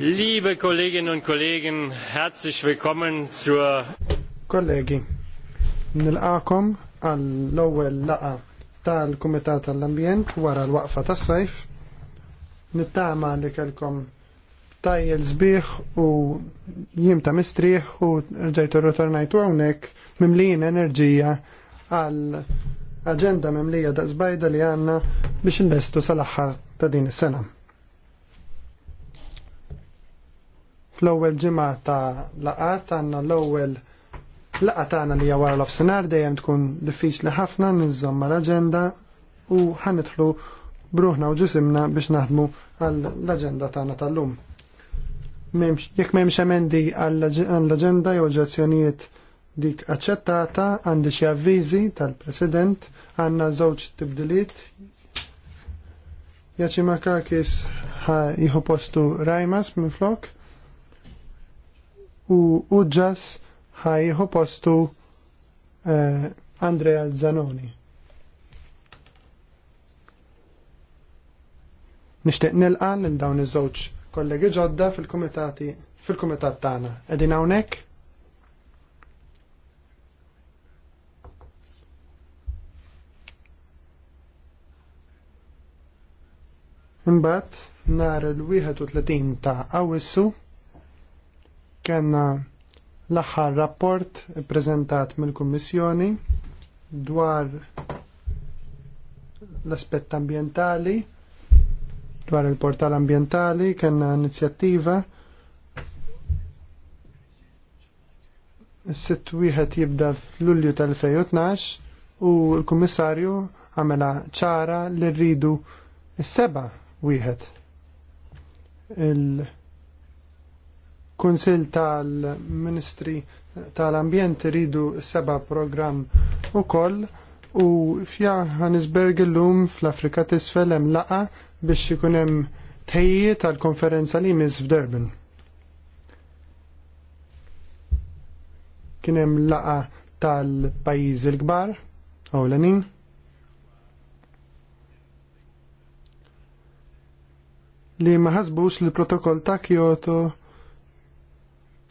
Liebe Kolleginnen und Kollegen, herzlich willkommen zur Kollegi, nilqakom għall-ewwel laqa tal-Kumitat tal-Ambjent wara l-waqfa tas-sajf. Nittama li kelkom tajjel sbieħ u jiem ta' mistrieħ u rġajtu rritornajtu hawnhekk mimlijin enerġija għal aġenda mimlija da' zbajda li għanna biex investu sal-aħħar ta' din is-sena. fl-ewwel ġimgħa ta' laqat għandna l-ewwel laqgħa tagħna li hija wara l-offsinar dejjem tkun diffiċli ħafna niżomma l-aġenda u ħanidħlu bruħna u ġisimna biex naħdmu għall-aġenda tagħna tal-lum. Jekk m'hemmx emendi għall-aġenda jew oġġezzjonijiet dik aċċettata għandi xi avviżi tal-President għandna żewġ tibdiliet Makakis ħa jħu postu Rajmas minn flok u Uġas ħajħu postu eh, Andrea Zanoni. Nishtiq nilqan lil dawn iż-żewġ kollegi ġodda fil-kumitati fil-kumitat tagħna. Qegħdin hawnhekk? Imbagħad nhar il-31 ta' Awwissu kena l-aħħar rapport prezentat mill-Kummissjoni dwar l-aspett ambientali, dwar il-portal ambientali, kena inizjattiva. Sitt wieħed jibda f'Lulju tal-2012 u l-Kummissarju għamela ċara li rridu s-seba wieħed. Il- kunsil tal-Ministri tal-Ambjent ridu seba program u koll u fja Hannisberg l-lum fl-Afrika t-isfel hemm laqa biex jikunem tejji tal-konferenza li mis f'Durban. Kienem laqa tal-pajiz il-gbar, l-anin. li maħazbux li protokoll ta' Kyoto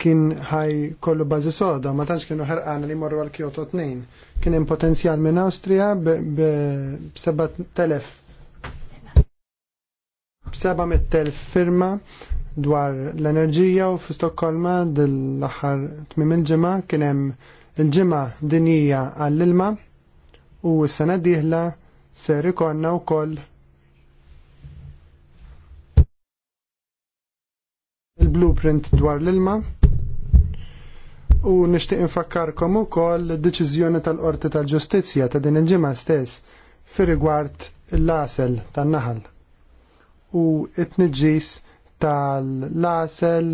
kien ħaj kollu bażi soda, ma tantx kienu ħarqana li morru għal Kyoto 2. Kien hemm potenzjal minn Awstrija b-7000 b-700,000 firma dwar l-enerġija u fi Stokkolma dil-aħħar tmim il-ġimgħa kien hemm il-ġimgħa dinija għall-ilma u s-sena diħla ser ikonna wkoll il-blueprint dwar l-ilma U nixtieq infakkarkom ukoll id-deċiżjoni tal-Qorti tal-Ġustizzja ta' din il-ġimgħa stess fi rigward l-asel tan-naħal u it-tniġġis tal-lasel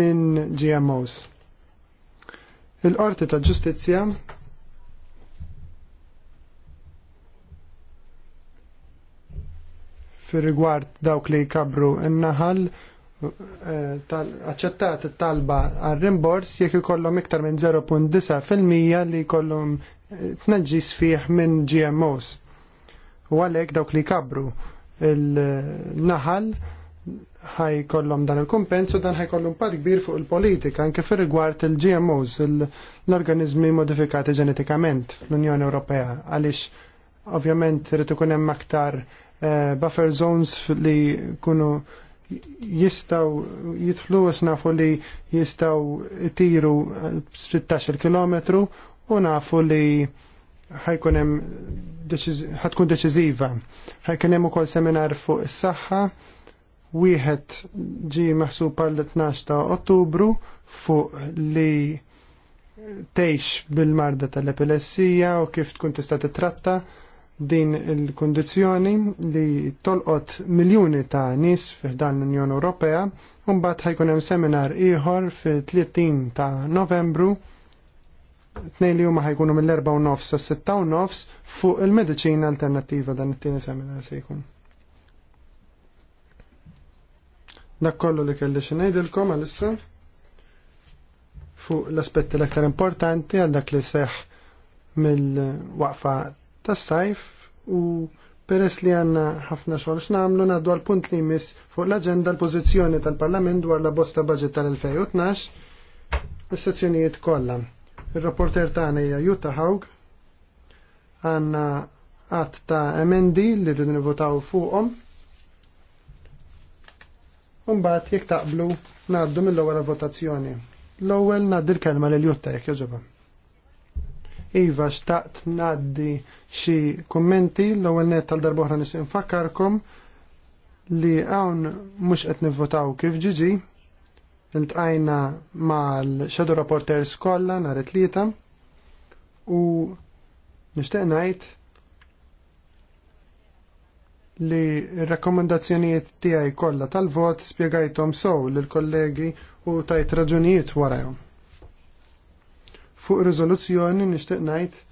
minn GMOs. Il-Qorti tal-Ġustizzja fir rigward dawk li jkabru n-naħal aċċettat talba għal rimbors jekk ikollhom iktar minn 0.9% li jkollhom eh, tnaġġis fih minn GMOs. U għalhekk dawk li kabru il-naħal ħaj kollom dan il-kumpens u dan ħaj kollom pad kbir fuq il-politika anke fir rigward il-GMOs, l-organizmi modifikati ġenetikament l-Unjoni Ewropea, għaliex ovvjament rrid ikun hemm aktar eh, buffer zones li kunu jistaw jitflu nafu li jistaw tiru 16 km u nafu li ħajkunem ħatkun deċiziva. ħajkunem u kol seminar fuq is-saħħa, wieħed ġi maħsub għal 12 ta' Ottubru fuq li tgħix bil-marda tal-epilessija u kif tkun tista' titratta din il-kondizjoni li tolqot miljuni ta' nis fiħdan l-Unjoni Ewropea mbagħad ħajkun hemm seminar ieħor fi 30 ta' Novembru tnejn li huma ħajkunu mill-4 u nofs sa' 6 u nofs fuq il-mediċina alternattiva dan it-tieni seminar se jkun. Dak kollu li kelli xi ngħidilkom għalissa fuq l-aspetti l-aktar importanti għal dak li seħ mill-waqfa tas-sajf u peress li għanna ħafna xogħol x'namlu ngħaddu għal punt li jmiss fuq l-aġenda l-pożizzjoni tal-Parlament dwar la bosta budget tal-2012 is-sezzjonijiet kollha. Ir-rapporter tagħna hija Jutta Hawg għandna qatt ta' emendi li rridu nivvotaw fuqhom. Mbagħad jekk taqblu ngħaddu mill-ewwel votazzjoni. L-ewwel ngħaddi l-kelma lil Jutta jekk jogħġobha. Iva xtaqt ngħaddi xi kummenti l-ewwel net tal-darbohra nis infakkarkom li hawn mhux qed nivvotaw kif ġiġi iltqajna mal-Shadow Reporters kollha nhar it-tlieta u nixtieq ngħid li r-rakkomandazzjonijiet tiegħi kollha tal-vot spjegajthom sew lill-kollegi u tajt raġunijiet warahom. Fuq riżoluzzjoni nixtieq ngħid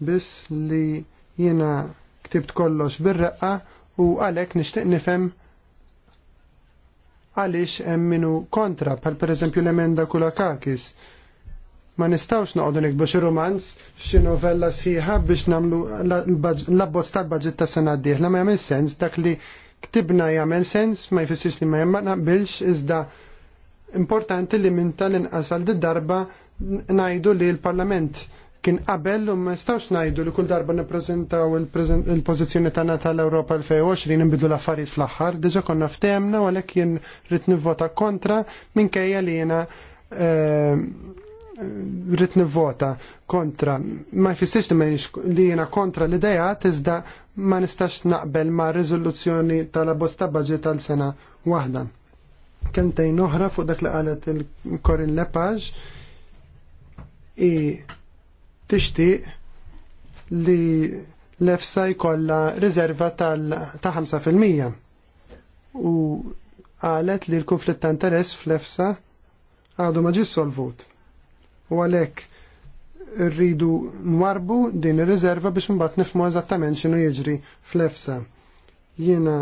biss li jiena ktibt kollox bir-reqqa u għalhekk nixtieq nifhem għaliex hemm kontra, kontra per pereżempju l-emenda kakis. Ma nistawx noqogħdu nikbu xi romans, xi novella sħiħa biex nagħmlu l-abbozz tal-baġit ta' sena d-dieħla ma jagħmel sens dak li ktibna jagħmel sens ma jfissirx li ma jemma naqbilx iżda importanti li minn tal-inqas għal darba ngħidu li l-Parlament kien qabel u ma stawx najdu li kull darba nippreżentaw il-pożizzjoni tagħna tal-Ewropa 2020 nbidu l-affarijiet fl-aħħar, diġà konna ftehemna u għalhekk jien rrid nivvota kontra minkejja li jiena ehm, rrid nivvota kontra. Ma jfissirx li jiena kontra l-idea iżda ma nistax naqbel ma' riżoluzzjoni tal-abosta budget tal-sena waħda. Kentejn oħra fuq dak li qalet il-Corin Lepage i tixtieq li l-EFSA jkollha riserva ta' 5% u qalet li l-konflitt ta' interess fl-EFSA għadu ma ġis solvut. U għalhekk rridu nwarbu din ir-riserva biex mbagħad nifhmu eżattament x'inhu jiġri fl-EFSA. Jiena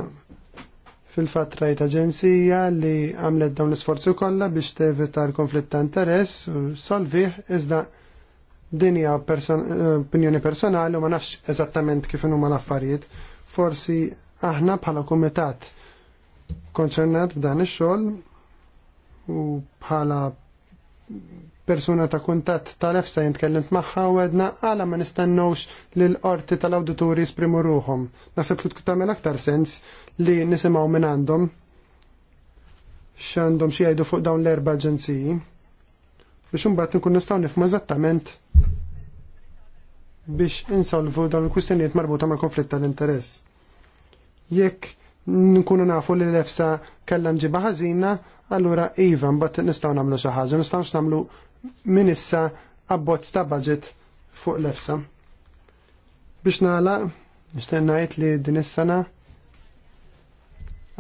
fil-fat rajt aġenzija li għamlet dawn l-isforzi kollha biex tevita l-konflitt ta' interess u solvih iżda dinja eh, opinjoni personali u ma nafx eżattament kif huma l-affarijiet. Forsi aħna bħala kumitat konċernat b'dan ix-xogħol u bħala persuna ta' kuntatt tal-efsa jintkellimt magħha u għedna għala ma nistennewx lill l-qorti tal-awdituri jisprimu ruhom. Naħseb li tkun tagħmel aktar sens li nisimgħu minn għandhom x'għandhom xi jgħidu fuq dawn l-erba' aġenziji biex imbagħad nkun nistgħu nifhmu eżattament biex insolvu dawn il-kwistjonijiet marbuta mal konflitt tal-interess. Jekk nkunu nafu li l-efsa kellha nġiba ħażina, allura iva mbagħad nistgħu nagħmlu xi ħaġa, nistgħux nagħmlu min issa abbozz ta' budget fuq l-efsa. Biex nagħlaq, nixtieq ngħid li din is-sena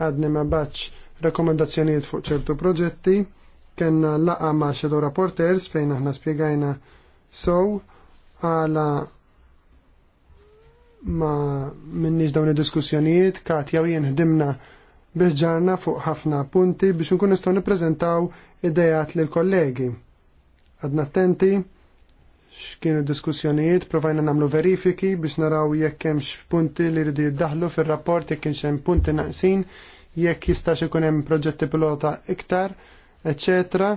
għadni ma baċ rekomendazzjonijiet fuq ċertu proġetti kena laqa ma' Shadow Reporters fejn aħna spiegajna sow għala ma minnix dawn id-diskussjonijiet, Katja u jien ħdimna biħġarna fuq ħafna punti biex nkun nistgħu nippreżentaw idejat lil kollegi. Għadna attenti x'kienu diskussjonijiet, provajna nagħmlu verifiki biex naraw jekk hemmx punti li rridu jiddaħlu fir-rapport jekk kienx hemm punti naqsin, jekk jistax ikun hemm proġetti pilota iktar eccetera,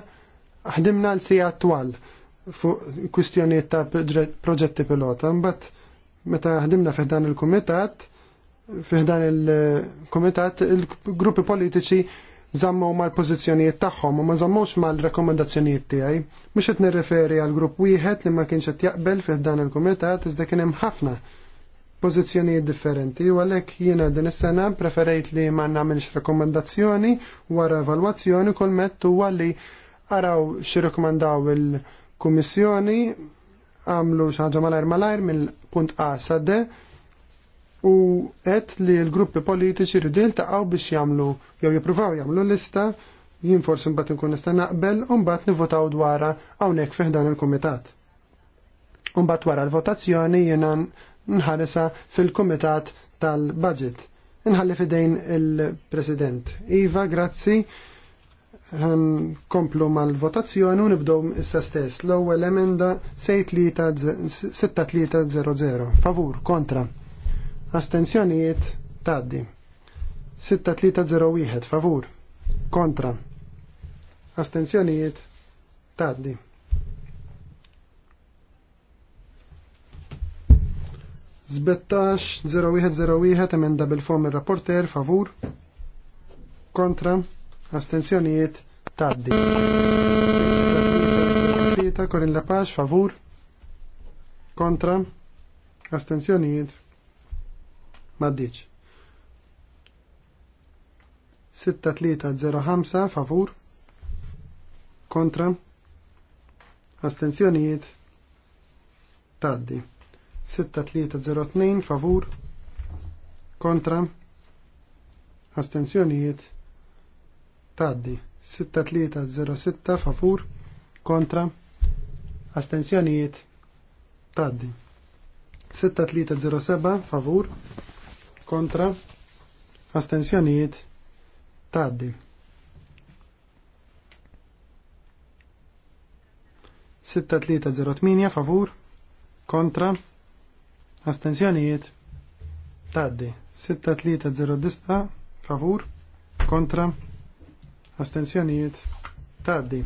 ħdimna l si attwal fuq kwistjonijiet ta' proġetti pilota. Mbagħad meta ħdimna fiħdan il-kumitat, fiħdan il-kumitat, il-gruppi politiċi zammaw mal-pożizzjonijiet tagħhom u ma żammawx mal-rakkomandazzjonijiet tiegħi. Mhux qed nirreferi għal grupp wieħed li ma kienx qed jaqbel fiħdan il-kumitat iżda kien hemm ħafna pożizzjonijiet differenti u għalhekk jiena din is-sena preferejt li ma nagħmilx rakkomandazzjoni wara evalwazzjoni kull mett huwa li araw xi rekomandaw il-Kummissjoni għamlu xi ħaġa malajr malajr mill-punt A sa D u qed li l-gruppi politiċi rridu jiltaqgħu biex jagħmlu jew jippruvaw jagħmlu lista jien forsi mbagħad inkun nista' naqbel u mbagħad nivvotaw dwarha hawnhekk fih il-kumitat. U mbagħad wara l-votazzjoni jiena nħaresa fil-Kumitat tal-Budget. Nħalli fidejn il-President. Iva, grazzi. komplu mal-votazzjoni u nibdow issa stess. L-ewwel emenda 6300. Favur, kontra. Astenzjonijiet taddi. 6301 favur. Kontra. Astenzjonijiet taddi. 17-01-01 emenda bil-fom il-rapporter favur kontra astensjonijiet taddi. Korin pax favur kontra astensjonijiet maddiċ. 6305 favur kontra astensjonijiet taddi. 6302 favur kontra astenzjonijiet taddi 6306 favur kontra astenzjonijiet taddi 6307 favur kontra astensjonijiet. taddi 6308 favur kontra Astenzjonijiet taddi. 6309 favur kontra astenzjonijiet taddi.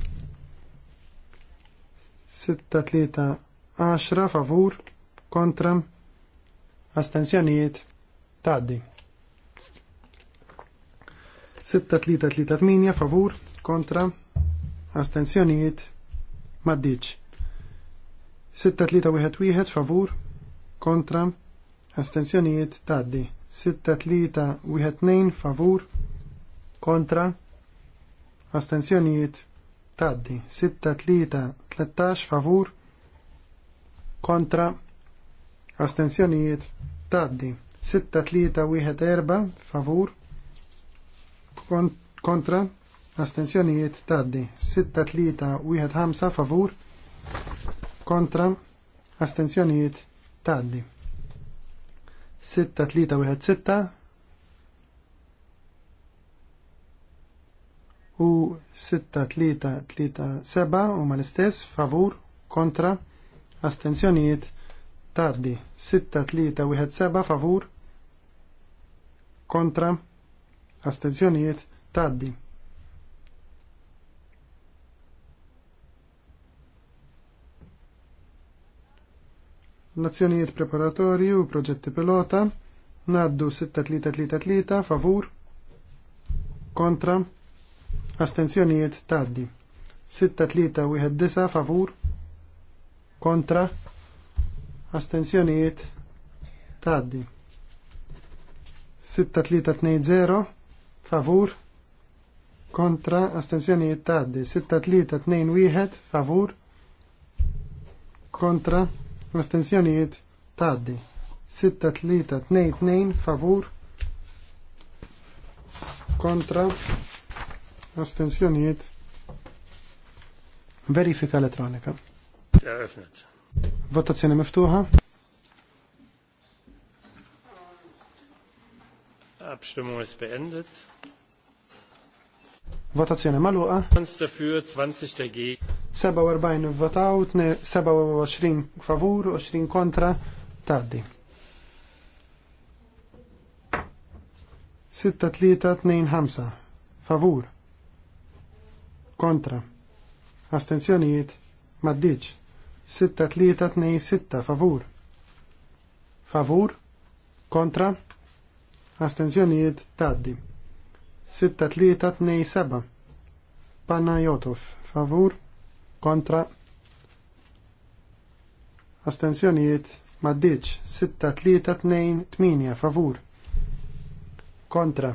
3 6-3-10. favur kontra astenzjonijiet taddi. 6-3-3-8. favur kontra astenzjonijiet maddiċ. 6-3-1-1. favur kontra, astenzjonijiet taddi. 6-3-1-2 favur, kontra, astenzjonijiet taddi. 6-3-13 favur, kontra, astenzjonijiet taddi. 6-3-1-4 favur, kontra, astenzjonijiet taddi. 6-3-1-5 favur, kontra, astenzjonijiet taddi tgħaddi. 6-3-1-6 u 6-3-3-7 u mal istess favur kontra astenzjonijiet taddi 6-3-1-7 favur kontra astenzjonijiet taddi L-azzjonijiet preparatorji u proġetti pilota naddu 6-3-3-3 favur kontra astenzjonijiet taddi 6-3-1-9 favur kontra astenzjonijiet taddi 0, favur kontra astenzjonijiet taddi 6-3-2-1 favur kontra Astenzjonijiet taddi. 6-3-2-2 favur kontra astenzjonijiet verifika elettronika. Votazzjoni miftuħa. Abstimmung ist beendet. Votazzjoni maluqa. 20 dafür, 20 dagegen. 47 votaw, 27 favur, 20 kontra, taddi. 6-3-2-5 favur kontra astenzjonijiet maddiċ 6-3-2-6 favur favur kontra astenzjonijiet taddi 6-3-2-7 Panajotov favur kontra astensjonijiet maddiċ 6-3-2-8 favur kontra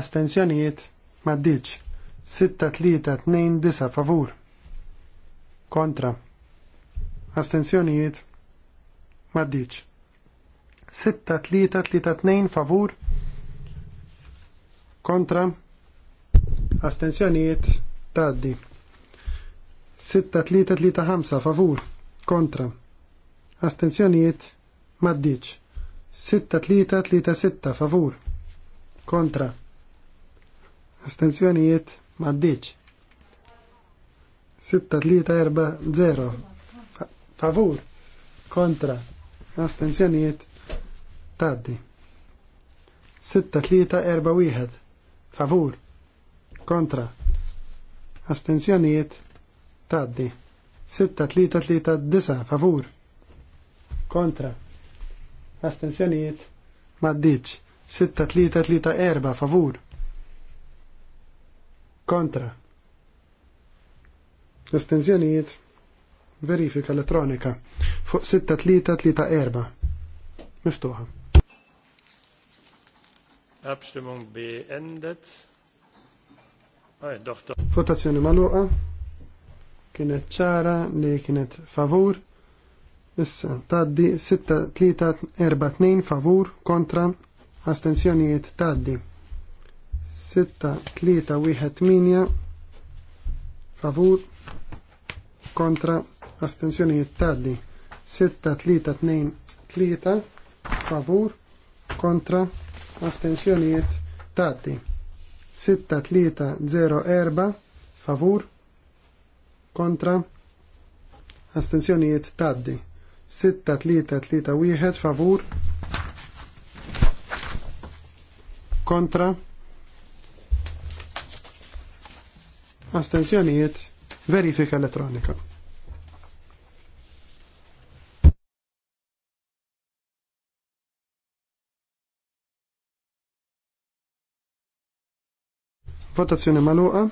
astensjonijiet maddiċ 6-3-2-9 favur kontra astensjonijiet maddiċ 6-3-3-2 favur kontra astensjonijiet taddi 6-3-3-5 favur kontra astenzjoniet maddiċ 6-3-3-6 favur kontra astenzjoniet maddiċ 6-3-4-0 favur kontra astenzjoniet taddi 6-3-4-1 favur kontra astenzjoniet maddiċ taddi. 6-3-3-9 favur kontra Astensjoniet. maddiċ 6-3-3-4 favur kontra Astensjoniet. verifika elettronika fuq 6-3-3-4 miftuħa Abstimmung beendet. Votazzjoni maluqa kienet ċara li kienet favur. Issa, taddi 6-3-4-2 favur kontra astensjonijiet taddi. 6-3-1-8 favur kontra astensjonijiet taddi. 6-3-2-3 favur kontra astensjonijiet taddi. 6-3-0-4 favur kontra kontra, astenzjonijiet taddi. 6-3-3-1 favur, kontra, astenzjonijiet verifika elettronika. Votazione maluqa.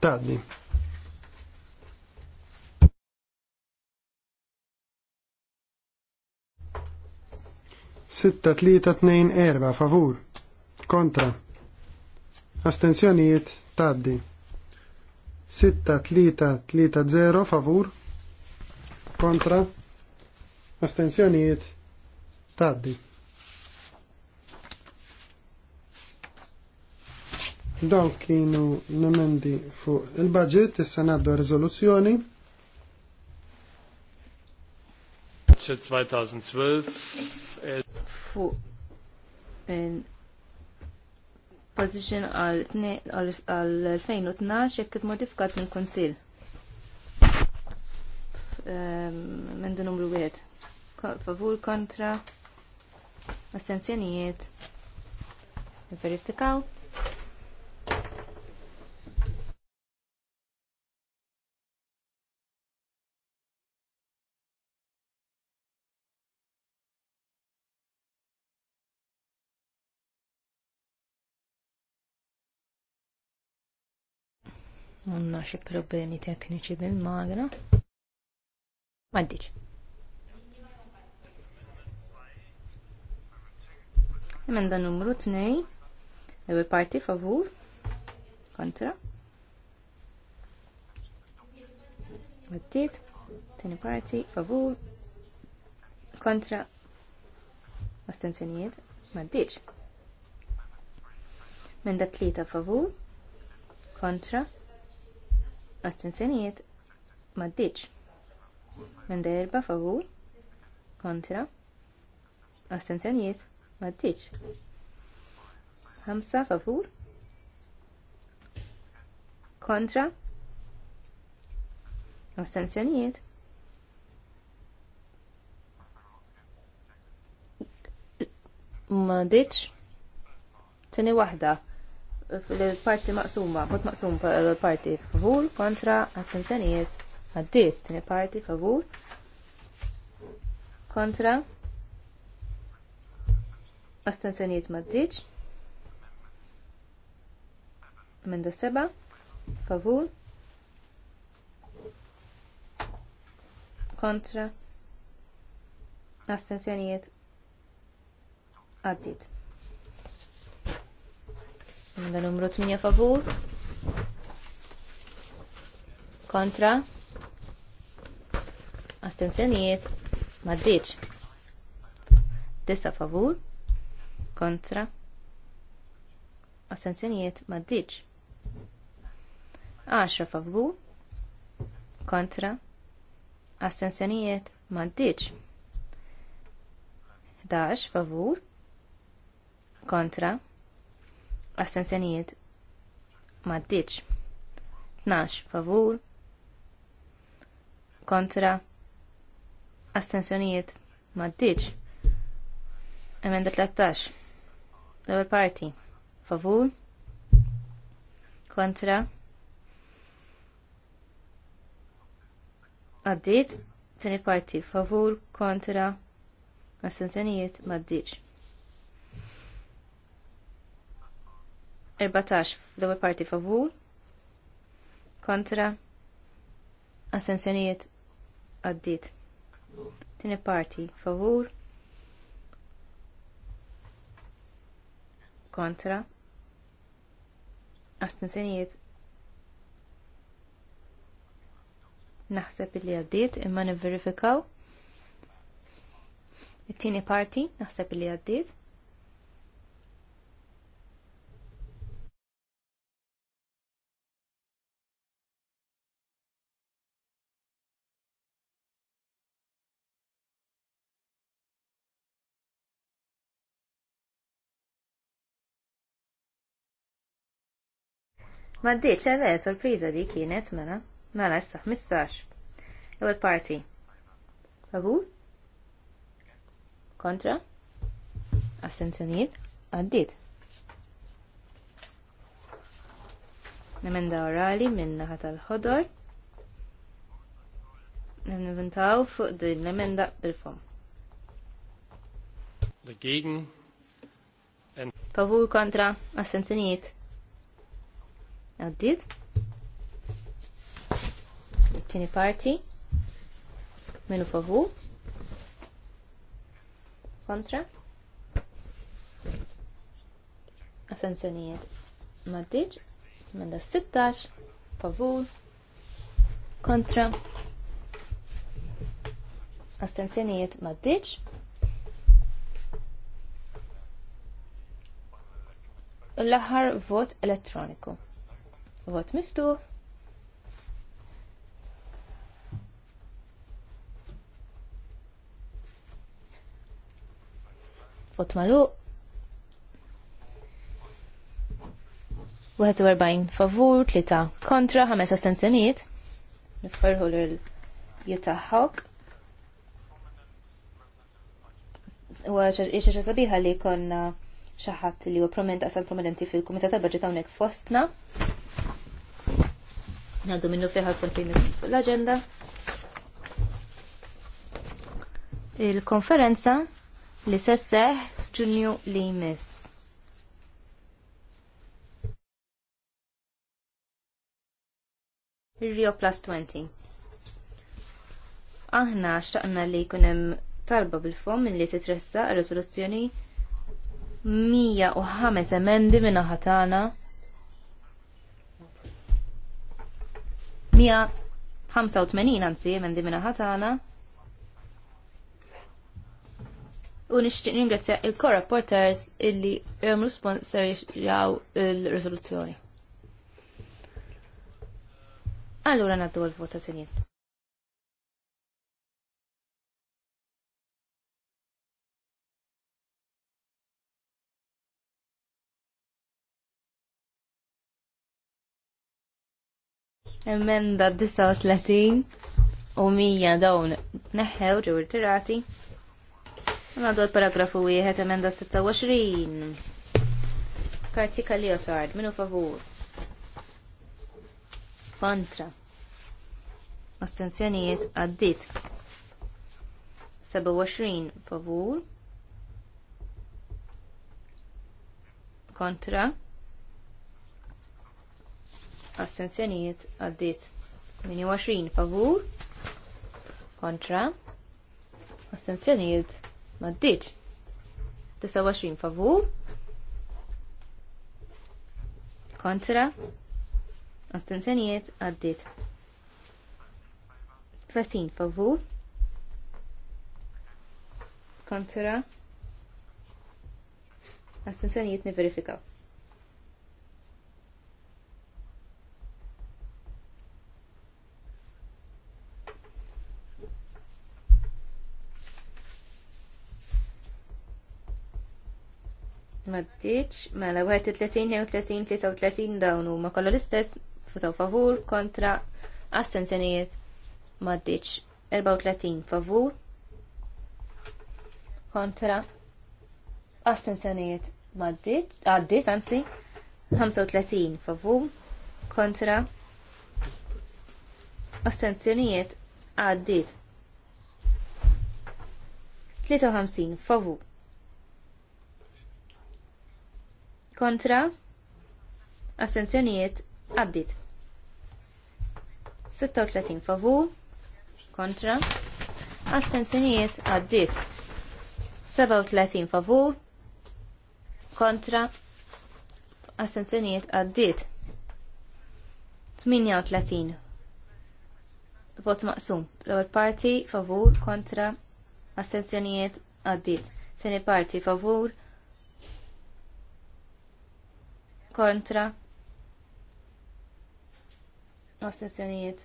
Tadni. Sitta tlieta tnejn erba' favur. Kontra. Astenzjonijiet tgħaddi. Sitta tlieta tlieta zero favur. Kontra. Astenzjonijiet tgħaddi. Dawk kienu nemendi fuq il-budget, issa naddu rezoluzzjoni. 2012 fuq position għal-2012 jekk modifikat minn konsil. Ehm, Mendu numru 1. Favur kontra astenzjonijiet. Verifikaw. Unna xie problemi tekniċi bil-magra. Maddiċ. Emenda numru 2. Lewe parti favur. Kontra. Għaddit. Tini parti favur. Kontra. Astenzjonijiet. Maddiċ. Menda tlieta favur. Kontra astenzjonijiet maddiċ. Minn derba favur kontra astenzjonijiet maddiċ. Hamsa favur kontra astenzjonijiet maddiċ. Tini wahda fil-parti maqsuma, vot maqsum parti favur kontra attenzjonijiet għaddit tini parti favur kontra astenzjonijiet maddiċ minn da seba favur kontra astenzjonijiet għaddit. Għanda numru 8 favur. Kontra. Astenzjonijiet. Maddiċ. Dessa favur. Kontra. Astenzjonijiet. Maddiċ. Aċa favur. Kontra. Astenzjonijiet. Maddiċ. Daċ favur. Kontra Astenzjonijiet maddiċ 12 favur kontra astensjonijiet maddiċ emenda 13 l party. parti favur kontra għaddiet tieni parti favur kontra astensjonijiet maddiċ 14 fl-ewwel parti favur kontra assenzjonijiet għaddiet. Tieni parti favur kontra astensjonijiet naħseb li għaddiet imma nivverifikaw it-tieni parti naħseb li għaddiet Ma ddiċ, għave, eh, sorpriza di kienet, mela. Mela, issa, 15. Ewel parti. Favur? Kontra? Astenzjoniet? Għaddit. Nemenda orali minna al ħodor Niventaw fuq din nemenda bil-fom. Dagegen. Favur kontra astenzjoniet? Għaddit. Tini parti. Menu favu. Kontra. Affenzjonijiet. Maddiċ. Menda 16. Favur. Kontra. Astenzjonijiet maddiċ. l-aħħar vot elettroniku. Vot miftuħ. Vot maluq. 41 favur, 3 kontra, 5 astensjoniet. Nifferħu l-jitaħħok. U għaxħaxa sabiħa li konna xaħat li huwa prominent asal prominenti fil-Kumitat tal-Budget hawnhekk fostna. Għaddu minnu fiħar punt li fuq l-agenda. Il-konferenza li sesseħ ġunju li jmiss. Rio Plus 20. Aħna xtaqna li kunem talba bil-fom minn li titressa rezoluzzjoni 105 emendi minna ħatana 185 anzi emendi minna ħatana. U nixtieq ningrazzja il-co-rapporters illi jemlu sponsorjaw il rezoluzzjoni Allura naddu għal votazzjoni Emenda 39 u 100 dawn neħħew ġew il-tirati. Għandu l-paragrafu wieħed emenda 26. Kartika Leotard, minu favur. Kontra. Astenzjonijiet għaddit. 27 favur. Kontra astenzjonijiet għaddit 28 favur kontra astenzjonijiet maddiċ 29 favur kontra astenzjonijiet għaddit 30 favur kontra astenzjonijiet niverifikaw maddiċ, mela 31, 32, 33 dawn huma kollu l-istess, futaw favur, kontra, astenzjonijiet maddiċ. 34 favur, kontra, astenzjonijiet maddiċ, għaddit anzi, 35 favur, kontra, astenzjonijiet għaddit. 53 favur kontra assenzjonijiet għaddit 36 favu? kontra astensjonijiet għaddit 37 favur kontra astensjonijiet għaddit 38 vot maqsum l-ewwel parti favur kontra assenzjonijiet għaddit tieni parti favur kontra astensjonijiet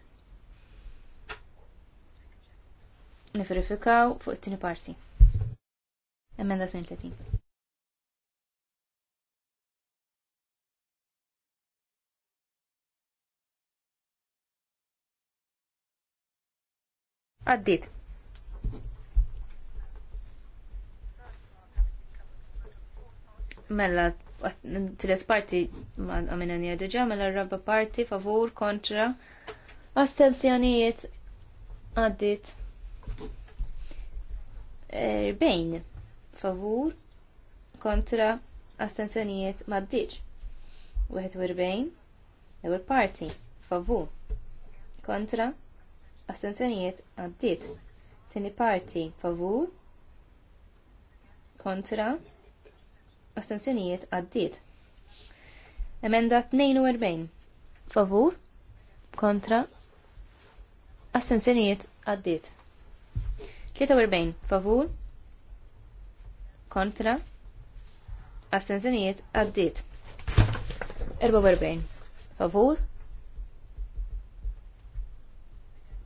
Niferifikaw fuq it-tieni parti. Emenda 38. Għaddit. mela tilet parti ma għamina nija deġa, mela raba parti favur kontra astensjonijiet għaddit erbejn favur kontra astensjonijiet maddiġ. 41 ewer parti favur kontra astensjonijiet għaddit. Tini parti favur kontra astenzjonijiet għaddit. Emenda 42. Favur kontra astenzjonijiet għaddit. 43. Favur kontra astenzjonijiet għaddit. 44. Favur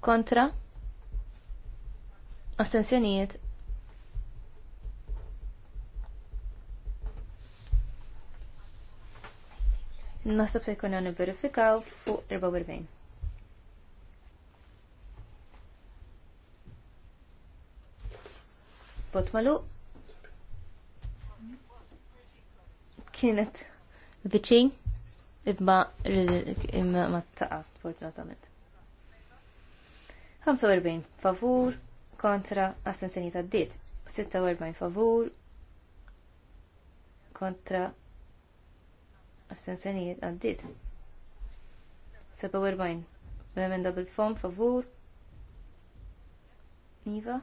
kontra astenzjonijiet Nasab se jkun verifikaw fuq 44. Bot malu kienet viċin imma imma ma taqa fortunatament. 45 favur kontra assenzjoni ta' ddit. 46 favur kontra għas-sensenijiet għaddit. 47. B'emenda bil-fom favur. Niva.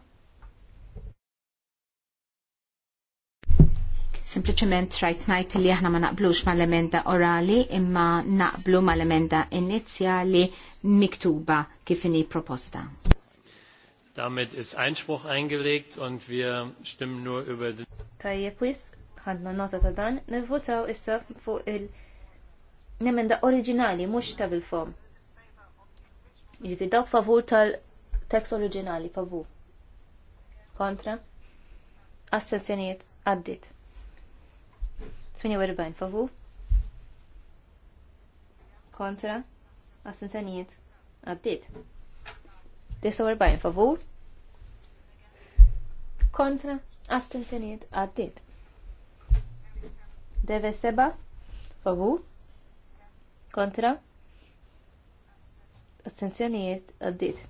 Sempliċement rajt najt li aħna ma naqblux ma l emenda orali imma naqblu ma l emenda inizjali miktuba kif inhi proposta. Damit is Einspruch eingelegt und wir stimmen nur über den Tajjeb wis, ħadna nota ta' dan, nivvotaw issa fuq il- nemenda oriġinali, mux ta' bil-fom. Jiġifieri dawk favur tal-tekst oriġinali, favur. Kontra? Astenzjonijiet għaddit. 48 favur. Kontra? Astenzjonijiet għaddit. 49 favur. Kontra? Astenzjonijiet għaddit. Deve seba' favur kontra astenzjonijiet għaddit.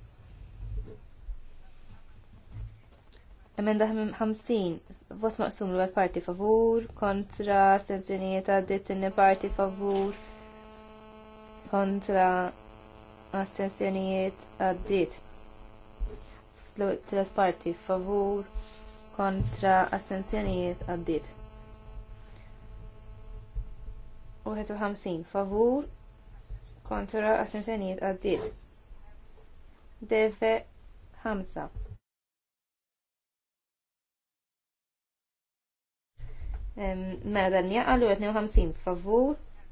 Emenda 50, vot maqsum l parti favur, kontra astenzjonijiet għaddit inni parti favur, kontra astenzjonijiet għaddit. Tret parti favur, kontra astenzjonijiet għaddit. 51 favur kontra assenzjonijiet għaddit. Deve 5. Mela dan jaqalu 52 favur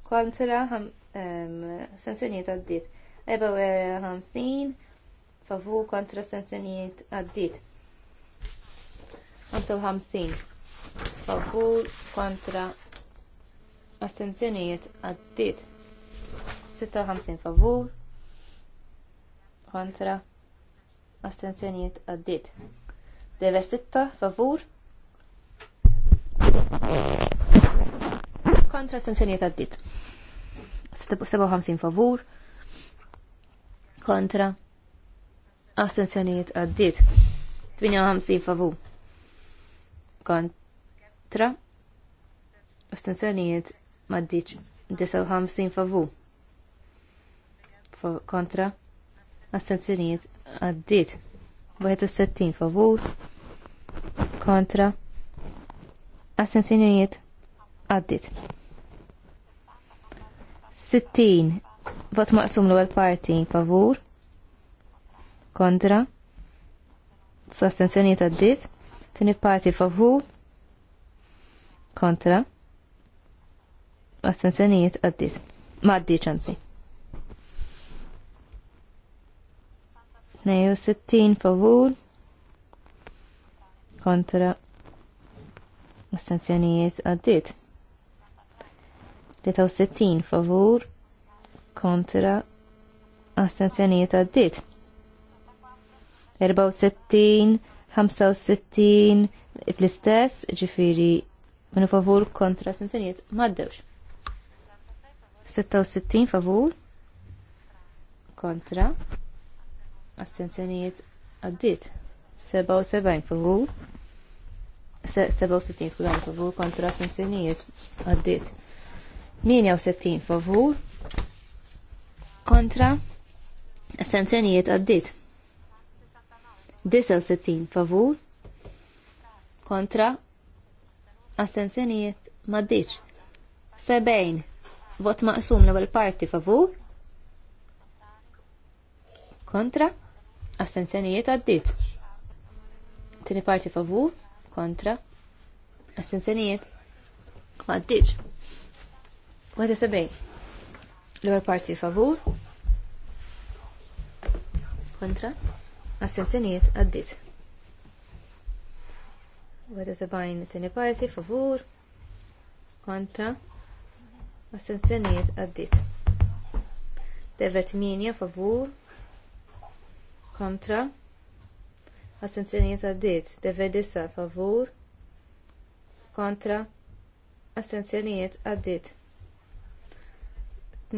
kontra sanzjonijiet għaddit. 54 favur kontra sanzjonijiet għaddit. 55 favur kontra astenzjonijiet għaddit. 56 favur kontra astenzjonijiet għaddit. Deve 6 favur kontra astenzjonijiet għaddit. 57 favur kontra astenzjonijiet għaddit. 58 favur kontra astenzjonijiet maddiċ 59 favur kontra astenzjonijiet għaddit 61 favur kontra astenzjonijiet għaddit 60 vot maqsum l-ewwel parti favur kontra astenzjonijiet għaddit tini parti favur kontra astenzjonijiet għaddit ma għaddit ċansi 62 favur kontra astenzjonijiet għaddit. 63 favur kontra astenzjonijiet għaddit. 64, 65 fl-istess ġifiri minu favur kontra astenzjonijiet maddewx. 66 favur kontra astenzjonijiet għaddit 77 favur 67 skużani favur kontra astenzjonijiet għaddit 68 favur kontra astenzjonijiet għaddit 69 favur kontra astenzjonijiet maddiċ 70 vot maqsum l-ewwel parti favur kontra Astenzjonijiet għaddit. Tini parti favu, kontra. Astenzjonijiet għaddit. Għaddi sebej. L-għor parti favu, kontra. Astenzjonijiet għaddit. Għaddi sebajn tini parti favu, kontra. Astenzjonijiet għaddit. Devet minja favur, kontra astenzjonijiet għaddiet devet disa favur kontra astenzjonijiet għaddiet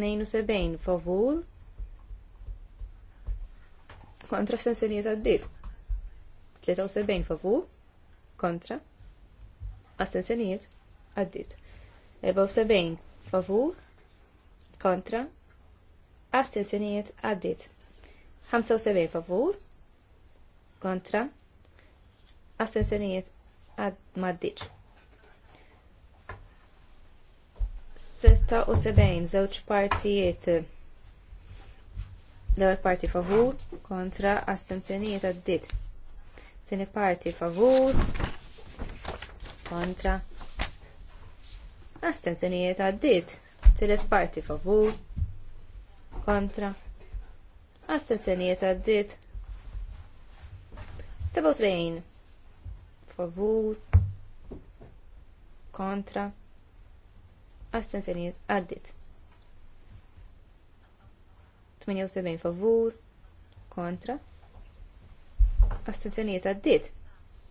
72 favur kontra astenzjonijiet għaddiet 73 favur kontra astenzjonijiet għaddiet 74 favur kontra astenzjonijiet għaddiet 75 favur kontra astensjonijiet għad maddiċ. 76 żewġ partijiet l-ewwel parti favur kontra astensjonijiet għaddit. Tieni parti favur kontra astensjonijiet għaddit. Tielet parti favur kontra astensjonijiet għaddit 77 favur kontra astensjonijiet għaddit 78 favur kontra astensjonijiet għaddit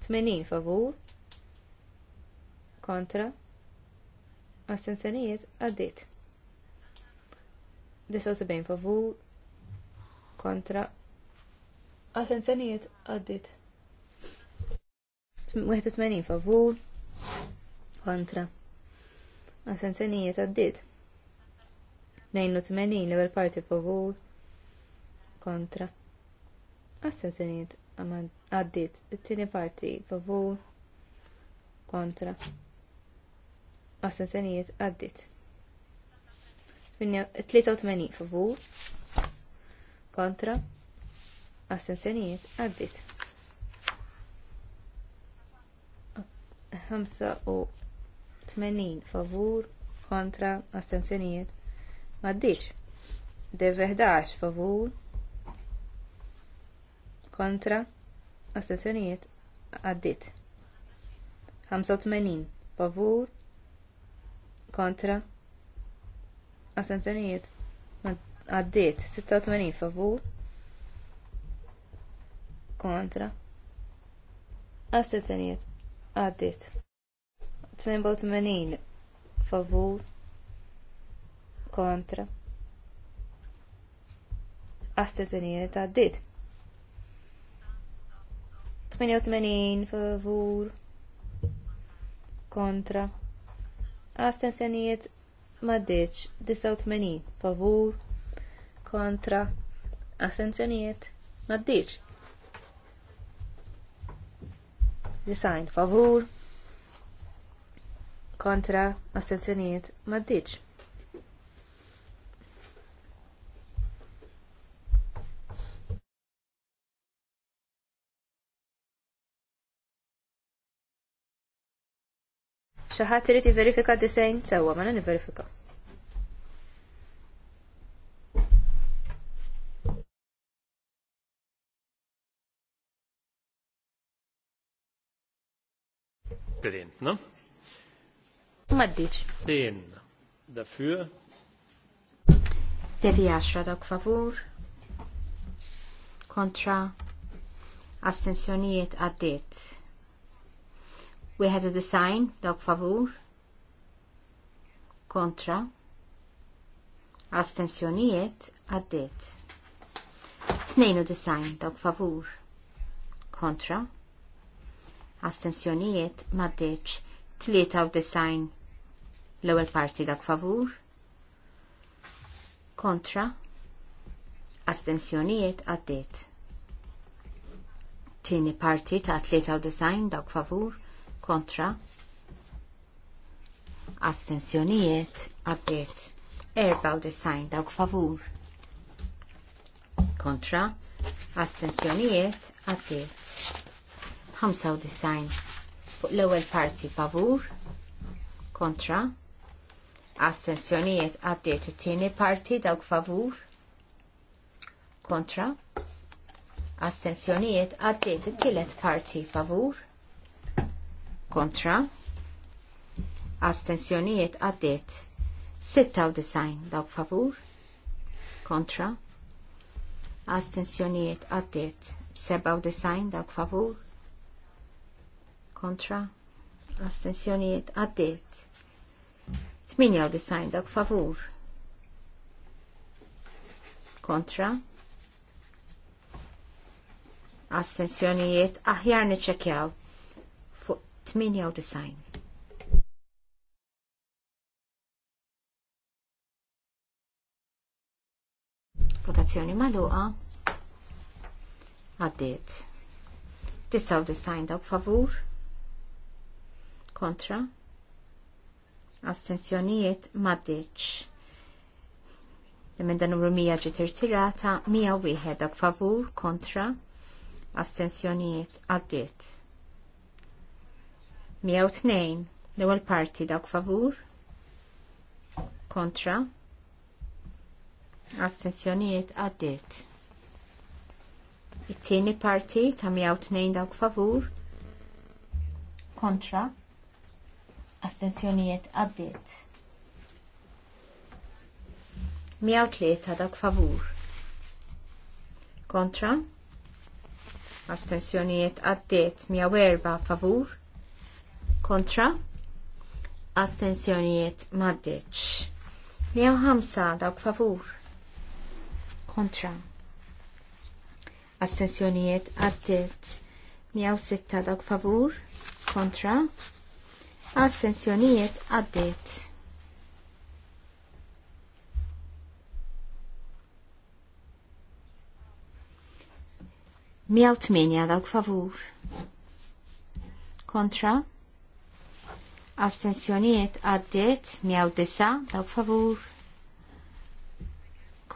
80 favur kontra astensjonijiet għaddit 79 favur kontra attenzjonijiet għaddit. 81 favur kontra attenzjonijiet għaddit. 82 level party favur kontra attenzjonijiet għaddit. It-tieni parti favur kontra attenzjonijiet għaddit. 83 favur kontra astenzjonijiet għaddit. 85 favur kontra astenzjonijiet maddiċ. Dev 11 favur kontra astenzjonijiet għaddit. 85 favur kontra astenzjonijiet għaddiet 86 favur kontra astenzjonijiet għaddiet 88 favur kontra astenzjonijiet għaddiet 88 favur kontra astenzjonijiet maddiċ 89 favur kontra assenzjonijiet maddiċ. Design favur kontra assenzjonijiet maddiċ. Xaħat irrit verifika disajn sewa, ma nani verifika. abgelehnt, ne? Maddic. Den, dafür. Devi 10 dak favur. Kontra. Astensjonijiet We had a design dak favor. Contra. Astensjonijiet għaddiet. Tnejn u design favor. Contra. Contra astensjonijiet maddeċ 93 l-ewel parti dak favur kontra astensjonijiet għaddit. tieni parti ta' 93 dawk favur kontra astensjonijiet għaddiet 94 dawk favur kontra astensjonijiet għaddit. 95 fuq l-ewwel parti favur kontra astensjonijiet għaddiet it-tieni parti dawk favur kontra astensjonijiet għaddiet it-tielet parti favur kontra astensjonijiet għaddiet 96 dawk favur kontra astensjonijiet għaddiet 97 dawk favur kontra astensjonijiet għaddiet 98 dak favur kontra astensjonijiet aħjar niċċekjaw fuq 98 votazzjoni maluqa Għaddit. Tissaw disajn dawk favur kontra astensjonijiet maddiċ. L-emenda numru 100 ġiet irtirata, 101 dak favur kontra astensjonijiet għaddiet. 102 l-ewwel parti dak favur kontra astensjonijiet għaddiet. It-tieni parti ta' 102 dak favur kontra astenzjonijiet għaddit. 103 dak favur. Kontra. Astenzjonijiet għaddiet 104 favur. Kontra. Astenzjonijiet maddiċ. 105 dak favur. Kontra. Astenzjonijiet għaddiet 106 dak favur. Kontra Astenzjonijiet għaddiet. Miaw tminja dawk favur. Kontra. Astenzjonijiet għaddiet. Miaw disa dawk favur.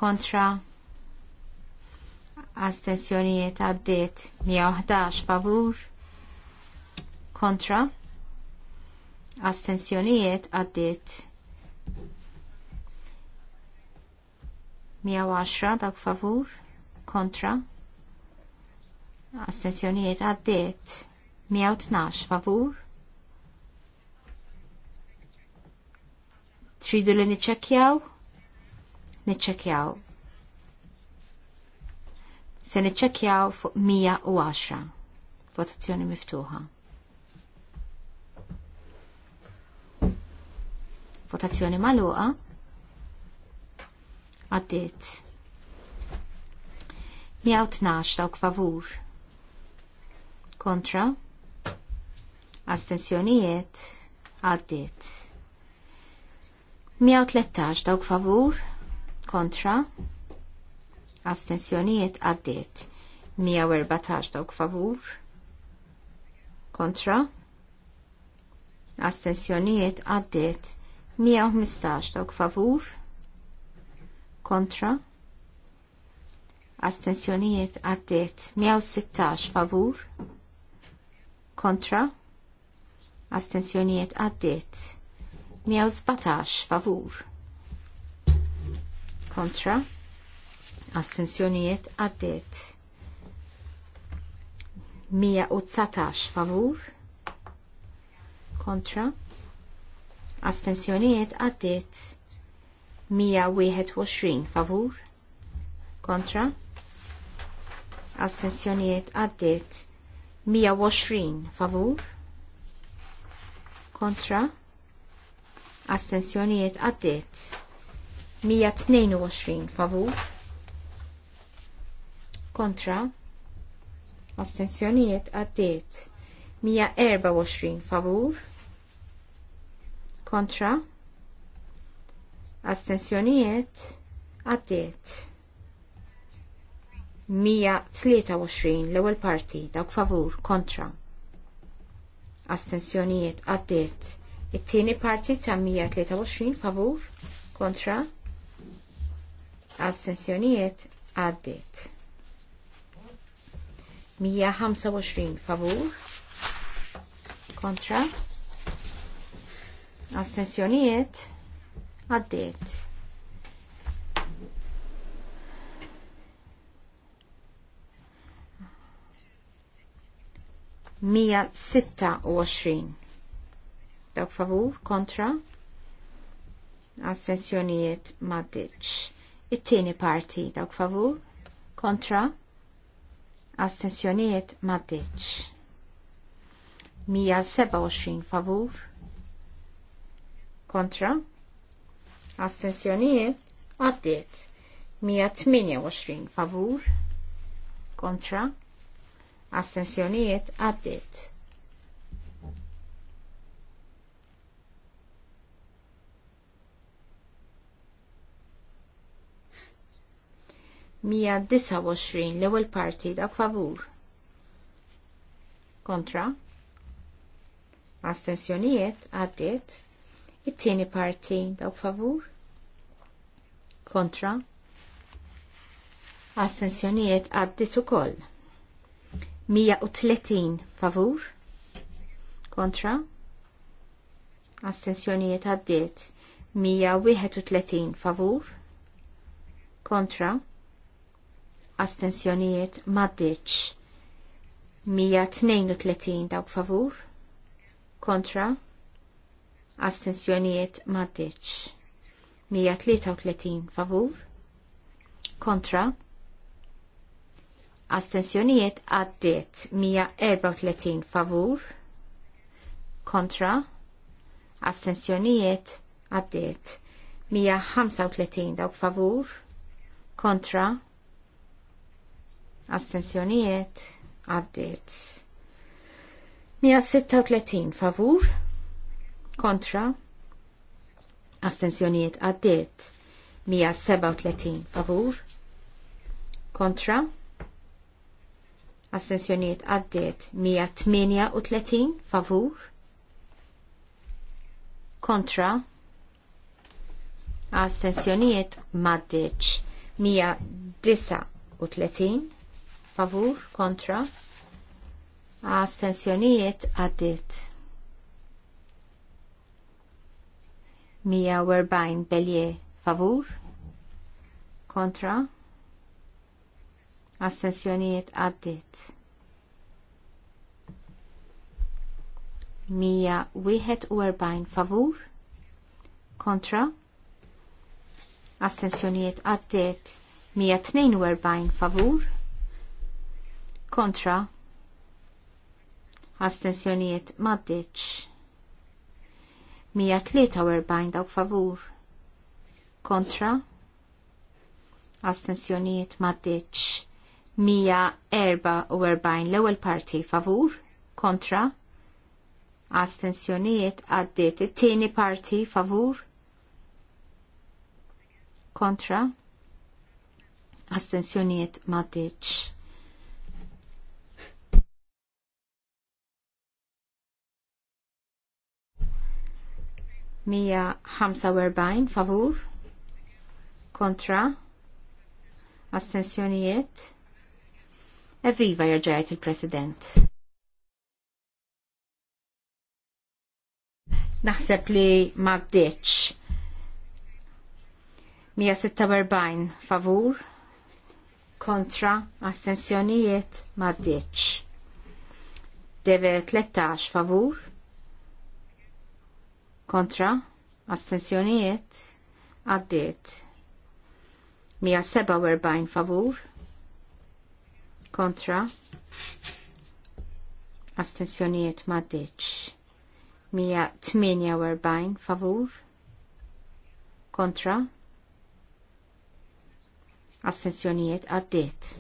Kontra. Astenzjonijiet għaddiet. Miaw ħdax favur. Kontra astensjonijiet għaddit 110 dak favur kontra astensjonijiet għaddiet 112 favur tridu li niċċekkjaw niċċekkjaw se niċċekkjaw fuq 110 votazzjoni miftuħa Votazzjoni maluqa. Għaddit. 112 dawk favur. Kontra. Astensjonijiet. Għaddit. 113 dawk favur. Kontra. Astensjonijiet għaddit. 114 dawk favur. Kontra. Astensjonijiet għaddit. 115 dawk favur kontra astensjonijiet għaddiet 116 favur kontra astensjonijiet għaddiet 117 favur kontra astensjonijiet għaddiet 119 favur kontra astensjonijiet għaddit 121 favur kontra astensjonijiet għaddit 120 favur kontra astensjonijiet għaddit 122 favur kontra astensjonijiet għaddit 124 favur kontra astensjonijiet għaddiet 123 l-ewwel parti dawk favur kontra astensjonijiet għaddiet it-tieni parti ta' 123 favur kontra astensjonijiet għaddiet 125 favur kontra Astensjonijiet għaddiet. Mija sitta u għaxrin. Dawk favur kontra Astensjonijiet maddiċ. It-tieni parti dak favur kontra astensjonijiet maddiċ. 127 favur kontra astensjonijiet għaddiet 128 favur kontra astensjonijiet għaddiet Mija 129 l-ewwel parti dak favur. Kontra. Astensjonijiet għaddiet It-tieni parti dawk favur kontra Assenzjonijiet għaddit ukoll. 130 favur kontra astensjonijiet għaddiet 131 favur kontra astensjonijiet maddiċ 132 dawk favur kontra astensjonijiet maddiċ. 133 favur kontra astensjonijiet għaddiet 134 favur kontra astensjonijiet għaddiet 135 dawk favur kontra astensjonijiet għaddiet 136 favur kontra astensjonijiet għaddiet 137 favur kontra astensjonijiet għaddiet 138 favur kontra astensjonijiet maddiċ 139 favur kontra astensjonijiet għaddiet 140 belje favur kontra astensjonijiet għaddit 141 favur kontra astensjonijiet għaddit 142 favur kontra astensjonijiet maddiċ 143 dawk favur kontra astensjoniet maddeċ 144 l-ewwel parti favur kontra astensjonijiet għaddiet it-tieni parti favur kontra astensjonijiet maddeċ 145 favur kontra astensjonijiet Eviva jarġajt il-President. Naħseb li ma bdeċ. 146 favur kontra astensjonijiet ma bdeċ. Deve 13 favur kontra astensjonijiet għaddiet 147 favur kontra astensjonijiet maddiċ 148 favur kontra astensjonijiet għaddiet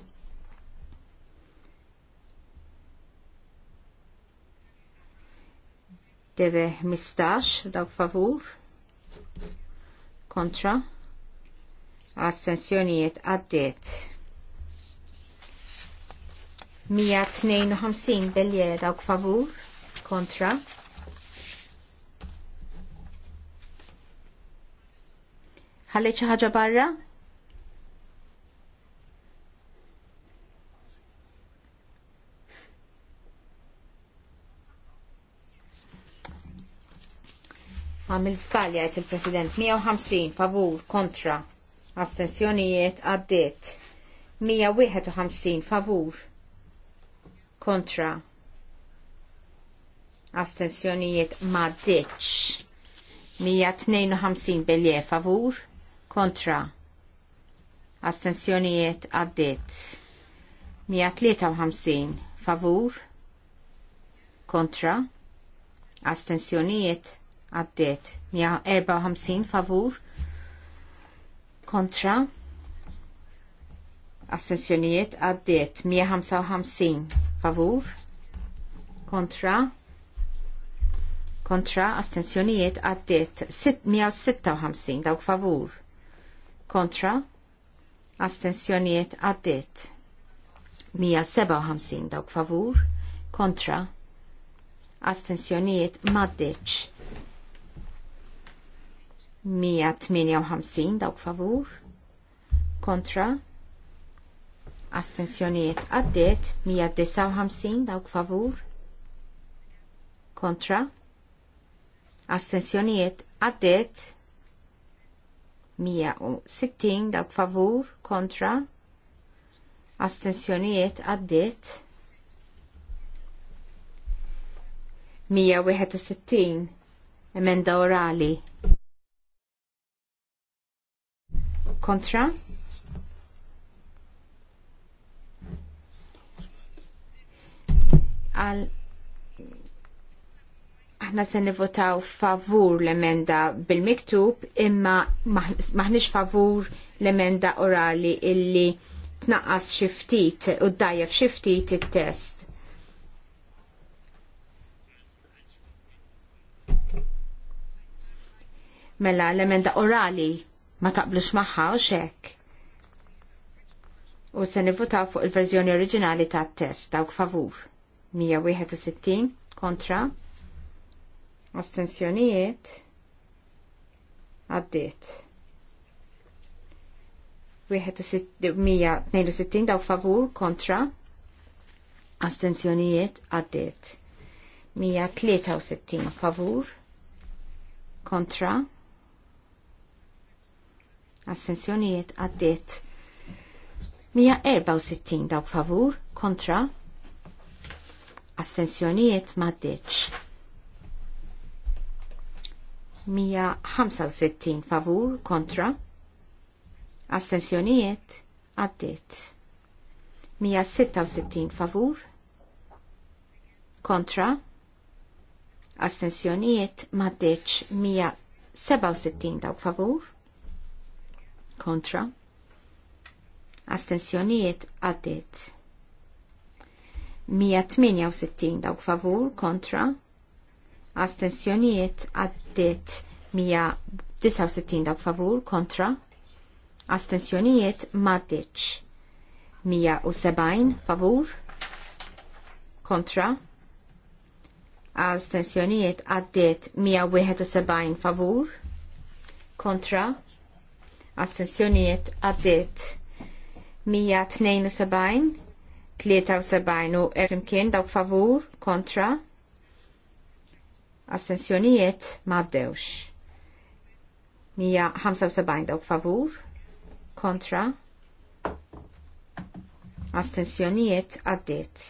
deve 15 dawk favur kontra astensjonijiet għaddiet 152 belje dawk favur kontra ħalli xi ħaġa barra? Għamil spalja għajt il-President 150 favur kontra astensjonijiet għaddit 151 favur kontra astensjonijiet maddiċ 152 bilje favur kontra astensjonijiet għaddit 153 favur kontra astensjonijiet għaddiet 154 favur kontra assenzjonijiet għaddiet 155 favur kontra kontra astensjonijiet għaddiet 656 dawk favur kontra astensjonijiet għaddiet 157 dawk favur kontra astensjonijiet maddiċ 158 dawk favur kontra astensjonijiet għaddiet 159 dawk favur kontra astensjonijiet għaddiet 160 dawk favur kontra astensjonijiet għaddiet 161 emenda orali kontra għal aħna se nivotaw favur l-emenda bil-miktub imma maħniex favur l-emenda orali illi tnaqqas xi ftit u ddajjef xi ftit it-test. Mela l-emenda orali ma taqblux maħħa u xek. U se nivvota fuq il-verżjoni oriġinali tat test dawk favur. 161 kontra astensjonijiet għaddiet. 162 dawk favur kontra astensjonijiet għaddiet. 163 favur kontra assenzjonijiet għaddiet 164 dawk favur kontra astensjonijiet maddiċ 165 favur kontra astensjonijiet għaddiet 166 favur kontra astensjonijiet maddeċ 167 dawk favur kontra astensjonijiet għaddit 168 dawk favur kontra astensjonijiet għaddit 169 dawk favur kontra astensjonijiet maddiċ 170 favur kontra astensjonijiet għaddit 171 favur kontra astensjonijiet għaddiet 172 73 u erimkien dawk favur kontra astensjonijiet maddewx 175 dawk favur kontra astensjonijiet għaddiet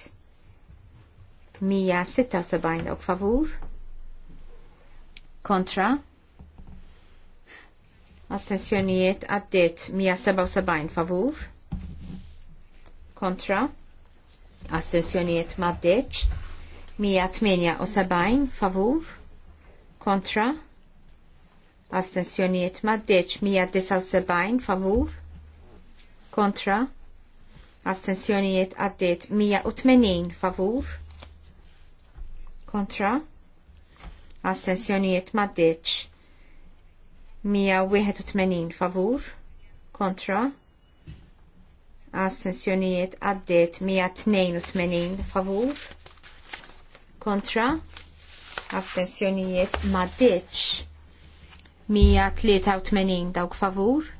176 dawk favur kontra Astensjonijiet għaddiet 177 favur. Kontra. Astensjonijiet maddeċ. 178 favur. Kontra. Astensjonijiet maddeċ 179 favur. Kontra. Astensjonijiet għaddiet 180 favur. Kontra. Astensjonijiet maddeċ 181 favur kontra astensjonijiet għaddiet 182 favur kontra astensjonijiet maddiċ 183 dawk favur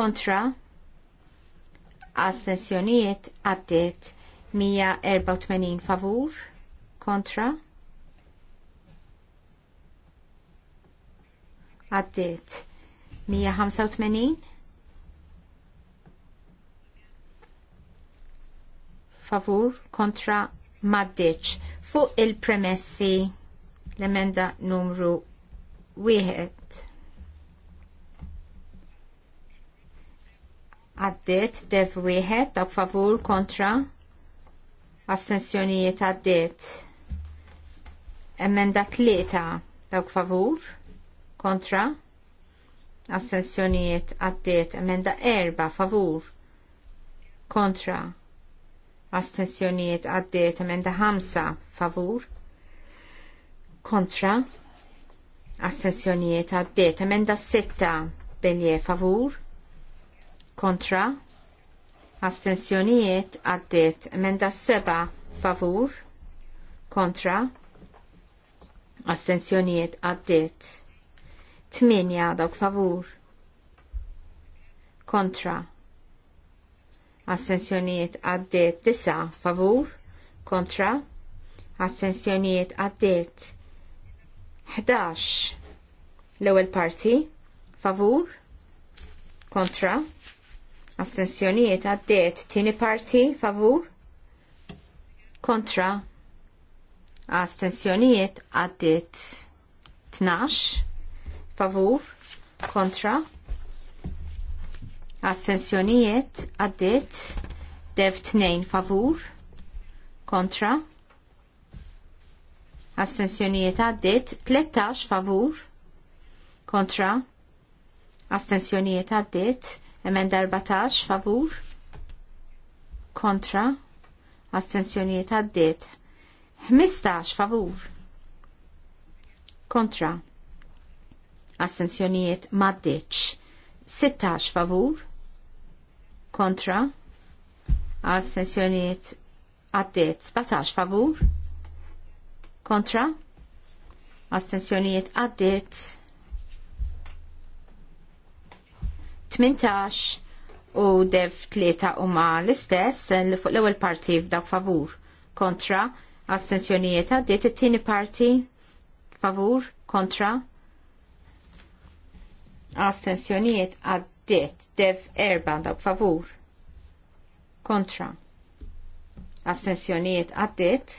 kontra astensjonijiet għaddiet 184 favur kontra għaddit 185 favur kontra maddiċ fuq il-premessi l-emenda numru 1 għaddit dev 1 dak favur kontra astensjonijiet għaddit emenda 3 dawk favur kontra assenzjonijiet għaddiet emenda erba favur kontra astensjonijiet għaddiet emenda ħamsa favur kontra astensjonijiet għaddiet emenda sitta belje favur kontra astensjonijiet għaddiet emenda seba favur kontra astensjonijiet għaddiet Tminja dawk favur kontra assenzjonijiet għaddiet tisa favur kontra assenzjonijiet għaddiet 11 l parti favur kontra astensjonijiet għaddiet tieni parti favur kontra astensjonijiet għaddiet 12 favur, kontra, astensjonijiet, għaddit, dev tnejn favur, kontra, astensjonijiet għaddit, 13 favur, kontra, astensjonijiet għaddit, emenda 14 favur, kontra, astensjonijiet għaddit, 15 favur, kontra, assenzjonijiet maddiċ 16 favur kontra assenzjonijiet għaddiet 17 favur kontra assenzjonijiet għaddiet 18 u dev tlieta huma l-istess li fuq l-ewwel parti f'dak favur kontra assenzjonijiet għaddiet it-tieni parti favur kontra astensjonijiet għaddiet dev erban dawk favur kontra astensjonijiet għaddiet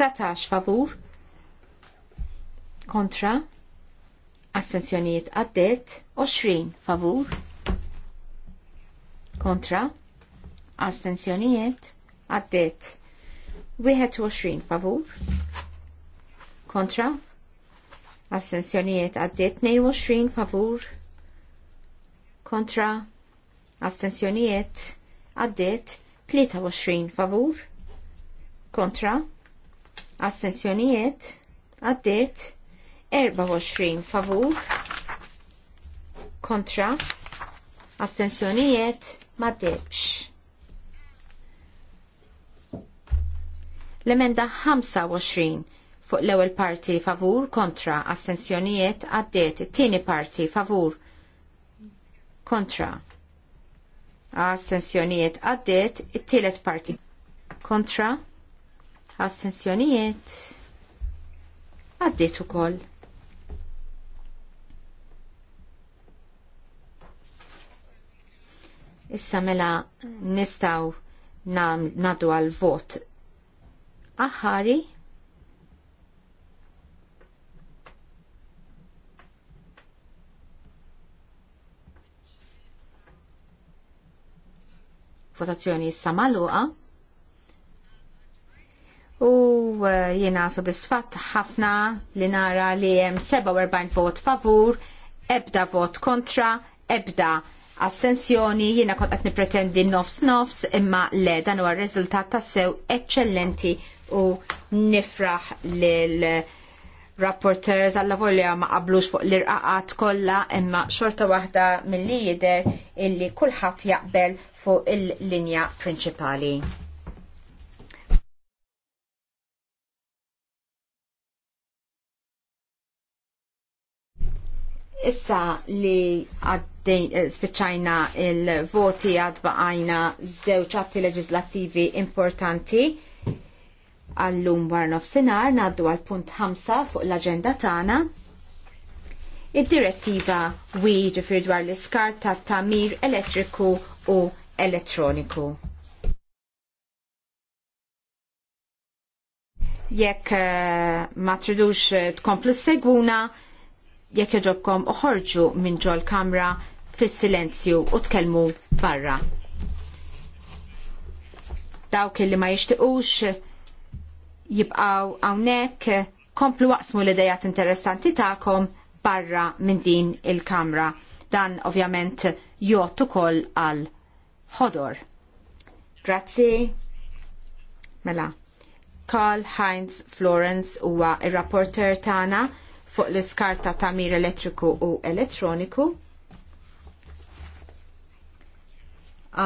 19 favur kontra astensjonijiet għaddiet 20 favur kontra astensjonijiet għaddiet 21 favur kontra Astensjonijiet għaddiet 22 favur kontra astensjonijiet għaddiet 23 favur kontra astensjonijiet għaddiet 24 favur kontra astensjonijiet maddebx. L-emenda 25 fuq l-ewwel parti favur kontra assenzjonijiet għaddiet it-tieni parti favur kontra astensjonijiet għaddiet it-tielet parti kontra astensjonijiet għaddiet ukoll. Issa mela nistaw nadu għal vot aħħari votazzjoni issa magħluqa. U eh, jiena sodisfatt ħafna li nara li hemm 47 vot favur, ebda vot kontra, ebda astensjoni, jiena kont għatni nippretendi nofs nofs, imma le dan huwa r-riżultat tassew eċċellenti u nifraħ lil rapporters għalla volja ma qablux fuq l-irqaqat kollha imma xorta waħda milli jidher illi kulħadd jaqbel fuq il-linja prinċipali. Issa li eh, spiċċajna il-voti għad baqajna zewċati atti leġislattivi importanti Għallum war nofsinhar ngħaddu għal punt 5 fuq l-aġenda tagħna. Id-direttiva wi ġifir dwar l-iskart ta' tamir elettriku u elettroniku. jekk eh, ma tridux eh, tkomplu segwuna, jekk joġobkom uħorġu minn ġol kamra fis silenzju u tkellmu barra. Dawk li ma jixtiqux jibqaw hawnhekk komplu waqsmu l-idejat interessanti tagħkom barra minn din il-kamra. Dan ovvjament jgħottu ukoll għal ħodor. Grazzi. Mela. Karl Heinz Florence huwa il rapporter tagħna fuq l-iskarta ta' mir elettriku u elettroniku.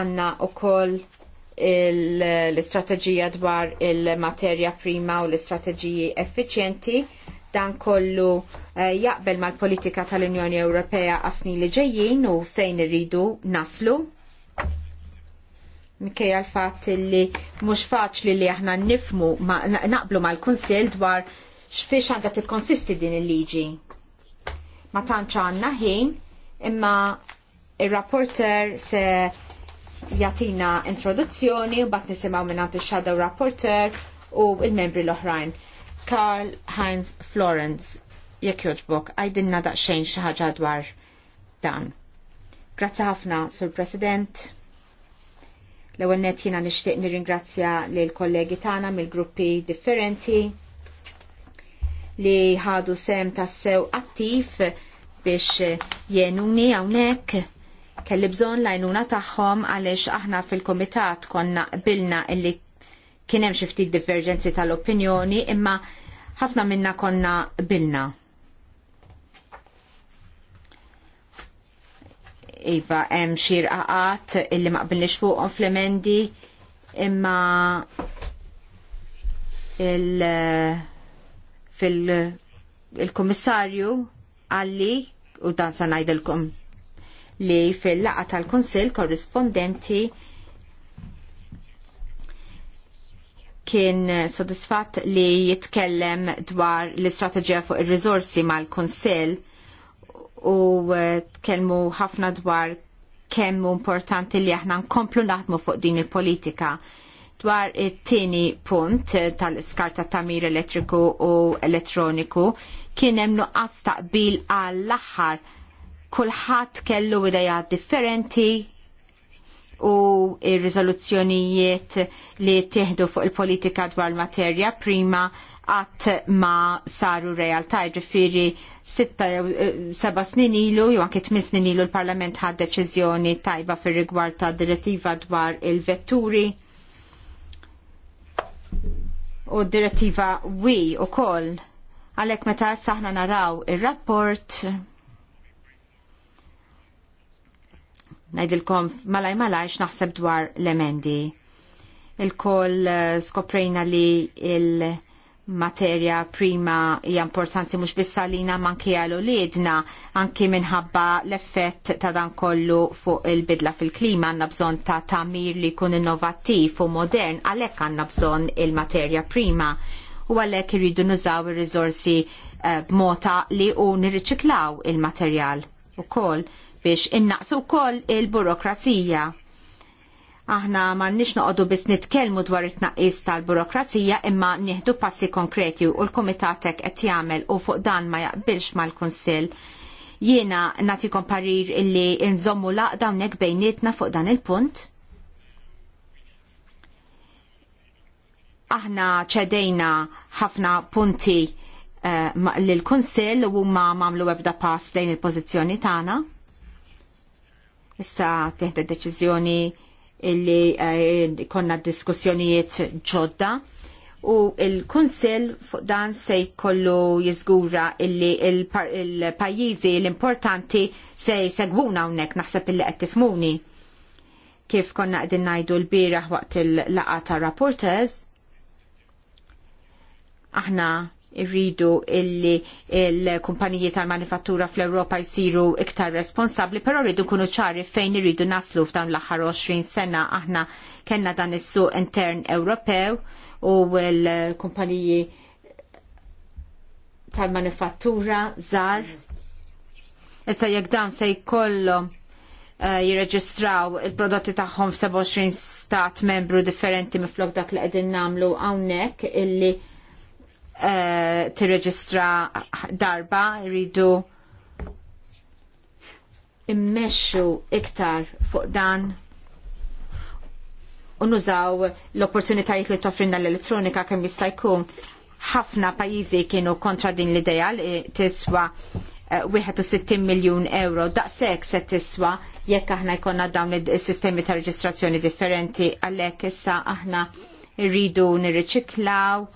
Anna u koll l-istrateġija dwar il-materja prima u l-istrateġiji effiċjenti dan kollu eh, jaqbel mal-politika tal-Unjoni Ewropea għasni li ġejjin u fejn irridu naslu. Mikkej għal-fat li mux faċli li aħna nifmu ma, naqblu mal-Kunsil dwar xfiex għanda tikkonsisti din il-liġi. Ma tantx għanna ħin imma il-rapporter se jatina introduzzjoni u bat nisimaw minnant il-Shadow Rapporteur u il-membri l-oħrajn. Karl Heinz Florence, jekk joġbok, għajdinna daqxejn xaħġa dwar dan. Grazzi ħafna, Sur President. L-ewwel nett jiena nixtieq nirringrazzja l kollegi tagħna mill-gruppi differenti li ħadu sem tassew attiv biex jenuni hawnhekk kelli bżon lajnuna tagħhom għaliex aħna fil-komitat konna bilna illi kien hemm xi ftit diverġenzi tal-opinjoni imma ħafna minna konna bilna. Iva, hemm xir aqat illi ma qbilniex fuqhom fl-emendi imma il fil il-komissarju għalli u dan sa ngħidilkom li fil laqgħa tal-Kunsill korrispondenti kien sodisfatt li jitkellem dwar l-istrateġija fuq ir-riżorsi mal-Kunsill u eh, tkellmu ħafna dwar kemm importanti li aħna nkomplu naħdmu fuq din il-politika dwar it-tieni punt eh, tal-iskarta ta' mir elettriku u elettroniku kien hemm nuqqas taqbil għall aħħar kulħadd kellu idejat differenti u r riżoluzzjonijiet li tieħdu fuq il-politika dwar materja prima għat ma saru realtà ġifiri sitta eh, seba snin ilu, jew anke tmien snin ilu l-Parlament ħad deċiżjoni tajba fir rigward ta' direttiva dwar il-vetturi. U direttiva wi u koll. Għalek meta saħna naraw il-rapport Najdilkom malaj malaj naħseb dwar l-emendi. Il-koll eh, skoprejna li il-materja prima hija importanti mhux biss għalina manki għalu lidna anki minħabba l-effett ta' dan kollu fuq il-bidla fil-klima għandna bżonn ta' tamir li jkun innovattiv u modern għalhekk għandna bżonn il-materja prima u għalhekk irridu nużaw ir-riżorsi eh, b'mota li hu nirriċiklaw il-materjal ukoll biex innaqsu wkoll il-burokrazija. Aħna ma nix noqogħdu biss nitkellmu dwar it-tnaqqis tal-burokrazija imma nieħdu passi konkreti u l-kumitatek qed jagħmel u fuq dan ma jaqbilx mal-Kunsill. Jiena nagħtikom parir illi nżommu laqda hawnhekk bejnietna fuq dan il-punt. Aħna ċedejna ħafna punti uh, eh, lill-Kunsill u huma magħmlu ebda pass lejn il-pożizzjoni tagħna Issa teħda deċiżjoni illi eh, konna diskussjonijiet ġodda u il kunsel fuq dan se jkollu jizgura illi il-pajjiżi l-importanti se jsegwuna hawnhekk naħseb illi qed tifmuni. Kif konna qegħdin ngħidu l-bieraħ waqt il-laqgħa ta' rapporters, aħna irridu illi il-kumpaniji tal-manifattura fl-Europa jisiru iktar responsabli, pero rridu kunu ċari fejn irridu naslu f'dan l-aħħar 20 sena aħna kena dan is-suq intern Ewropew u l-kumpaniji tal-manifattura zar. Issa jekk dawn se jkollhom eh, jirreġistraw il-prodotti tagħhom f'27 stat membru differenti miflok dak li qegħdin nagħmlu hawnhekk illi Eh, tirreġistra darba rridu immexxu iktar fuq dan u nużaw l-opportunitajiet li toffrinna l-elettronika kemm jista' jkun ħafna pajjiżi kienu kontra din l-idea li tiswa 61 eh, miljun euro daqshekk se tiswa jekk aħna jkollna dawn is-sistemi ta' reġistrazzjoni differenti għalhekk issa aħna rridu nirriċiklaw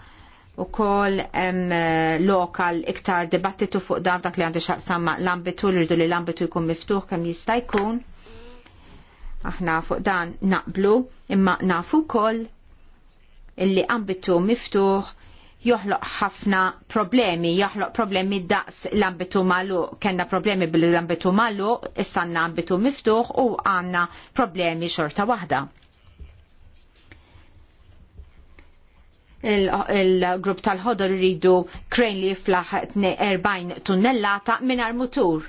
u kol eh, lokal iktar dibattitu fuq dan dak li għandu xaqsamma l-ambitu li rridu li l-ambitu jkun miftuħ kemm jista' jkun. Aħna fuq dan naqblu imma nafu kol illi ambitu miftuħ joħloq ħafna problemi, joħloq problemi daqs l-ambitu malu, kena problemi bil-ambitu malu, issanna ambitu miftuħ u għanna problemi xorta wahda. il-grupp tal-ħodor rridu krejn li jiflaħ 40 tunnellata mingħajr mutur.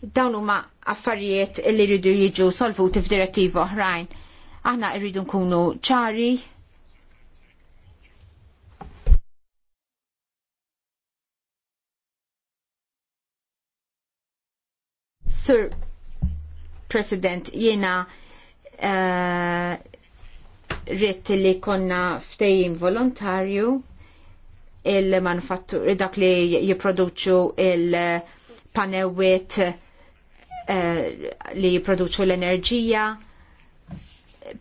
Dawn huma affarijiet li rridu jiġu solvuti f'direttiv oħrajn. Aħna rridu nkunu ċari, Sir President, jiena uh, rrit li konna ftejjim volontarju il-manufattur, dak li jiproduċu il-panewit eh, li jiproduċu l-enerġija,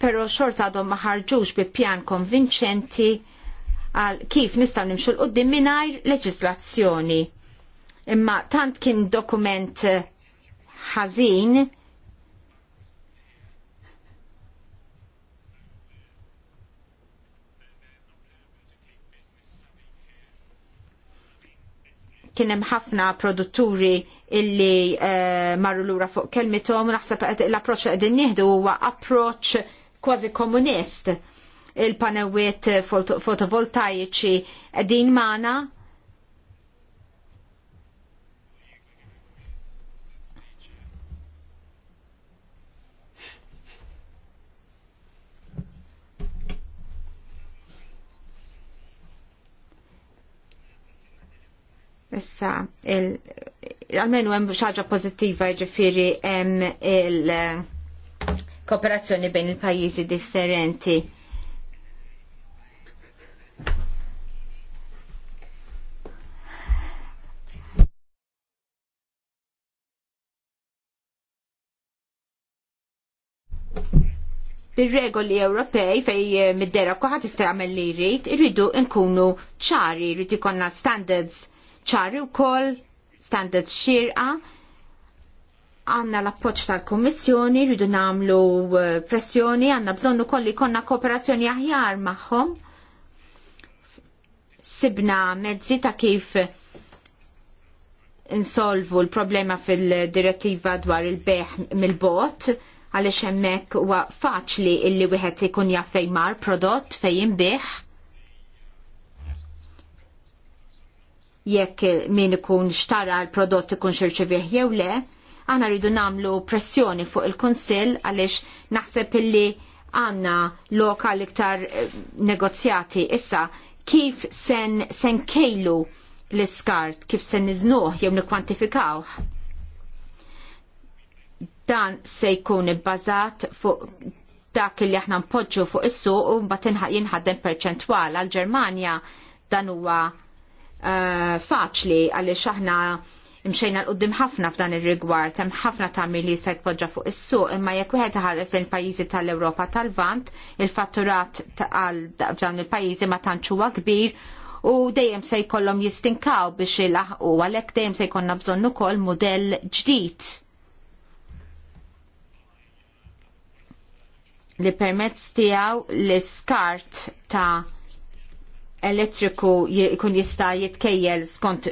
pero xorta għadhom maħarġux bi pjan konvinċenti għal kif nistaw nimxu l-qoddim minajr leġislazzjoni. Imma tant kien dokument ħażin kien hemm ħafna produtturi illi uh, marru lura fuq kelmithom naħseb l-approċċ li qegħdin nieħdu huwa approċċ kważi komunist il-panewiet fotovoltaiċi qegħdin mana Issa, għalmenu hemm xaġa pozittiva ġifiri hemm il-kooperazzjoni bejn il-pajjiżi differenti. bir-regoli Ewropej fej eh, middera kuħat jista' jagħmel li jrid, irridu nkunu ċari, jrid ikonna standards ċari wkoll standards xirqa għanna l-appoċ tal-Kommissjoni, rridu namlu eh, pressjoni, għanna bżonnu kolli konna kooperazzjoni aħjar maħħom. Sibna mezzi ta' kif insolvu l-problema fil-direttiva dwar il-beħ mill-bot, għalix hemmhekk huwa faċli illi wieħed ikun fejn mar prodott fejn beħ. jekk min ikun xtara l-prodott ikun xirċivih jew le, għana rridu namlu pressjoni fuq il-Konsil għalix naħseb illi għanna loka liktar iktar eh, negozjati issa kif sen, sen kejlu l-iskart, kif sen niznuħ jew nikwantifikawh. Dan se jkun ibbażat fuq dak li aħna npoġġu fuq is-suq u mbagħad jinħadem perċentwal għal Ġermanja dan huwa Eh, faċli għaliex aħna imxejna l-qoddim ħafna f'dan ir-rigward, hemm ħafna tagħmel li se tpoġġa fuq is-suq, imma jekk wieħed iħares lejn pajjiżi tal-Ewropa tal-Vant, il-fatturat għal f'dawn il-pajjiżi ma tantx huwa kbir u dejjem se jkollhom jistinkaw biex ilaħqu għalhekk dejjem se jkollna bżonn ukoll mudell ġdid. li permezz tiegħu l-iskart ta' elettriku jkun jista' jitkejjel skont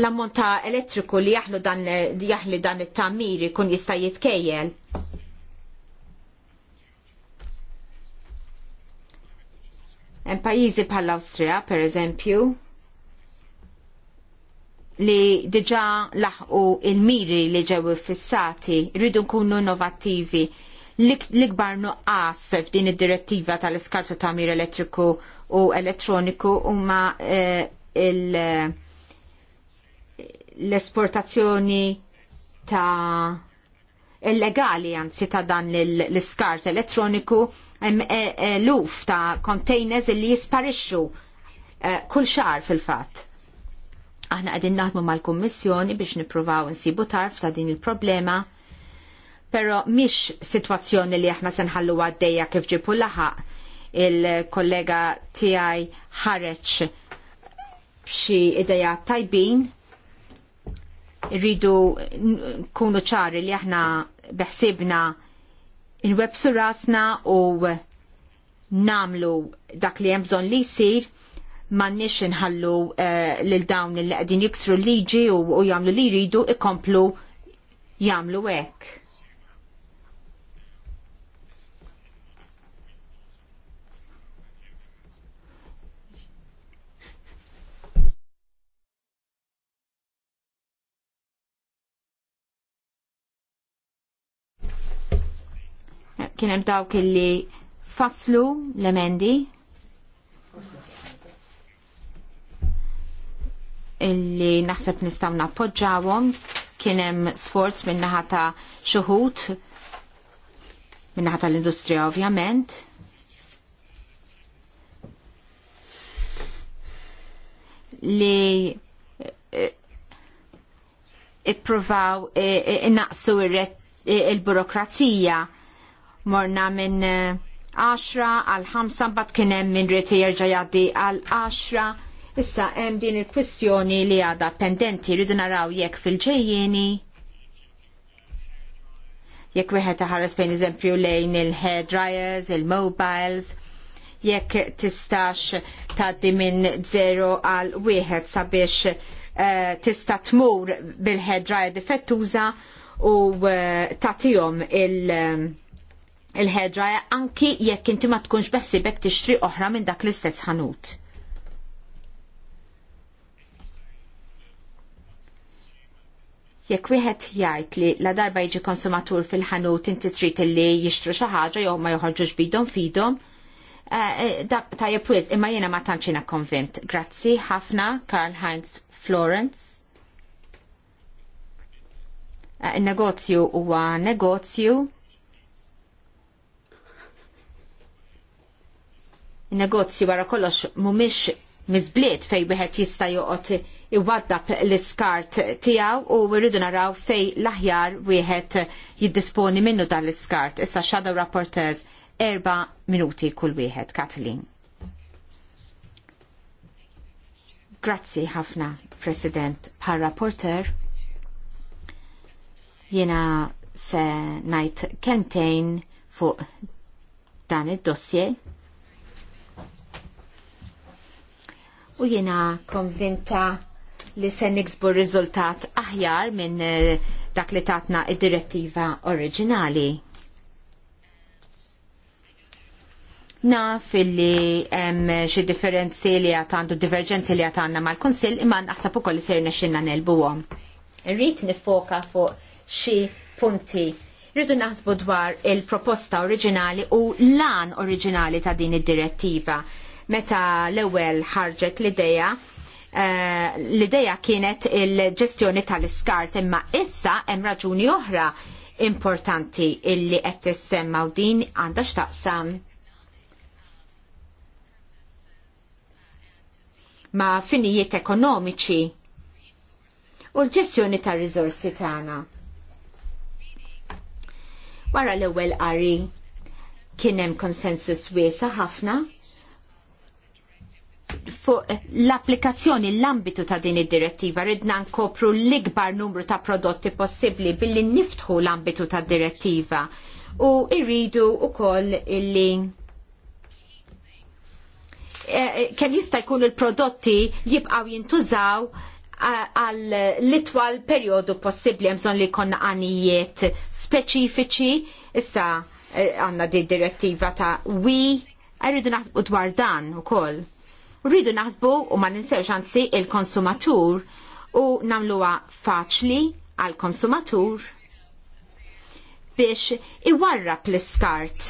l-ammont ta' elettriku li jaħlu dan jaħli dan it-tamir jkun jista' jitkejjel. Hemm pajjiżi bħall-Awstrija, pereżempju, li diġà laħqu il-miri li ġew fissati, rridu nkunu innovattivi l-ikbar nuqqas f'din id-direttiva tal-iskartu ta' mir elettriku u elettroniku huma eh, l-esportazzjoni ta' illegali anzi ta' dan l-iskart elettroniku e, e, l-uf ta' containers li jisparixxu eh, kull xar fil-fatt aħna għedin naħdmu mal-Kommissjoni biex nipruvaw nsibu tarf ta' din il-problema pero mhix sitwazzjoni li aħna se nħallu għaddejja kif ġipu laħaq il-kollega tiegħi ħareċ b'xi ideja tajbin rridu nkunu ċari li aħna beħsibna il-websu rasna u namlu dak li hemm bżonn li jsir m'għandniex inħallu uh, lil dawn li qegħdin jiksru l-liġi u, u jagħmlu li jridu ikomplu jagħmlu hekk. Kien hemm dawk illi faslu l-emendi illi naħseb nistgħu nappoġġawhom kien hemm sforz minn naħa ta' xuħud min-naħa tal-industrija ovvjament. li eh, ippruvaw eh, eh, innaqsu il-burokrazija morna minn 10 eh, għal 5 bat kien hemm min rrid jerġa' jgħaddi għal 10. Issa hemm din il-kwistjoni li għadha pendenti rridu naraw jekk fil ġejjeni Jekk wieħed taħares bejn eżempju lejn il-hair dryers, il-mobiles, jekk tistax tgħaddi minn 0 għal wieħed sabiex eh, tista' tmur bil-hair dryer difettuża u uh, tagħtihom il- il-ħedra anki jekk inti ma tkunx beħsibek tixtri oħra minn dak l-istess ħanut. Jekk wieħed jgħid li la darba jiġi konsumatur fil-ħanut inti trid li jixtru xi ħaġa jew ma joħorġux bidhom fidhom, eh, eh, dak tajjeb wiz imma jiena ma tantx jiena konvint. Grazzi ħafna Karl Heinz Florence. Eh, il-negozju huwa negozju negozji wara kollox mhumiex miżbliet fejn wieħed jista' joqgħod iwaddab l-iskart tiegħu u rridu naraw fejn l-aħjar wieħed jiddisponi minnu dan l-iskart. Issa Shadow Rapporteurs erba' minuti kull wieħed, Kathleen. Grazzi ħafna, President, par rapporter. Jena se najt kentejn fuq dan id-dossier u jiena konvinta li se niksbu riżultat aħjar minn eh, dak li tatna id-direttiva oriġinali. fil li hemm xi differenzi li għatandu divergenzi li għatanna mal-Kunsill imma naħseb ukoll li ser nexxinna nelbuhom. Irrid nifoka fuq xi punti rridu naħsbu dwar il-proposta oriġinali u lan oriġinali ta' din id-direttiva meta l-ewwel ħarġet l ideja Uh, eh, l-ideja kienet il-ġestjoni tal-iskart imma issa hemm raġuni oħra importanti illi qed tissemmaw din għandha x'taqsam ma' finijiet ekonomiċi u l-ġestjoni tar-riżorsi tagħna. Wara l-ewwel qari kien hemm konsensus wiesa' ħafna fuq l-applikazzjoni l-ambitu ta' din id-direttiva ridna nkopru l-ikbar numru ta' prodotti possibbli billi niftħu l-ambitu ta' direttiva u irridu wkoll illi kem eh, eh, kemm jista' jkun il-prodotti jibqgħu jintużaw għal l-itwal perjodu possibbli hemm bżonn li jkollna għanijiet speċifiċi issa eh, għandna di direttiva ta' wi għarridu naħsbu dwar dan ukoll Rridu naħsbu u ma ninsewx anzi il-konsumatur u namluwa faċli għal-konsumatur biex iwarrab l-iskart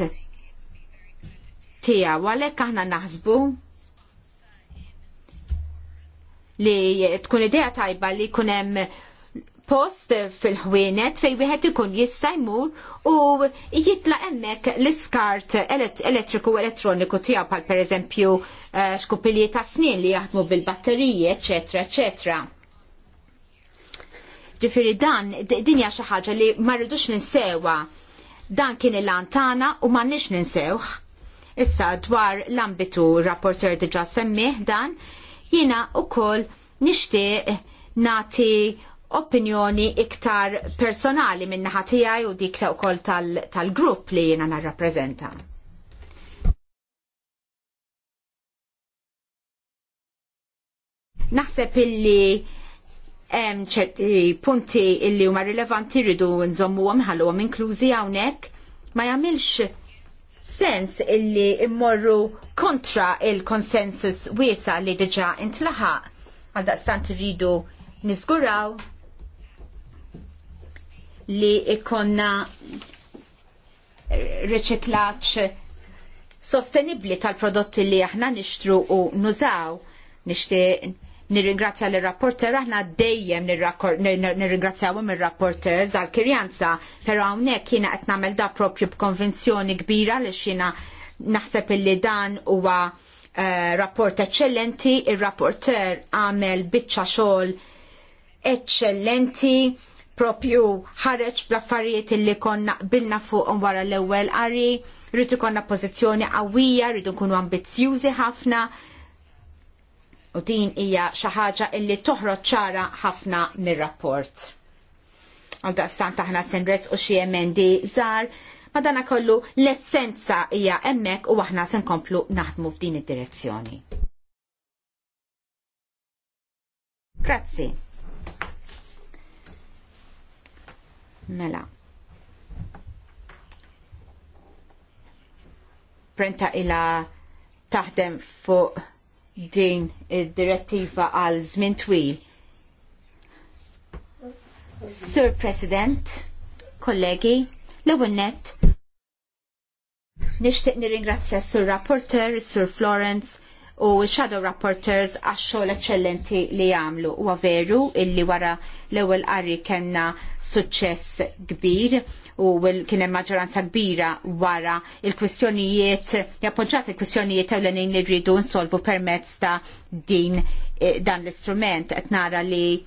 tija għalhekk aħna naħsbu li tkun idea tajba li jkun hemm post fil-ħwienet fej wieħed ikun jista' jmur u jitla hemmhekk l-iskart elettriku elettroniku tiegħu bħal pereżempju eh, xkupilji ta' snin li jaħdmu bil-batteriji, eċetera, eċetera. Ġifieri dan din hija xi ħaġa li ma rridux ninsewha. Dan kien il-lan tagħna u m'għandniex ninsewh. Issa dwar l-ambitu rapporter diġà semmih dan, jiena wkoll nixtieq nati opinjoni iktar personali minn naħa tiegħi u dik ukoll tal-grupp li jiena narrapprezenta. Naħseb illi hemm ċerti punti illi huma rilevanti rridu nżommuhom ħalluhom inklużi hawnhekk ma jagħmilx sens illi immorru kontra il-konsensus wiesa li diġà intlaħaq għal daqstant rridu niżguraw li ikonna reċiklaċ sostenibli tal-prodotti li aħna nixtru u nużaw. Nixtieq nirringrazzja l rapporter aħna dejjem nirringrazzjawhom ir-rapporter għall-kirjanza, però hawnhekk jiena qed nagħmel da propju b'konvinzjoni kbira li xina naħseb illi dan huwa eh, rapport eccellenti, ir-rapporter għamel biċċa xogħol eccellenti propju ħareġ bl-affarijiet li konna bilna fuq wara l-ewwel qari, rrid ikonna pożizzjoni qawwija, rritu nkunu ambizzjużi ħafna. U din hija xi ħaġa illi toħroġ ċara ħafna mir-rapport. Għal daqstant aħna senres u xi emendi żgħar, madana kollu l-essenza hija hemmhekk u aħna se nkomplu naħdmu f'din id-direzzjoni. Grazzi. Mela. Prenta ila taħdem fuq din id-direttiva għal żmien twil. Sur President, kollegi, l-ewwel nett nixtieq nirringrazzja sur rapporter, sur Florence, u shadow rapporteurs għax-xogħol eċċellenti li jagħmlu. Huwa veru illi wara l-ewwel qari kellna suċċess kbir u kien hemm maġġoranza kbira wara il-kwistjonijiet jappoġġat il-kwistjonijiet ewlenin li rridu nsolvu permezz ta' din e, dan l-istrument qed nara li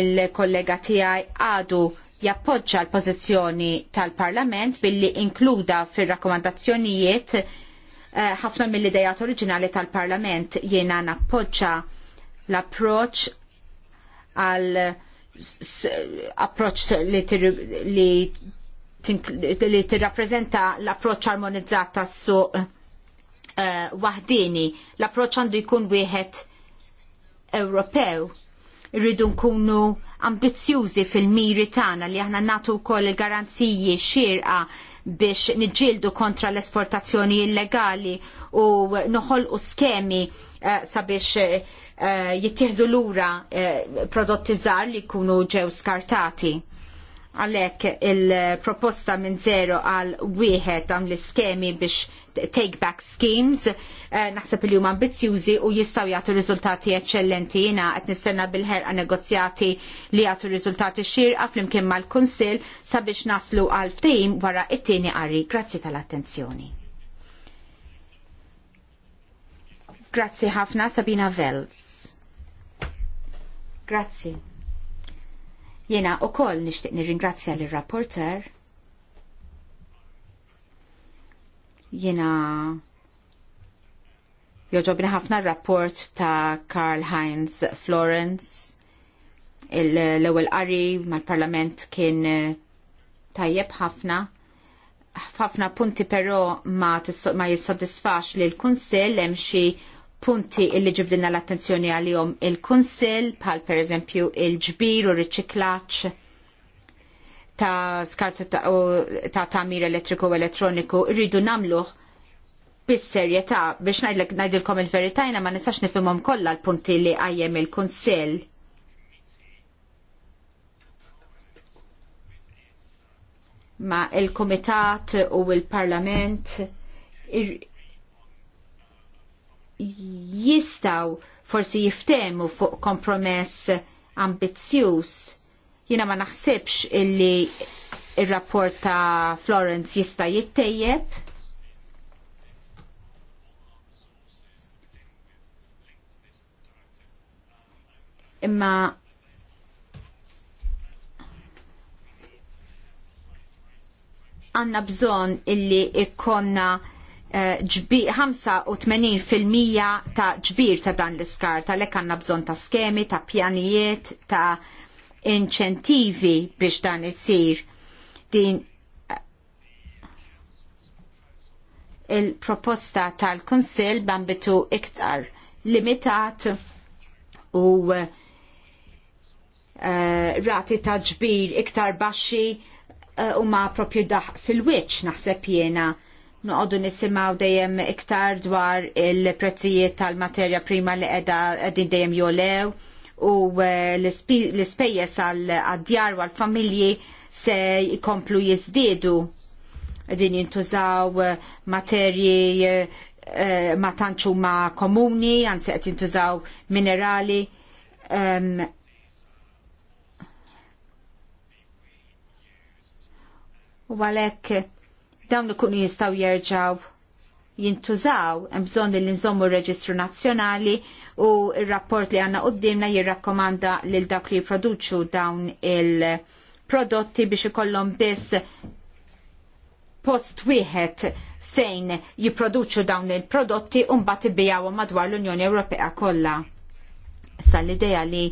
il-kollega tiegħi għadu jappoġġa l-pożizzjoni tal-Parlament billi inkluda fir-rakkomandazzjonijiet Eh, ħafna uh, mill-idejat oriġinali tal-Parlament jiena nappoġġa l-approċ għal approċ li, tirrapprezenta tirrappreżenta l-approċ armonizzat tas-suq uh, wahdini. L-approċ għandu jkun wieħed Ewropew. Irridu nkunu ambizzjużi fil-miri tagħna li aħna natu wkoll il-garanziji xierqa biex niġġieldu kontra l-esportazzjoni illegali u noħolqu skemi eh, sabiex eh, jittieħdu lura ura eh, prodotti żgħar li jkunu ġew skartati Għalhekk il-proposta minn zero għal wieħed dawn l-iskemi biex take back schemes eh, naħseb li huma ambizzjużi u jistgħu jagħtu riżultati eċċellenti jiena qed nistenna bil-ħerqa negozjati li jagħtu riżultati xirqa flimkien mal-Kunsill sabiex naslu għal ftehim wara it-tieni qari. Grazzi tal-attenzjoni. Grazzi ħafna Sabina Vels. Grazzi. Jena u koll nishtiq nirringrazzja l-rapporter Jena joġobni ħafna rapport ta' Karl Heinz Florence. L-ewwel qari mal-Parlament kien eh, tajjeb ħafna ħafna punti però ma, ma jissodisfax li l-Kunsill hemm xi punti illi ġibdina l-attenzjoni għalihom il-Kunsill bħal pereżempju il-ġbir u riċiklaċ ta' skartu ta' tamir elettriku u elettroniku rridu namluħ bis-serjetà biex ngħidlek ngħidilkom il veritajna ma nistax nifhimhom kollha l-punti li għajjem il-kunsill. Ma il-Kumitat u il-Parlament jistaw forsi jiftemu fuq kompromess ambizzjuż Jiena ma naħsibx illi il-rapport ta' Florence jista' jittejjeb. Imma għanna bżon illi ikkonna eh, ġbir 85% ta' ġbir ta' dan l-iskar, tal-ek għanna bżon ta' skemi, ta' pjanijiet, ta' inċentivi biex dan isir din il-proposta tal-Konsil bambitu iktar limitat u uh, rati ta' ġbir iktar baxxi uh, u ma' propju daħ fil-wiċ naħseb jena noqogħdu nisimaw dejjem iktar dwar il-prezzijiet tal-materja prima li qiegħda qegħdin dejjem jolew u eh, l-ispejjeż għal djar u għal-familji se jkomplu jizdidu. din jintużaw eh, materji eh, ma tantxu ma komuni, għanse qed jintużaw minerali. Ehm, u għalhekk dawn ikunu jistgħu jerġgħu jintużaw, bżonn li nżommu reġistru nazzjonali u il-rapport li għanna qoddimna jirrakkomanda lil dak li jipproduċu dawn il-prodotti biex ikollhom biss post wieħed fejn jipproduċu dawn il-prodotti u mbagħad ibijawhom madwar l-Unjoni Ewropea kollha. Issa l-idea li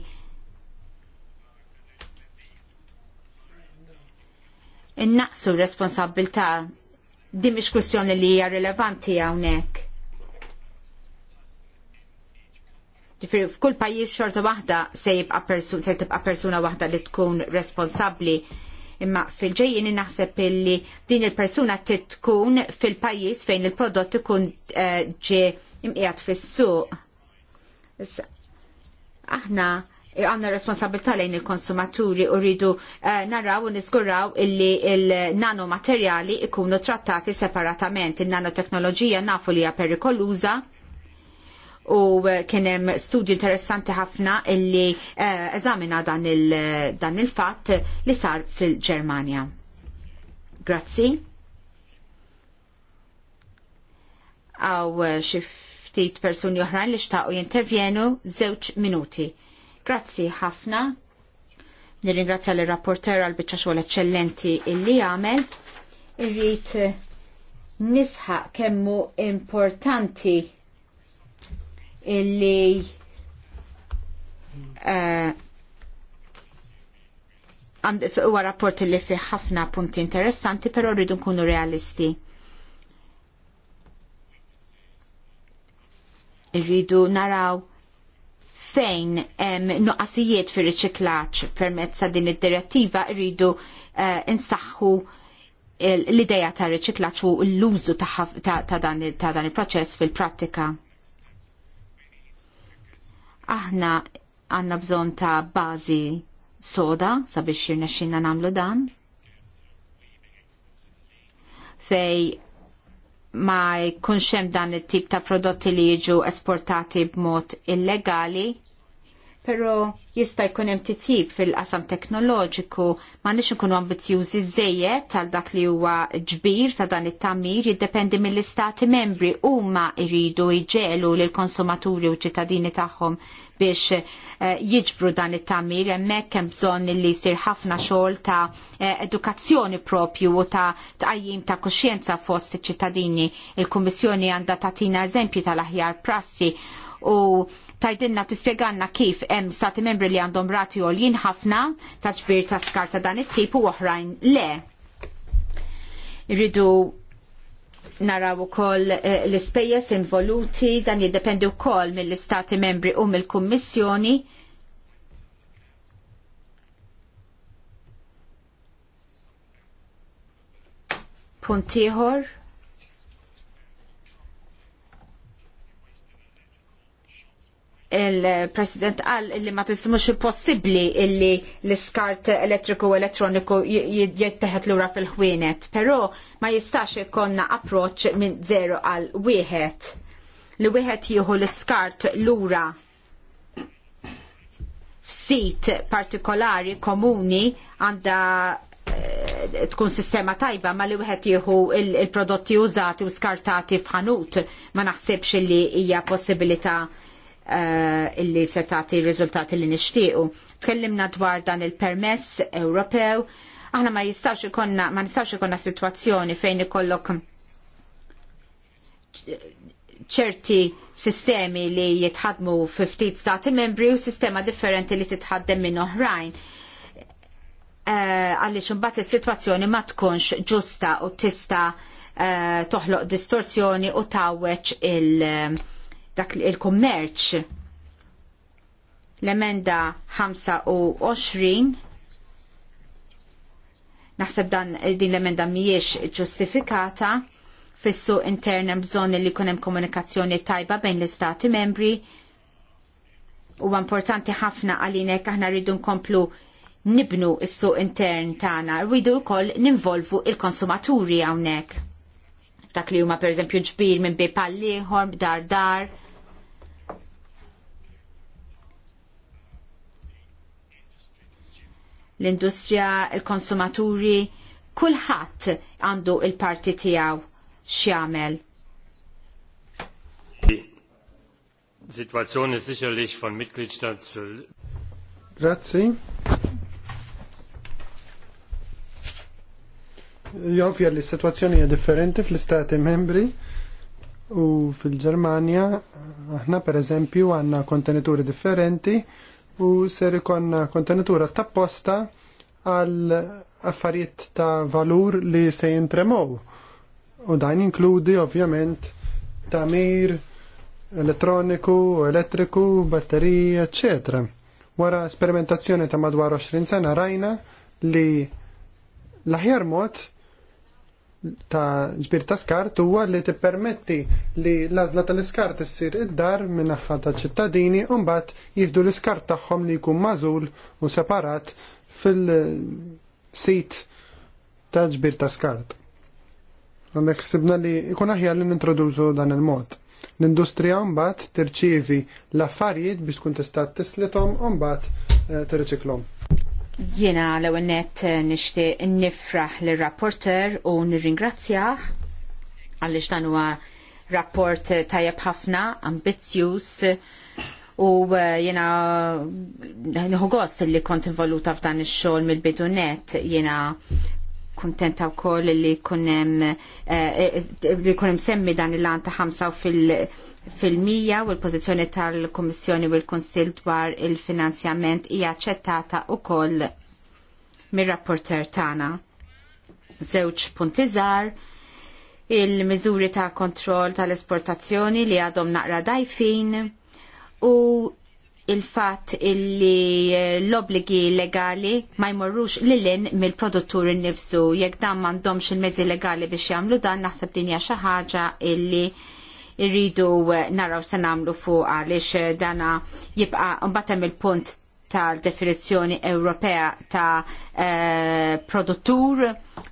innaqsu r responsabbilta Din mhix kwestjoni li hija rilevanti hawnhekk. Ġifieri f'kull pajjiż xorta waħda se jibqa' se tibqa' persuna waħda li tkun responsabbli imma fil-ġejjin naħseb illi din il-persuna tkun fil-pajjiż fejn il-prodott ikun eh, ġie imqiegħed fis-suq. Aħna għanna responsabilità lejn il-konsumaturi u rridu eh, naraw u niskuraw illi il-nanomaterjali ikunu trattati separatament. il nanoteknologija nafu li hija perikoluża u eh, kienem studju interessanti ħafna illi eh, eżamina dan il-fat li sar fil-Germania. Grazzi. Għaw xiftit personi oħrajn li xtaqu jintervjenu zewċ minuti. Grazzi ħafna. Nirringrazzja l rapporter għal biċċa xogħol eċċellenti illi għamel. Irrid nisħaq kemmu importanti illi uh, huwa rapport li fih ħafna punti interessanti, però rridu nkunu realisti. Irridu naraw fejn nuqqasijiet fir riċiklaċ permezz ta' din id-direttiva rridu uh, insaħħu l-ideja ta' riċiklaċ u l-użu ta' dan il-proċess fil-prattika. Aħna għanna bżon ta' bazi soda sabiex jirnexxinna namlu dan. Fej ma jkunx hemm dan it-tip ta' prodotti li jiġu esportati b'mod illegali pero jista' jkun hemm titjib fil-qasam teknoloġiku m'għandniex nkunu ambizjużi żejjed tal dak li huwa ġbir ta' dan it-tamir jiddependi mill-istati membri huma jridu jġelu lil konsumaturi u ċittadini tagħhom biex eh, jiġbru dan it tagħmir hemmhekk hemm bżonn li jsir ħafna xogħol ta' eh, edukazzjoni propju u ta' tqajjim ta' kuxjenza fost iċ-ċittadini. Il-Kummissjoni għandha tagħtina eżempji tal-aħjar prassi u tajdinna tispjeganna kif hemm stati membri li għandhom rati għoljin ħafna ta' ġbir ta' skarta ta' dan it-tip u oħrajn le. Irridu naraw ukoll eh, l-ispejjeż involuti dan jiddependi wkoll mill-istati membri u mill-kummissjoni. Punt ieħor il-President qal li ma tismux possibbli illi l-iskart elettriku u elettroniku jitteħet lura fil-ħwienet, però ma jistax ikonna approċ minn zero għal wieħed li wieħed jieħu l-iskart lura f'sit partikolari komuni għandha eh, tkun sistema tajba ma li wieħed jieħu il-prodotti użati u skartati f'ħanut ma naħsibx li hija possibilità Eh, illi se tagħti r-riżultati li nixtiequ. Tkellimna dwar dan il-permess Ewropew. Aħna ma jistax ikonna ma nistax ikonna sitwazzjoni fejn ikollok ċerti sistemi li jitħadmu fi ftit stati membri u sistema differenti li titħaddem minn oħrajn. Eh, għaliex imbagħad is-sitwazzjoni ma tkunx ġusta u tista' eh, toħloq distorzjoni u tawweċ il- dak il-kommerċ. L-emenda 25 naħseb dan din l-emenda mhijiex ġustifikata fissu intern hemm bżonn li jkun hemm komunikazzjoni tajba bejn l-istati membri huwa importanti ħafna għalinek aħna rridu nkomplu nibnu s-suq intern tagħna, rridu wkoll ninvolvu il-konsumaturi hawnhekk. Dak li huma pereżempju ġbir minn bejpal ieħor dar dar l-industrija, il-konsumaturi, kullħat għandu il-parti tiegħu x'jagħmel. Situation ist sicherlich von Mitgliedstaat zu. Grazie. Jovja li situazzjoni hija differenti fl stati membri u fil-Ġermanja aħna per eżempju għanna kontenituri differenti u ser ikonna kontenitura tapposta għal affarijiet ta' valur li se jintremow. U dan inkludi ovvjament tamir elettroniku, elettriku, batterija, eccetera. Wara sperimentazzjoni ta' madwar 20 sena rajna li l-aħjar mod ta' ġbir ta' skart huwa li tippermetti li l-għażla tal-iskart issir id-dar minnaħħa ta' ċittadini u mbagħad jieħdu l-iskart tagħhom li jkun mażul u separat fil-sit ta' ġbir ta' skart. Għandek ħsibna li jkun aħjar li nintrodużu dan il-mod. L-industrija mbagħad tirċievi l-affarijiet biex tkun tista' tislithom u mbagħad eh, tirriċiklhom. Jena l net eh, nishti nifraħ l-rapporter u nirringrazzjah għalli dan huwa rapport eh, tajab ħafna, ambizzjuż u eh, jena nħu gost li kont involuta f'dan ix-xogħol mill-bidu jena kontenta u koll li kunem eh, li kunem semmi dan il-lan ta' 5 fil-mija u l-pozizjoni tal-Komissjoni u l-Konsil dwar il-finanzjament hija ċettata u koll mir-rapporter tana. Zewċ punti zar, il-mizuri ta' kontroll tal-esportazzjoni li għadhom naqra dajfin u il-fat illi eh, l-obligi legali ma jmorrux lilin mill-produttur nifsu. jekk dan m'għandhomx il-mezzi legali biex jagħmlu dan naħseb din hija xi ħaġa illi irridu eh, naraw se nagħmlu fuq għaliex eh, dana jibqa' mbagħad hemm il-punt tal-definizzjoni Ewropea ta' produttur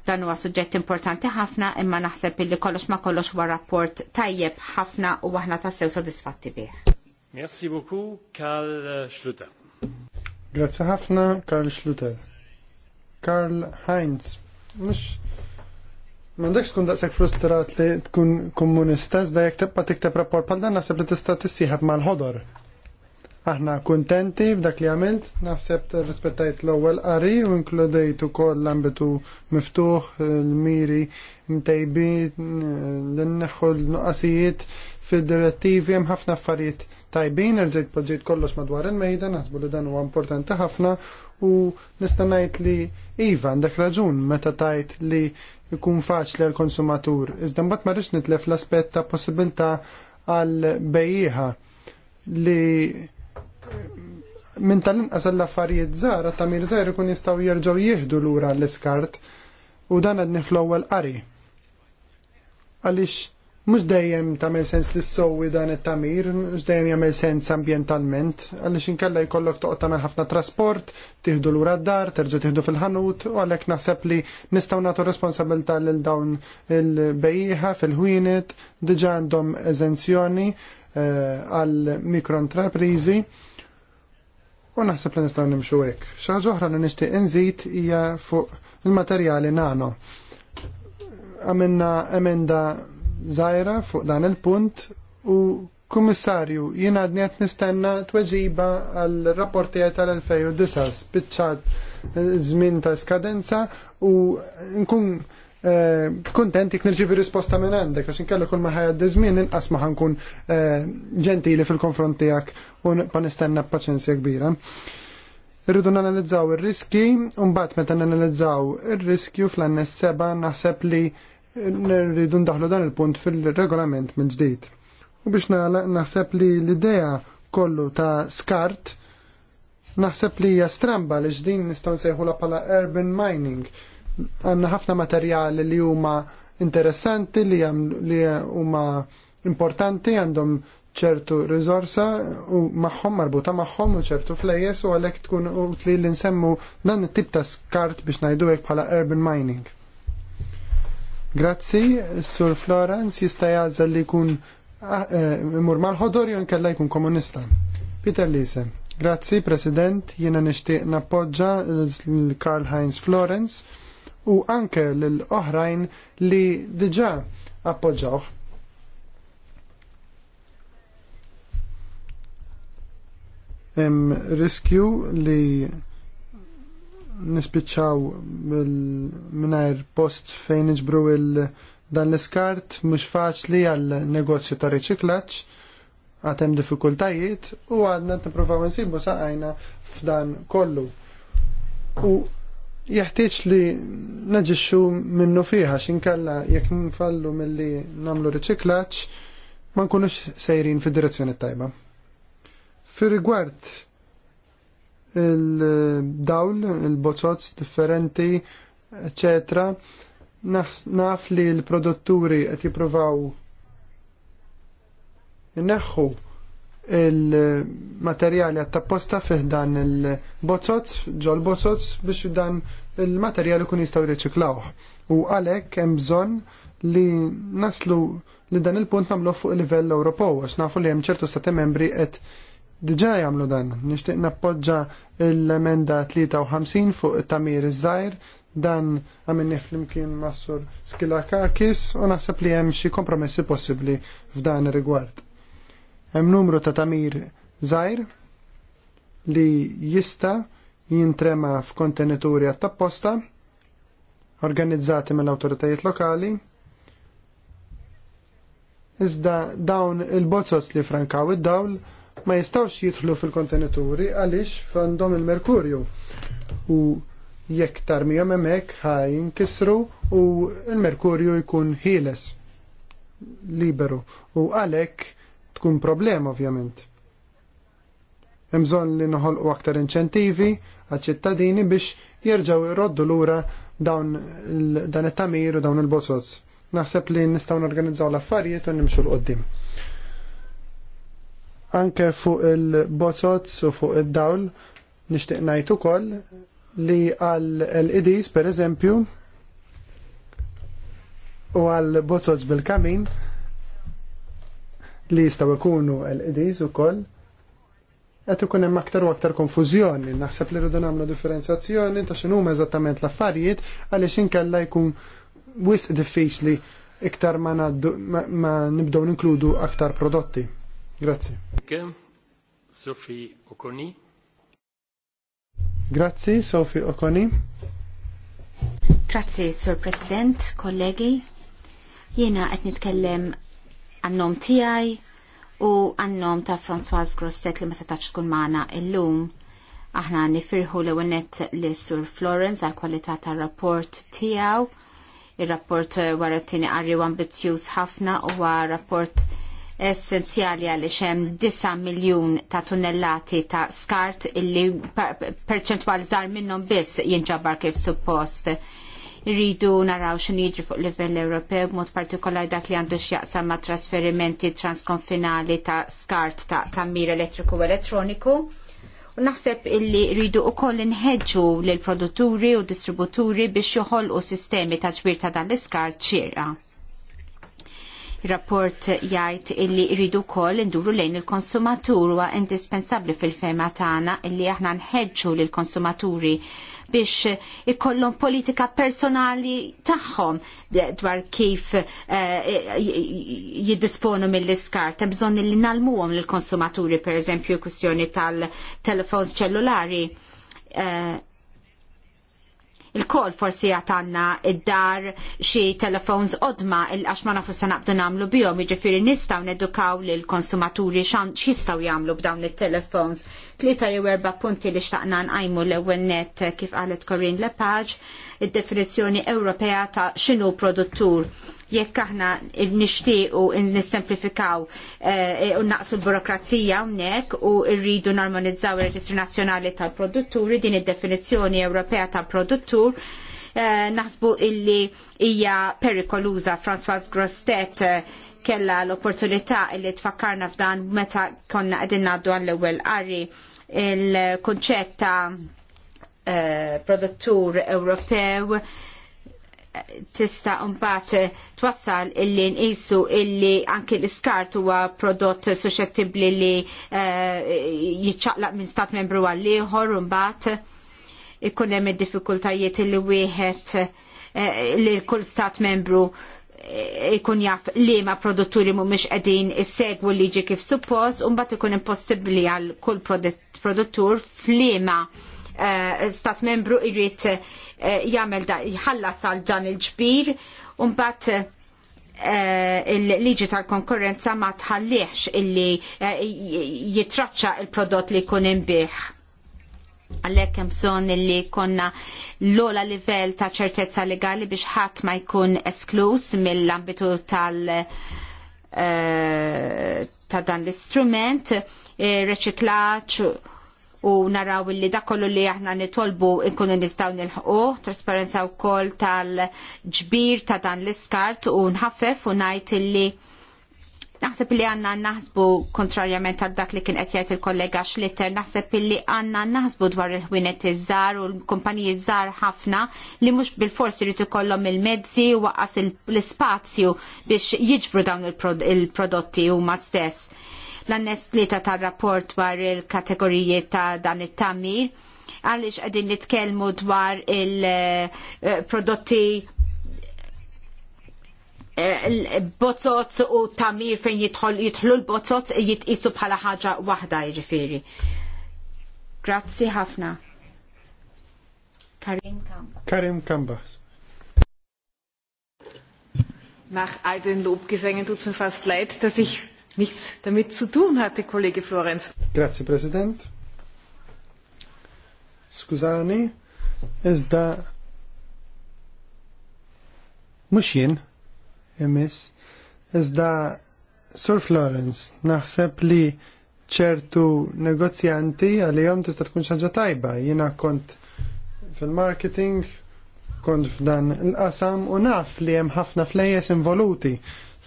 dan huwa suġġett importanti ħafna imma naħseb illi kollox ma kollox huwa rapport tajjeb ħafna u aħna tassew sodisfatti bih. Merci beaucoup, Karl uh, Schlüter. Grazie ħafna, Karl Schlüter. Karl Heinz, mux Mandekx tkun daqseg frustrat li tkun komunista, da jek tibqa tikteb rapport pal dan naħseb li tista' tissieħab mal-ħodor. Aħna kuntenti b'dak li għamilt, naħseb rispettajt l-ewwel qari u inkludejt ukoll l-ambitu miftuħ, l-miri mtejbi, l-neħħu l-nuqqasijiet fid-direttivi hemm ħafna affarijiet tajbin, irġejt podġejt kollox madwar il-mejda, naħsbu li dan huwa importanti ħafna u nista' ngħid li iva għandek raġun meta tajt li jkun faċli għal konsumatur Iżda mbagħad ma rridx nitlef l-aspett ta' possibilta għal bejjiħa li minn tal-inqas l-affarijiet żgħar ta' mirżajr ikun jistgħu jerġgħu jieħdu lura l-iskart u dan għadni fl-ewwel qari. Għaliex Mux dejjem tamel sens li s-sowi dan it-tamir, mux dejjem jamel sens ambientalment, xin inkella jkollok toqgħod tagħmel ħafna trasport, tieħdu lura d-dar, terġa' tiħdu fil-ħanut, u għalhekk naħseb li nistgħu nagħtu responsabilta lil dawn il-bejjieħa fil-ħwienet, diġà għandhom eżenzjoni eh, għal mikroentreprizi u naħseb li nistgħu nimxu hekk. Xi ħaġa oħra li nixtieq inżid hija fuq il-materjali nano. Għamenna emenda zaħira fuq dan il-punt u Kummissarju, jina għadni għat nistenna tweġiba għal rapportijiet tal-2009 spiċċat eh, żmien ta' skadenza u nkun eh, kontent jek risposta minn għandek, għax inkellu kull maħħajja d-dizmin inqas ma kun eh, ġentili fil-konfront tiegħek u pa' nistenna paċenzja kbira. Irridu nanalizzaw ir-riski, u mbagħad meta nanalizzaw ir-riskju fl-annes seba' naħseb li rridu ndaħlu dan il-punt fil-regolament minn ġdid. U biex naħseb li l-idea kollu ta' skart naħseb li hija stramba li ġdin nistgħu nsejħula bħala urban mining. Għandna ħafna materjali li huma interessanti li huma importanti għandhom ċertu rizorsa u maħħom marbuta maħħom u ċertu flejjes u għalek tkun utli li nsemmu dan it-tip ta' skart biex najdu bħala urban mining. Grazzi, Sur Florence jista' jażel li jkun ah, eh, imur mal-ħodor jon inkella jkun komunista. Peter Lise. Grazzi, President, Jina nixtieq nappoġġa l-Karl Heinz Florence u anke l-oħrajn li diġà appoġġawh. riskju li nispiċċaw minnajr post fejn iġbru dan l-iskart mhux faċli għal negozju ta' riċiklaġġ għatem diffikultajiet u għadna t-profaw nsibu saqajna f'dan kollu. U jeħtieġ li naġixxu minnu fiħa xinkalla jekk nfallu milli namlu riċiklaċ ma nkunux sejrin fid-direzzjoni tajba. Fir rigward il-dawl, il-bozzozz differenti, eccetera. Naf li l-produtturi qed jippruvaw neħħu il-materjali għattapposta fih dan il-bozzozz, ġol bozzozz biex dan il-materjali kun jistaw reċiklawħ. U għalek hemm bżonn li naslu li dan il-punt namlu fuq il-livell Ewropew għax nafu li hemm ċertu stati membri qed Diġa jagħmlu dan, nixtieq nappoġġa l-emenda 53 fuq Tamir Zajr, dan għamilni fl-imkien massur Skilakakis u naħseb li hemm xi kompromessi possibbli f'dan ir-rigward. Hemm numru ta' Tamir Zajr li jista jintrema f'kontenituri għat-tapposta organizzati mill-awtoritajiet lokali iżda dawn il-bozzot li frankaw id-dawl ma jistawx jidħlu fil-kontenituri għaliex fandom il-merkurju u jekk tarmijom hemmhekk ħaj jinkisru u il-merkurju jkun ħiles liberu u għalhekk tkun problema ovvjament. Hemm bżonn li noħolqu aktar inċentivi għaċ-ċittadini biex jerġgħu jroddu lura dawn dan it-tamir u dawn il bozzoz Naħseb li nistgħu norganizzaw l-affarijiet u nimxu l-qoddim anke fuq il-bozzot u fuq id-dawl nixtieq ngħid ukoll li għal l-idis e pereżempju u għal bozzot bil-kamin li jistgħu jkunu l-idis e ukoll qed ikun hemm aktar u aktar konfużjoni. Naħseb li rridu nagħmlu differenzjazzjoni ta' x'inhu eżattament l-affarijiet għaliex inkella jkun wisq diffiċli iktar ma, ma nibdew ninkludu aktar prodotti. Grazzi. Sofi Okoni. Grazzi, Sofi Okoni. Grazzi, Sur President, kollegi. Jiena qed nitkellem għannom tiegħi u għannom ta' François Grostet li ma setax tkun magħna illum. Aħna nifirħu l ewwelnet li Sur Florence għal kwalità tar-rapport tiegħu. Ir-rapport wara t-tieni qari ambizzjuż ħafna u rapport essenzjali għaliex hemm 9 miljun ta' tunnellati ta' skart illi perċentwal żgħar minnhom biss jinġabar kif suppost. Ridu naraw x'in jiġri fuq livell Ewropew b'mod partikolari dak li għandu xjaqsa ma' trasferimenti transkonfinali ta' skart ta' tammir elettriku u elettroniku. U naħseb illi rridu u koll nħedġu l-produtturi u distributuri biex joħolqu sistemi ta' ġbir ta' dan l-iskart ċira rapport jgħid illi ridu wkoll induru lejn il-konsumatur huwa indispensabbli fil-fema tagħna illi aħna nħeġġu lill konsumaturi biex ikollhom politika personali tagħhom dwar kif eh, jiddisponu mill-iskart. Hemm bżonn li nalmuhom lill konsumaturi pereżempju kwistjoni tal-telefons ċellulari eh, il-kol forsi għatanna id-dar xie telefons odma il-għax ma nafu sa naqdu namlu bihom, jiġifieri nistgħu nedukaw l konsumaturi xan xistaw jagħmlu b'dawn it-telefons. Tlieta jew erba' punti li xtaqna nqajmu l-ewwel net kif qalet Corinne Lepage, id-definizzjoni Ewropea ta' x'inhu produttur jekk aħna nixtiequ nissemplifikaw eh, u naqsu l-burokrazija hawnhekk u rridu normalizzaw ir-Reġistru Nazzjonali tal-Produtturi din id-definizzjoni Ewropea tal-Produttur eh, naħsbu illi hija perikoluża François Grostet eh, kella l-opportunità illi tfakkarna f'dan meta konna qegħdin ngħaddu għall-ewwel qari il-kunċett ta' produttur Ewropew tista mbagħad twassal illi nqisu illi anki l-iskart huwa prodott suscettibbli li eh, jiċċaqlaq minn stat membru għal ieħor u mbagħad ikun hemm id-diffikultajiet li wieħed eh, li kull stat membru eh, ikun jaf li ma produtturi mhumiex qegħdin issegwu liġi kif suppost u mbagħad ikun impossibbli għal kull produttur f'liema stat membru jrid Eh, jagħmel jħallas għal dan il-ġbir u mbagħad eh, il-liġi tal-konkurrenza ma tħallix illi eh, jitraċċa il-prodott li jkun imbiħ. Għalhekk hemm bżonn illi konna l-ola livell ta' ċertezza legali biex ħadd ma jkun esklus mill-ambitu tal- ta' dan l-istrument, reċiklaċ u naraw li da kollu li aħna nitolbu nkunu nistgħu nilħqu, trasparenza wkoll tal-ġbir ta' dan l-iskart u nħaffef u ngħid illi Naħseb li għanna naħsbu kontrarjament għad dak li kien qed jgħid il-kollega Schlitter, naħseb li għanna naħsbu dwar il-ħwienet iż-żar u l-kumpaniji iż-żar ħafna li mhux bil-forsi jrid ikollhom il-mezzi u waqqas l-ispazju biex jiġbru dawn il-prodotti huma stess l-annes tlieta tar-rapport dwar il-kategoriji ta' dan it-tamir għaliex qegħdin nitkellmu dwar il-prodotti eh, eh, bozzot u tamir fejn jidħlu l-bozzot jitqisu bħala ħaġa waħda jiġifieri. Grazzi ħafna. Karim Kamba. Karim Kamba. Nach all den Lobgesängen tut es mir fast leid, dass ich nichts damit zu tun hatte, Kollege Florenz. Grazie, President. Skużani, iżda mux jien, emis, iżda Sur Florence, naħseb li ċertu negozjanti għalihom tista' tkun xaġa tajba. Jiena kont fil-marketing, kont f'dan il-qasam u naf li hemm ħafna flejjes involuti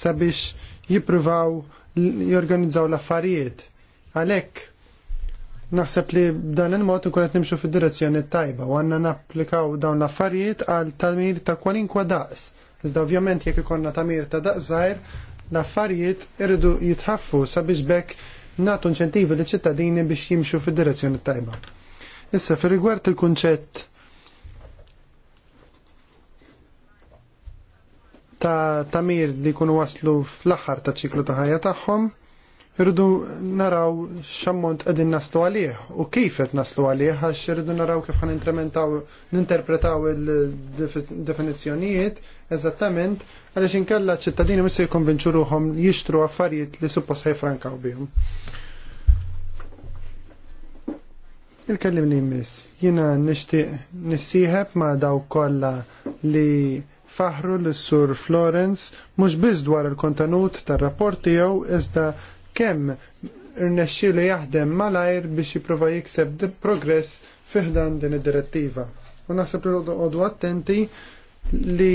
sabiex jippruvaw jorganizzaw l-affarijiet. Għalhekk naħseb li b'dan il-mod ikun qed nimxu fid-direzzjoni tajba u għandna napplikaw dawn l-affarijiet għal tamir ta' kwalinkwa daqs. Iżda ovvjament jekk ikonna tamir ta' daqs żgħir, l-affarijiet irridu jitħaffu sabiex bekk nagħtu inċentivi liċ ċittadini biex jimxu fid-direzzjoni tajba. Issa, fir rigward il-kunċett ta' tamir li kunu waslu fl-axar ta' ċiklu ta' ħajja tagħhom, irridu naraw xammont qegħdin naslu għalih u kif qed naslu għalih għax irridu naraw kif ħan intrementaw ninterpretaw il-definizzjonijiet eżattament għaliex inkella ċittadini mhux se jikkonvinċu ruhom jixtru affarijiet li suppost ħajfrankaw bihom. il kellimni li jmiss, jina nishtiq nissieħeb ma daw kollha li faħru l-Sur Florence mhux biss dwar il-kontenut tar-rapport tiegħu iżda kemm irnexxielu jaħdem malajr biex jipprova jikseb progress fiħdan din id-direttiva. U naħseb li għodu attenti li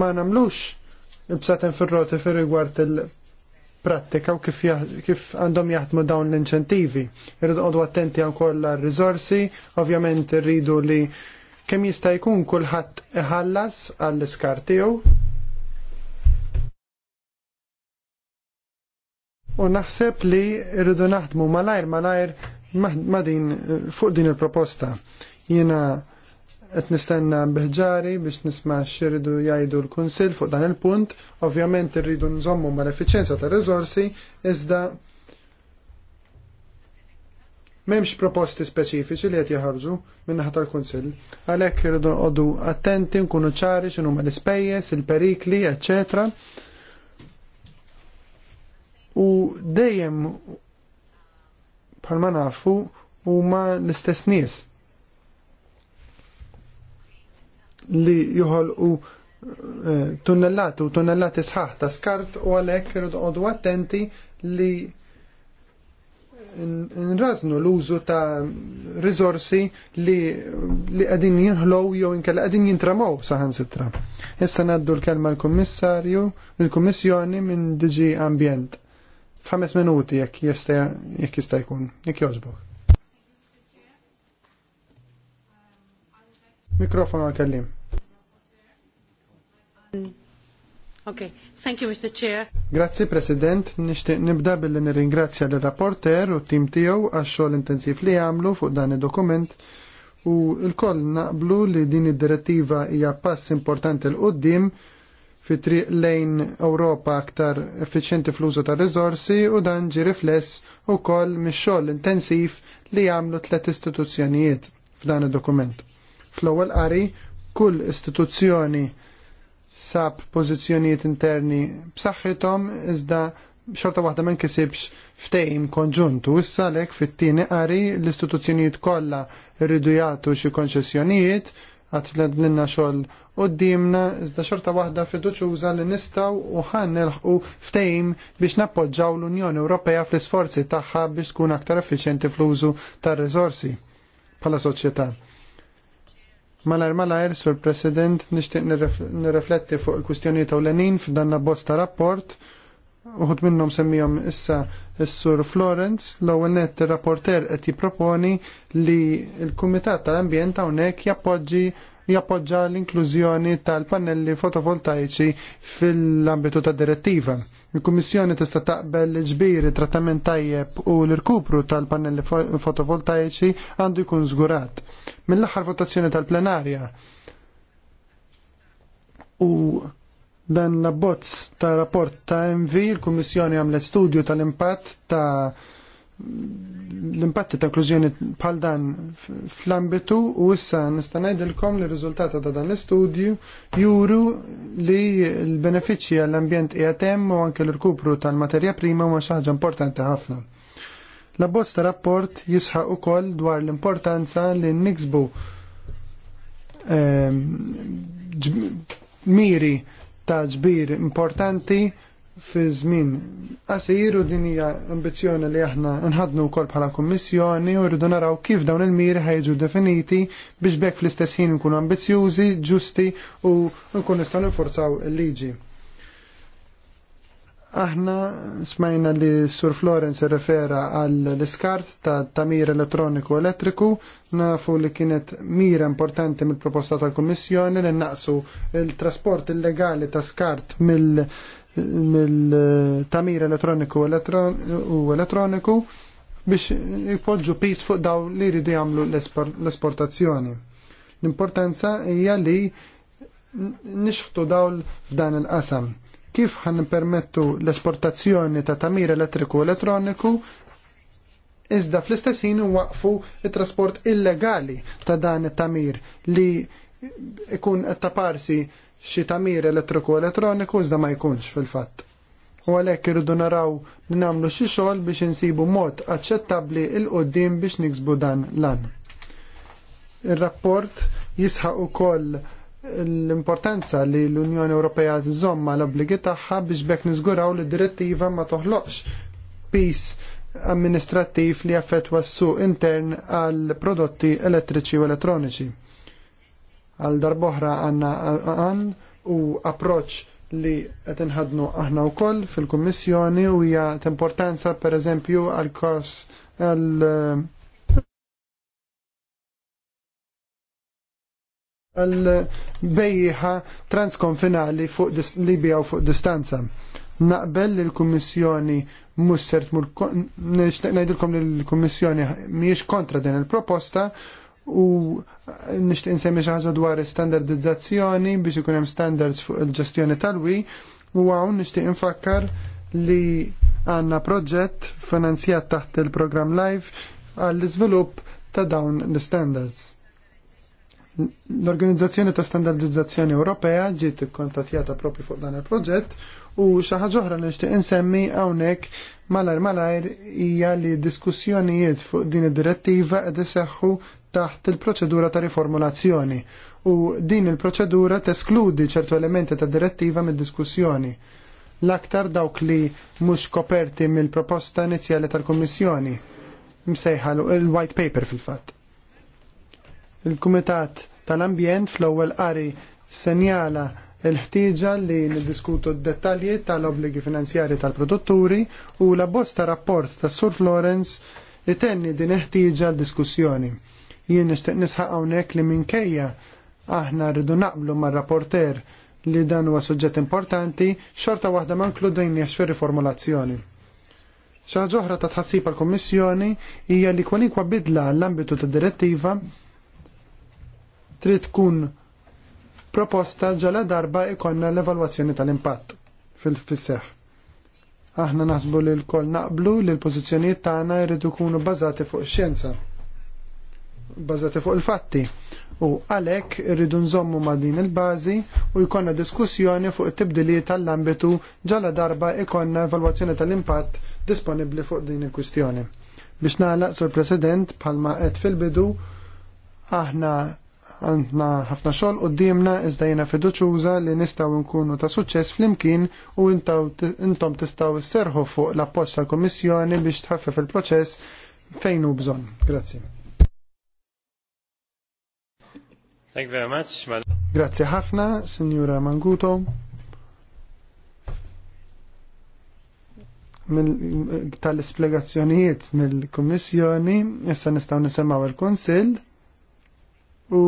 ma nagħmlux ibsaten fir-roti fir rigward il-prattika u kif għandhom jaħdmu dawn l-inċentivi. Irridu għodu attenti wkoll għar rizorsi ovvjament irridu li kemm jista' jkun kulħadd iħallas għall-iskar tiegħu. U naħseb li rridu naħdmu malajr malajr ma' din fuq din il-proposta. Jiena qed nistenna biħġari biex nisma' x'iridu jgħidu l-Kunsill fuq dan il-punt. Ovvjament irridu nżommu mal-effiċjenza tar-riżorsi iżda M'hemmx proposti speċifiċi li qed jaħarġu min-naħa tal-Kunsill, għalhekk irridu għodu attenti nkunu ċari ma l-ispejjeż, il-perikli, eċċetera. U dejjem bħalma nafu huma l-istess nies li joħolqu eh, tunnellati u tunnellati sħaħ ta' skart u għalhekk irridu għodu attenti li nraznu l-użu ta' rizorsi li għadin qegħdin jinħlow jew inkella qegħdin jintramaw saħan sitra. Issa naddu l-kelma l-Kummissarju, l kummissjoni minn DG Ambjent. F'ħames minuti jekk jista' jkun, jekk jogħġbok. Mikrofon għal-kellim. Okay, thank you Mr. Chair. Grazzi President, nixtieq nibda billi nirringrazzja l rapporter u tim tiegħu għax-xogħol intensiv li għamlu fuq dan id-dokument u l-koll naqblu li din id-direttiva hija pass importanti l qoddim fi triq lejn Ewropa aktar effiċjenti fl-użu ta' riżorsi u dan ġi rifless ukoll mix-xogħol intensiv li jagħmlu tliet istituzzjonijiet f'dan id-dokument. Fl-ewwel qari kull istituzzjoni sab pożizzjonijiet interni b'saħħithom iżda xorta waħda ma nkisibx ftejm konġuntu. Issa lek fit-tieni qari l-istituzzjonijiet kollha rridu jagħtu xi konċessjonijiet għat l xogħol qoddimna iżda xorta waħda fiduċuża li nistgħu u ħan nelħqu ftejm biex nappoġġaw l-Unjoni Ewropea fl-isforzi tagħha biex tkun aktar effiċjenti fl-użu tar-riżorsi bħala soċjetà. Malar malar, sur President, nishtiq nirrefletti fuq il-kustjoni l f'dan f'danna bosta rapport, uħut minnom semmijom issa s-sur Florence, l-ewwel net il-rapporter qed jipproponi li l-Kumitat tal-Ambjent hawnhekk jappoġġi jappoġġa l-inklużjoni tal-pannelli fotovoltaiċi fil-ambitu ta' direttiva. Il-Kummissjoni tista' taqbel l-ġbiri trattament tajjeb u l-irkupru tal-pannelli fotovoltaiċi għandu jkun żgurat. Mill-aħħar votazzjoni tal-plenarja u dan l-abbozz ta' rapport ta' MV, il kummissjoni għamlet studju tal-impatt ta' l-impatti ta' inklużjoni bħal dan fl-ambitu u issa nista' ngħidilkom li r-riżultati ta' dan l-istudju juru li l-benefiċċji għall-ambjent qiegħed hemm u anke l-irkupru tal-materja prima huma xi ħaġa importanti ħafna. L-abbozz ta' rapport jisħaq ukoll dwar l-importanza li niksbu ehm, miri ta' ġbir importanti fi żmien qasir u din hija ambizzjoni li aħna nħadnu wkoll bħala kummissjoni u rridu naraw kif dawn il-miri ħajġu definiti biex bekk fl-istess ħin nkunu ambizzjużi, ġusti u nkunu nistgħu nifforzaw il-liġi. Aħna smajna li Sur Florence refera għall l-iskart ta' tamir elettroniku elettriku, nafu li kienet mira importanti mill-proposta tal-Kommissjoni li naqsu il-trasport illegali ta' skart mill- mill-tamir elettroniku u elettroniku biex jpoġġu pis fuq daw li jridu jagħmlu l-esportazzjoni. L-importanza hija li nixħtu dawl f'dan il-qasam. Kif ħan permettu l-esportazzjoni ta' tamir elettriku u elettroniku iżda fl-istess ħin waqfu it-trasport illegali ta' dan it-tamir li ikun qed taparsi parsi xi tamir elettriku elettroniku iżda ma jkunx fil-fatt. U għalhekk irridu naraw li nagħmlu xi xogħol biex insibu mod aċċettabbli il qoddim biex niksbu dan lan. Ir-rapport jisħaq ukoll l-importanza li l-Unjoni Ewropea tżomma l-obbligi tagħha biex bekk niżguraw li direttiva ma toħloqx pis amministrattiv li jaffetwa s-suq intern għal prodotti elettriċi u elettroniċi Għal darboħra għanna għan u approċ li qed inħadnu aħna wkoll fil-Kummissjoni u hija importanza pereżempju għal kors għal għal-bejħa transkonfinali fuq Libja u fuq distanza. Naqbel li l-Kummissjoni Mussert tmur, najdilkom li l-Kummissjoni miex kontra din il-proposta u nixtieq insemmi xi ħaġa dwar standardizzazzjoni biex ikun hemm standards fuq il-ġestjoni tal-wi u hawn nixtieq infakkar li għandna proġett finanzjat taħt il-programm Live għall-iżvilupp ta' dawn l-standards. L-Organizzazzjoni ta' Standardizzazzjoni Ewropea ġiet ikkontattjata propju fuq dan il-proġett u xi ħaġa oħra li nixtieq insemmi hawnhekk malajr malajr hija li diskussjonijiet fuq din id-direttiva qed iseħħu taħt il-proċedura ta' riformulazzjoni u din il-proċedura teskludi ċertu elementi ta' direttiva mid-diskussjoni l-aktar dawk li mhux koperti mill-proposta inizjali tal-Kummissjoni msejħalu il-white paper fil-fatt. Il-Kumitat tal-Ambjent fl-ewwel qari senjala il-ħtieġa li niddiskutu d-dettalji tal-obligi finanzjari tal-produtturi u la bosta rapport tas Sur Florence itenni din ħtieġa l-diskussjoni. Jien nixtieq nisħaq hawnhekk li minkejja aħna rridu naqblu mar-rapporter li dan huwa suġġett importanti, xorta waħda ma nkludejniex fir-riformulazzjoni. Xi oħra ta' tħassib għall kummissjoni hija li kwalinkwa bidla l-ambitu tad direttiva trid tkun proposta ġala darba ikonna l-evalwazzjoni tal-impatt fil-fisseħ. Aħna naħsbu li l-kol naqblu li l-pozizjoniet tagħna jridu jkunu bbażati fuq xjenza bażati fuq il-fatti. U għalhekk irridu nżommu ma' din il-bażi u jkollna diskussjoni fuq it-tibdiliet tal-ambitu ġala darba ikonna evalwazzjoni tal-impatt disponibbli fuq din il-kwistjoni. Biex nagħlaq sur President bħalma qed fil-bidu aħna għandna ħafna xogħol d iżda jiena fiduċjuża li nistgħu nkunu ta' suċċess flimkien u intom tistgħu sserħu fuq l-appoġġ tal-Kummissjoni biex tħaffef il-proċess fejn hu bżonn. Grazzi. Thank you very much. Grazie ħafna, Signora Manguto. tal-isplegazzjonijiet mill-Kommissjoni, issa nistaw nisemaw il-Konsil u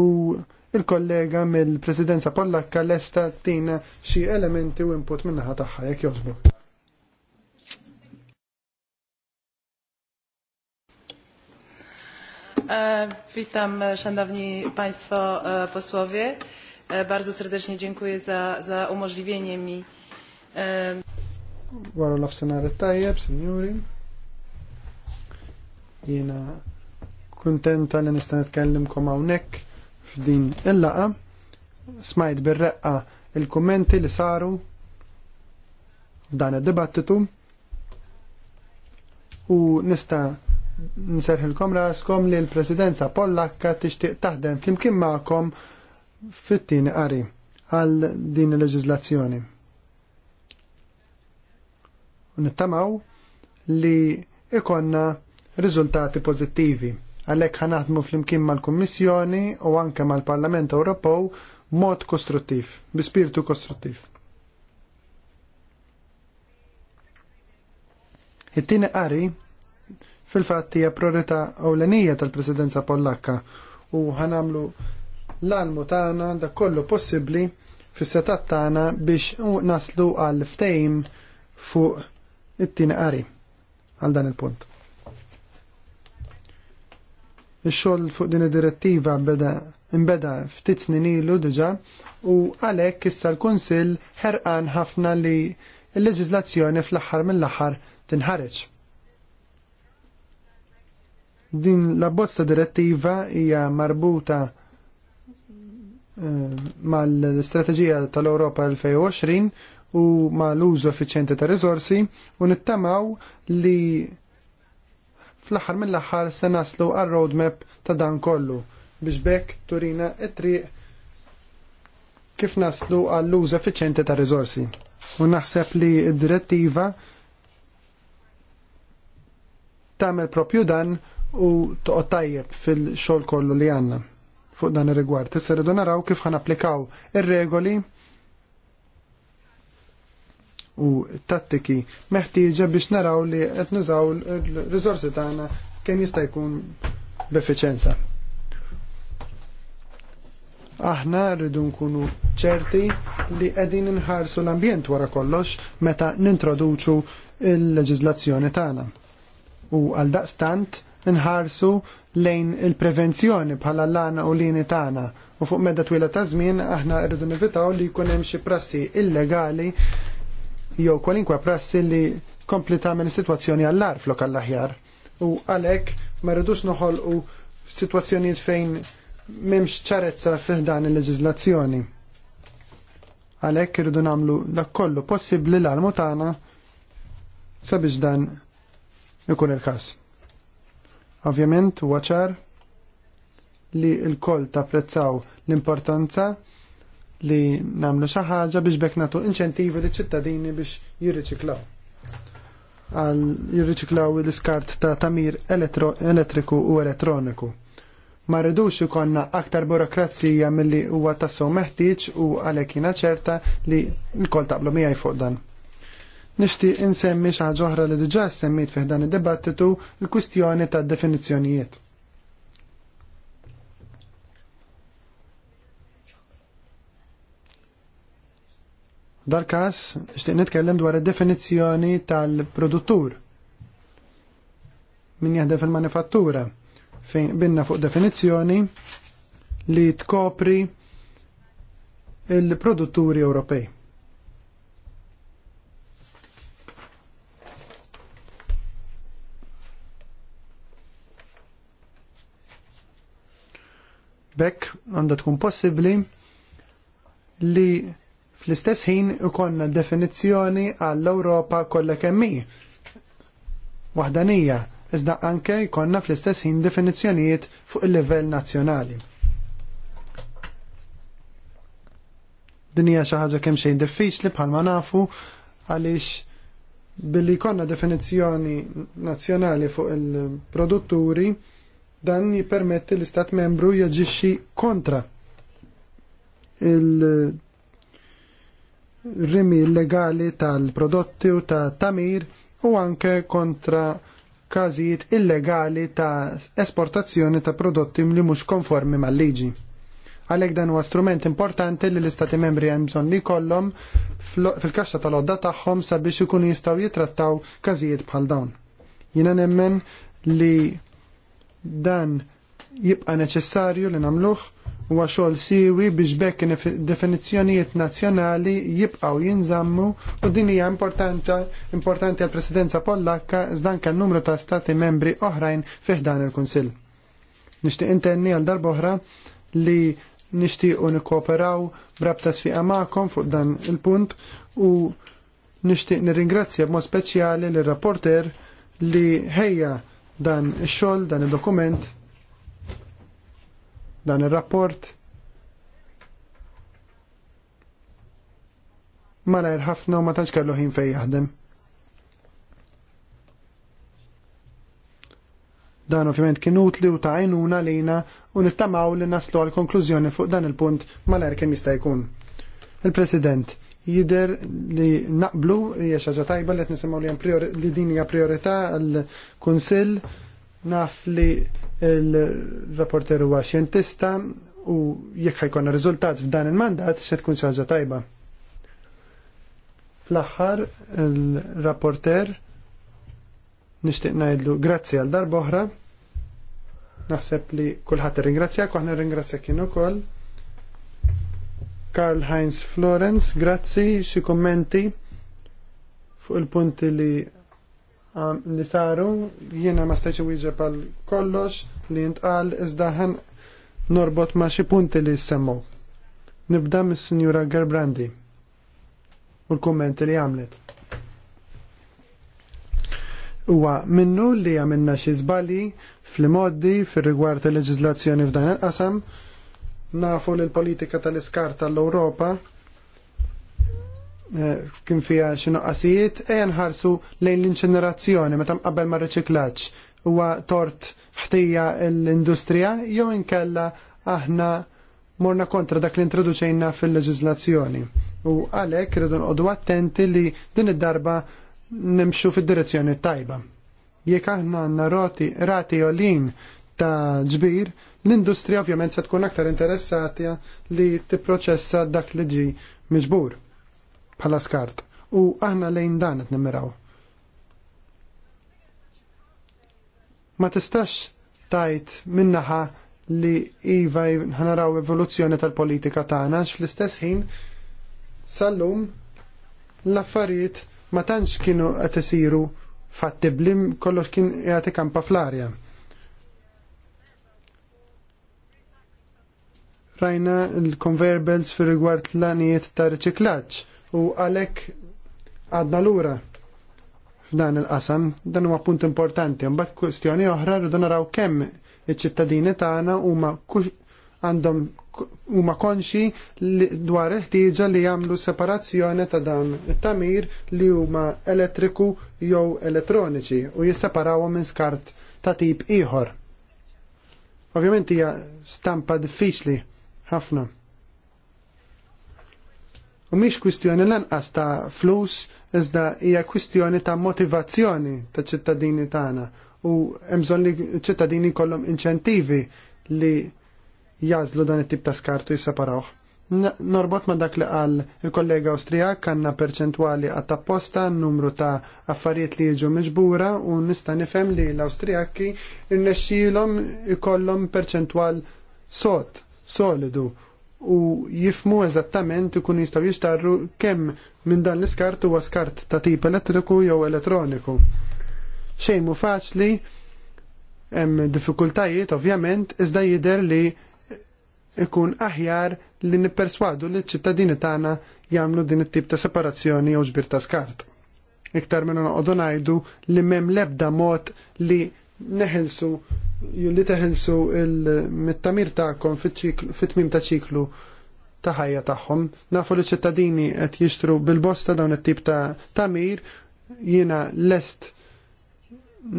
il-kollega mill-Presidenza Pollakka l-esta tina xie elementi u input minnaħa taħħa, jek jozbuk. E, witam e, szanowni państwo e, posłowie. Bardzo serdecznie dziękuję za, za umożliwienie mi. Wara l-afsenar tajjeb, signori. Jena kontenta li nista' kom hawnhekk f'din il-laqa. Smajt bir-reqqa il-kummenti li saru f'dan id-dibattitu u nista' nserħilkom raskom li l-presidenza pollakka tixtieq taħdem flimkien magħkom fit-tieni qari għal din il-leġiżlazzjoni. Nittamaw li ikonna riżultati pożittivi għalhekk ħanaħdmu flimkien mal-Kummissjoni u anke mal-Parlament Ewropew mod kostruttiv, bi spiritu kostruttiv. It-tieni qari fil-fatt hija priorità ewlenija tal-Presidenza Pollakka u ħanamlu l-almu tagħna dak kollu possibbli fis-setat tagħna biex naslu għal ftejm fuq it-tieni qari għal dan il-punt. Ix-xogħol fuq din id-direttiva beda imbeda ftit snin ilu diġà u għalhekk issa l-Kunsill ħerqan ħafna li l-leġiżlazzjoni fl-aħħar mill-aħħar tinħareġ. Din la bozza direttiva hija marbuta eh, mal-strategija tal-Europa 2020 u mal-użu effiċjenti ta' risorsi u nittamaw li fl-aħħar mill-aħħar se naslu għal roadmap ta' dan kollu biex bekk turina it-triq kif naslu għall użu effiċjenti ta' risorsi. U naħseb li d-direttiva tagħmel propju dan u toqgħod tajjeb fil-xogħol kollu li għandna fuq dan ir-rigward. Issa rridu naraw kif ħan applikaw ir-regoli u t tattiki meħtieġa biex naraw li qed nużaw ir riżorsi tagħna kemm jista' jkun b'effiċenza. Aħna rridu nkunu ċerti li qegħdin inħarsu l-ambjent wara kollox meta nintroduċu il-leġiżlazzjoni tagħna. U għal daqstant nħarsu lejn il-prevenzjoni bħala l-għana u l-għini tagħna u fuq medda twila ta' żmien aħna rridu nivitaw li jkun hemm xi prassi illegali jew kwalinkwa prassi li kompli tagħmel situazzjoni sitwazzjoni għall-ar flok aħjar U għalhekk ma rridux noħolqu sitwazzjonijiet fejn m'hemmx ċarezza fiħdan il-leġiżlazzjoni. Għalhekk irridu nagħmlu dak kollu possibbli l għalmu tagħna sabiex dan ikun il-każ. Ovvjament huwa ċar li l-koll tapprezzaw l-importanza li namlu xi ħaġa biex bekk nagħtu inċentivi liċ ċittadini biex jirriċiklaw għal jirriċiklaw l-iskart ta' tamir elettriku u elettroniku. Ma rridux ikonna aktar burokrazija milli huwa tassew meħtieġ u għalhekk jiena ċerta li l koll taqblu miegħi fuq dan. Nixtieq insemmi xi ħaġa oħra li diġa' semmit fih dan id il l-kwistjoni tad definizzjonijiet. Dar każ nixtieq nitkellem dwar id-definizzjoni tal-produttur min jahde fil-manifattura fejn binna fuq definizzjoni li tkopri il-produtturi Ewropej. Bekk għandha tkun possibbli li fl-istess ħin ikollna definizzjoni għall-Ewropa kollha kemm hi. Waħdanija, iżda anke jkollna fl-istess ħin definizzjonijiet fuq il-livell nazzjonali. Din hija xi ħaġa kemm xejn diffiċli bħalma nafu għaliex billi jkollna definizzjoni nazzjonali fuq il-produtturi Dan jippermetti l-Istat membru jaġixxi kontra il-rimi illegali tal-prodotti u ta' tamir u anke kontra każijiet illegali ta' esportazzjoni ta' prodotti li mhux konformi mal-liġi. Għalhekk dan huwa strument importanti li l-Istati membri hemm bżonn li jkollhom fil-kaxxa tal-odda tagħhom sabiex ikunu jistgħu jitrattaw każijiet bħal dawn. Jiena nemmen li Dan jibqa' neċessarju li nagħmluh huwa xogħol siwi biex bekk definizzjonijiet nazzjonali jibqgħu jinżammu u din hija importanti għall presidenza Pollakka zdan kan numru ta' stati membri oħrajn fih dan il-Kunsill. Nixtieq intenni għal darba oħra li nixtiequ nikkooperaw b'rabta sfiqa magħkom fuq dan il-punt u nixtieq nirringrazzja b'mod speċjali lir rapporter li ħejja dan ix-xogħol, dan id-dokument, dan ir-rapport. Ma ngħid ħafna u ma tantx kellu ħin fejn jaħdem. Dan ovvjament kien utli u ta' għajnuna lejna u nittamaw li naslu għal konklużjoni fuq dan il-punt malajr kemm jista' jkun. Il-President, jider li naqblu hija ħaġa tajba li qed nisimgħu li, li din hija priorità għall-Kunsill naf li l-rapporter huwa xjentista u jekk ħajkonna riżultat f'dan il-mandat se tkun xaġa tajba. Fl-aħħar il-rapporter nixtieq ngħidlu grazzi għal darba oħra. Naħseb li kulħadd irringrazzjak u aħna rringrazzjak kien ukoll Karl Heinz Florence, grazzi, xi kommenti fuq il-punti li li saru, jiena ma stajċi wieġeb għal kollox li jintqal iżdaħan norbot ma xi punti li semmu. Nibda mis-Sinjura Gerbrandi u l-kummenti li għamlet. Huwa minnu li għamilna xi żbali fl-modi fir-rigward il-leġiżlazzjoni f'dan il-qasam, il leġiżlazzjoni f'dan il qasam Nafu li l-politika tal-iskar tal-Europa eh, kien fija qasijiet, ejja nħarsu lejn l-inċenerazzjoni meta mqabbel ma' riċiklaġġ huwa tort ħtija l-industrija jew inkella aħna morna kontra dak li introduċejna fil-leġiżlazzjoni. U għalhekk kredu nqogħdu attenti li din id-darba nimxu fid-direzzjoni tajba. Jek aħna għanna rati rati olin ta' ġbir, L-industrija ovvjament se tkun aktar interessati li tipproċessa dak li ġi miġbur bħala skart u aħna lejn dan qed nimmiraw. Ma tistax tajt minnaħa li iva ħanaraw evoluzzjoni tal-politika tagħna fl-istess ħin sal-lum l-affarijiet ma tantx kienu qed isiru fattibli kollox kien jagħti kampa fl-arja. rajna l-conveyor belts fir rigward l-anijiet ta' riċiklaġġ u għalhekk għadna lura f'dan il-qasam, dan huwa punt importanti. Mbagħad kwestjoni oħra rridu naraw kemm iċ-ċittadini tagħna huma għandhom huma konxi dwar il-ħtieġa li jagħmlu separazzjoni ta' dan it-tamir li huma elettriku jew elettroniċi u jisseparawhom minn skart ta' tip ieħor. Ovvjament hija stampa diffiċli ħafna. U miex kwistjoni lanqas ta' flus, iżda hija kwistjoni ta' motivazzjoni ta' ċittadini tagħna u hemm bżonn li ċittadini kollhom inċentivi li jażlu dan it-tip ta' skartu jisseparawh. Norbot ma dak li qal il-kollega Awstrijak kanna perċentwali għat apposta numru ta' affarijiet li jiġu miġbura u nista' nifhem li l-Awstrijakki irnexxielhom ikollhom perċentwal sot solidu u jifmu eżattament ikun jistgħu jixtarru kemm minn dan l-iskart huwa skart ta' tip elettriku jew elettroniku. Xejn mu faċli, hemm diffikultajiet ovvjament, iżda jidher li ikun aħjar li nipperswadu li ċ-ċittadini tagħna jagħmlu din it-tip ta' separazzjoni jew ġbir ta' skart. Iktar minn noqogħdu ngħidu li m'hemm l-ebda mod li neħelsu julli teħelsu il-mittamir ta'kom fit-tmim ta' ċiklu ta' ħajja tagħhom. Nafu li ċittadini qed jixtru bil-bosta dawn it-tip ta' tamir jiena lest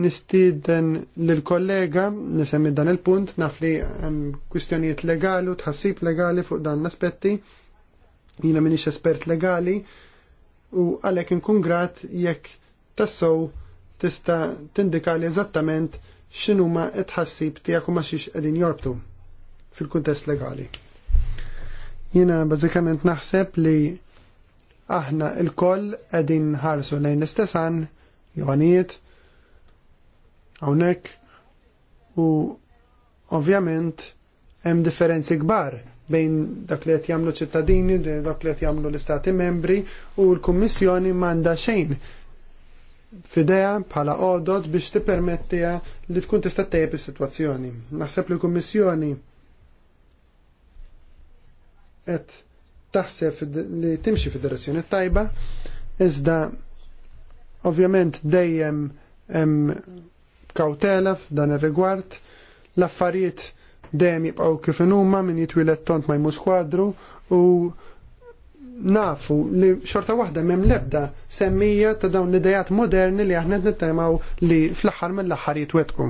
nistieden lill-kollega nisemmi dan il-punt naf li hemm kwistjonijiet legali u tħassib legali fuq dan l-aspetti. Jiena minix espert legali u għalhekk inkun grat jekk tassow tista' tindika li eżattament x'inhuma ma tħassib tiegħek u ma xiex qegħdin jorbtu fil-kuntest legali. Jiena bażikament naħseb li aħna il-koll qegħdin ħarsu lejn l istessan għan, hawnhekk u ovvjament hemm differenzi kbar bejn dak li qed jagħmlu ċittadini, dak li qed jagħmlu l-istati membri u l-Kummissjoni m'għandha xejn fideja bħala għodot biex tippermettija li tkun tista' tejjeb is-sitwazzjoni. Naħseb li l-Kummissjoni qed taħseb li timxi fid-direzzjoni tajba, iżda ovvjament dejjem hemm kawtela f'dan ir-rigward, l-affarijiet dejjem jibqgħu kif inhuma min jitwilet tont ma jmux kwadru u nafu li xorta waħda mem lebda semmija ta' dawn l-idejat moderni li aħna nittemaw li fl-axar mill-axar jitwetqu.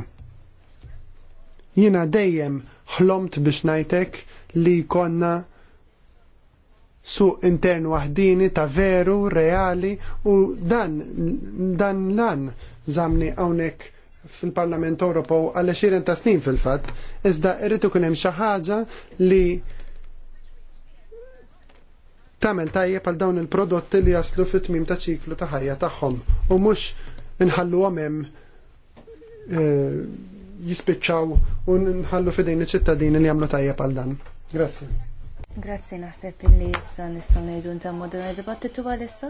Jina dejjem ħlomt biex najtek li konna suq intern waħdini ta' veru, reali u dan, dan lan zamni għawnek fil-Parlament Ewropew għal 20 ta' snin fil-fatt, iżda irrid ikun hemm xi ħaġa li tagħmel tajjeb għal dawn il-prodotti li jaslu fit-tmim ta' ċiklu ta' ħajja tagħhom u mhux inħalluhom hemm eh, jispiċċaw u nħallu fidejn iċ-ċittadini li jagħmlu tajjeb għal dan. Grazzi. Grazzi naħseb illi issa nistgħu ngħidu ntemmu dan id-dibattitu għalissa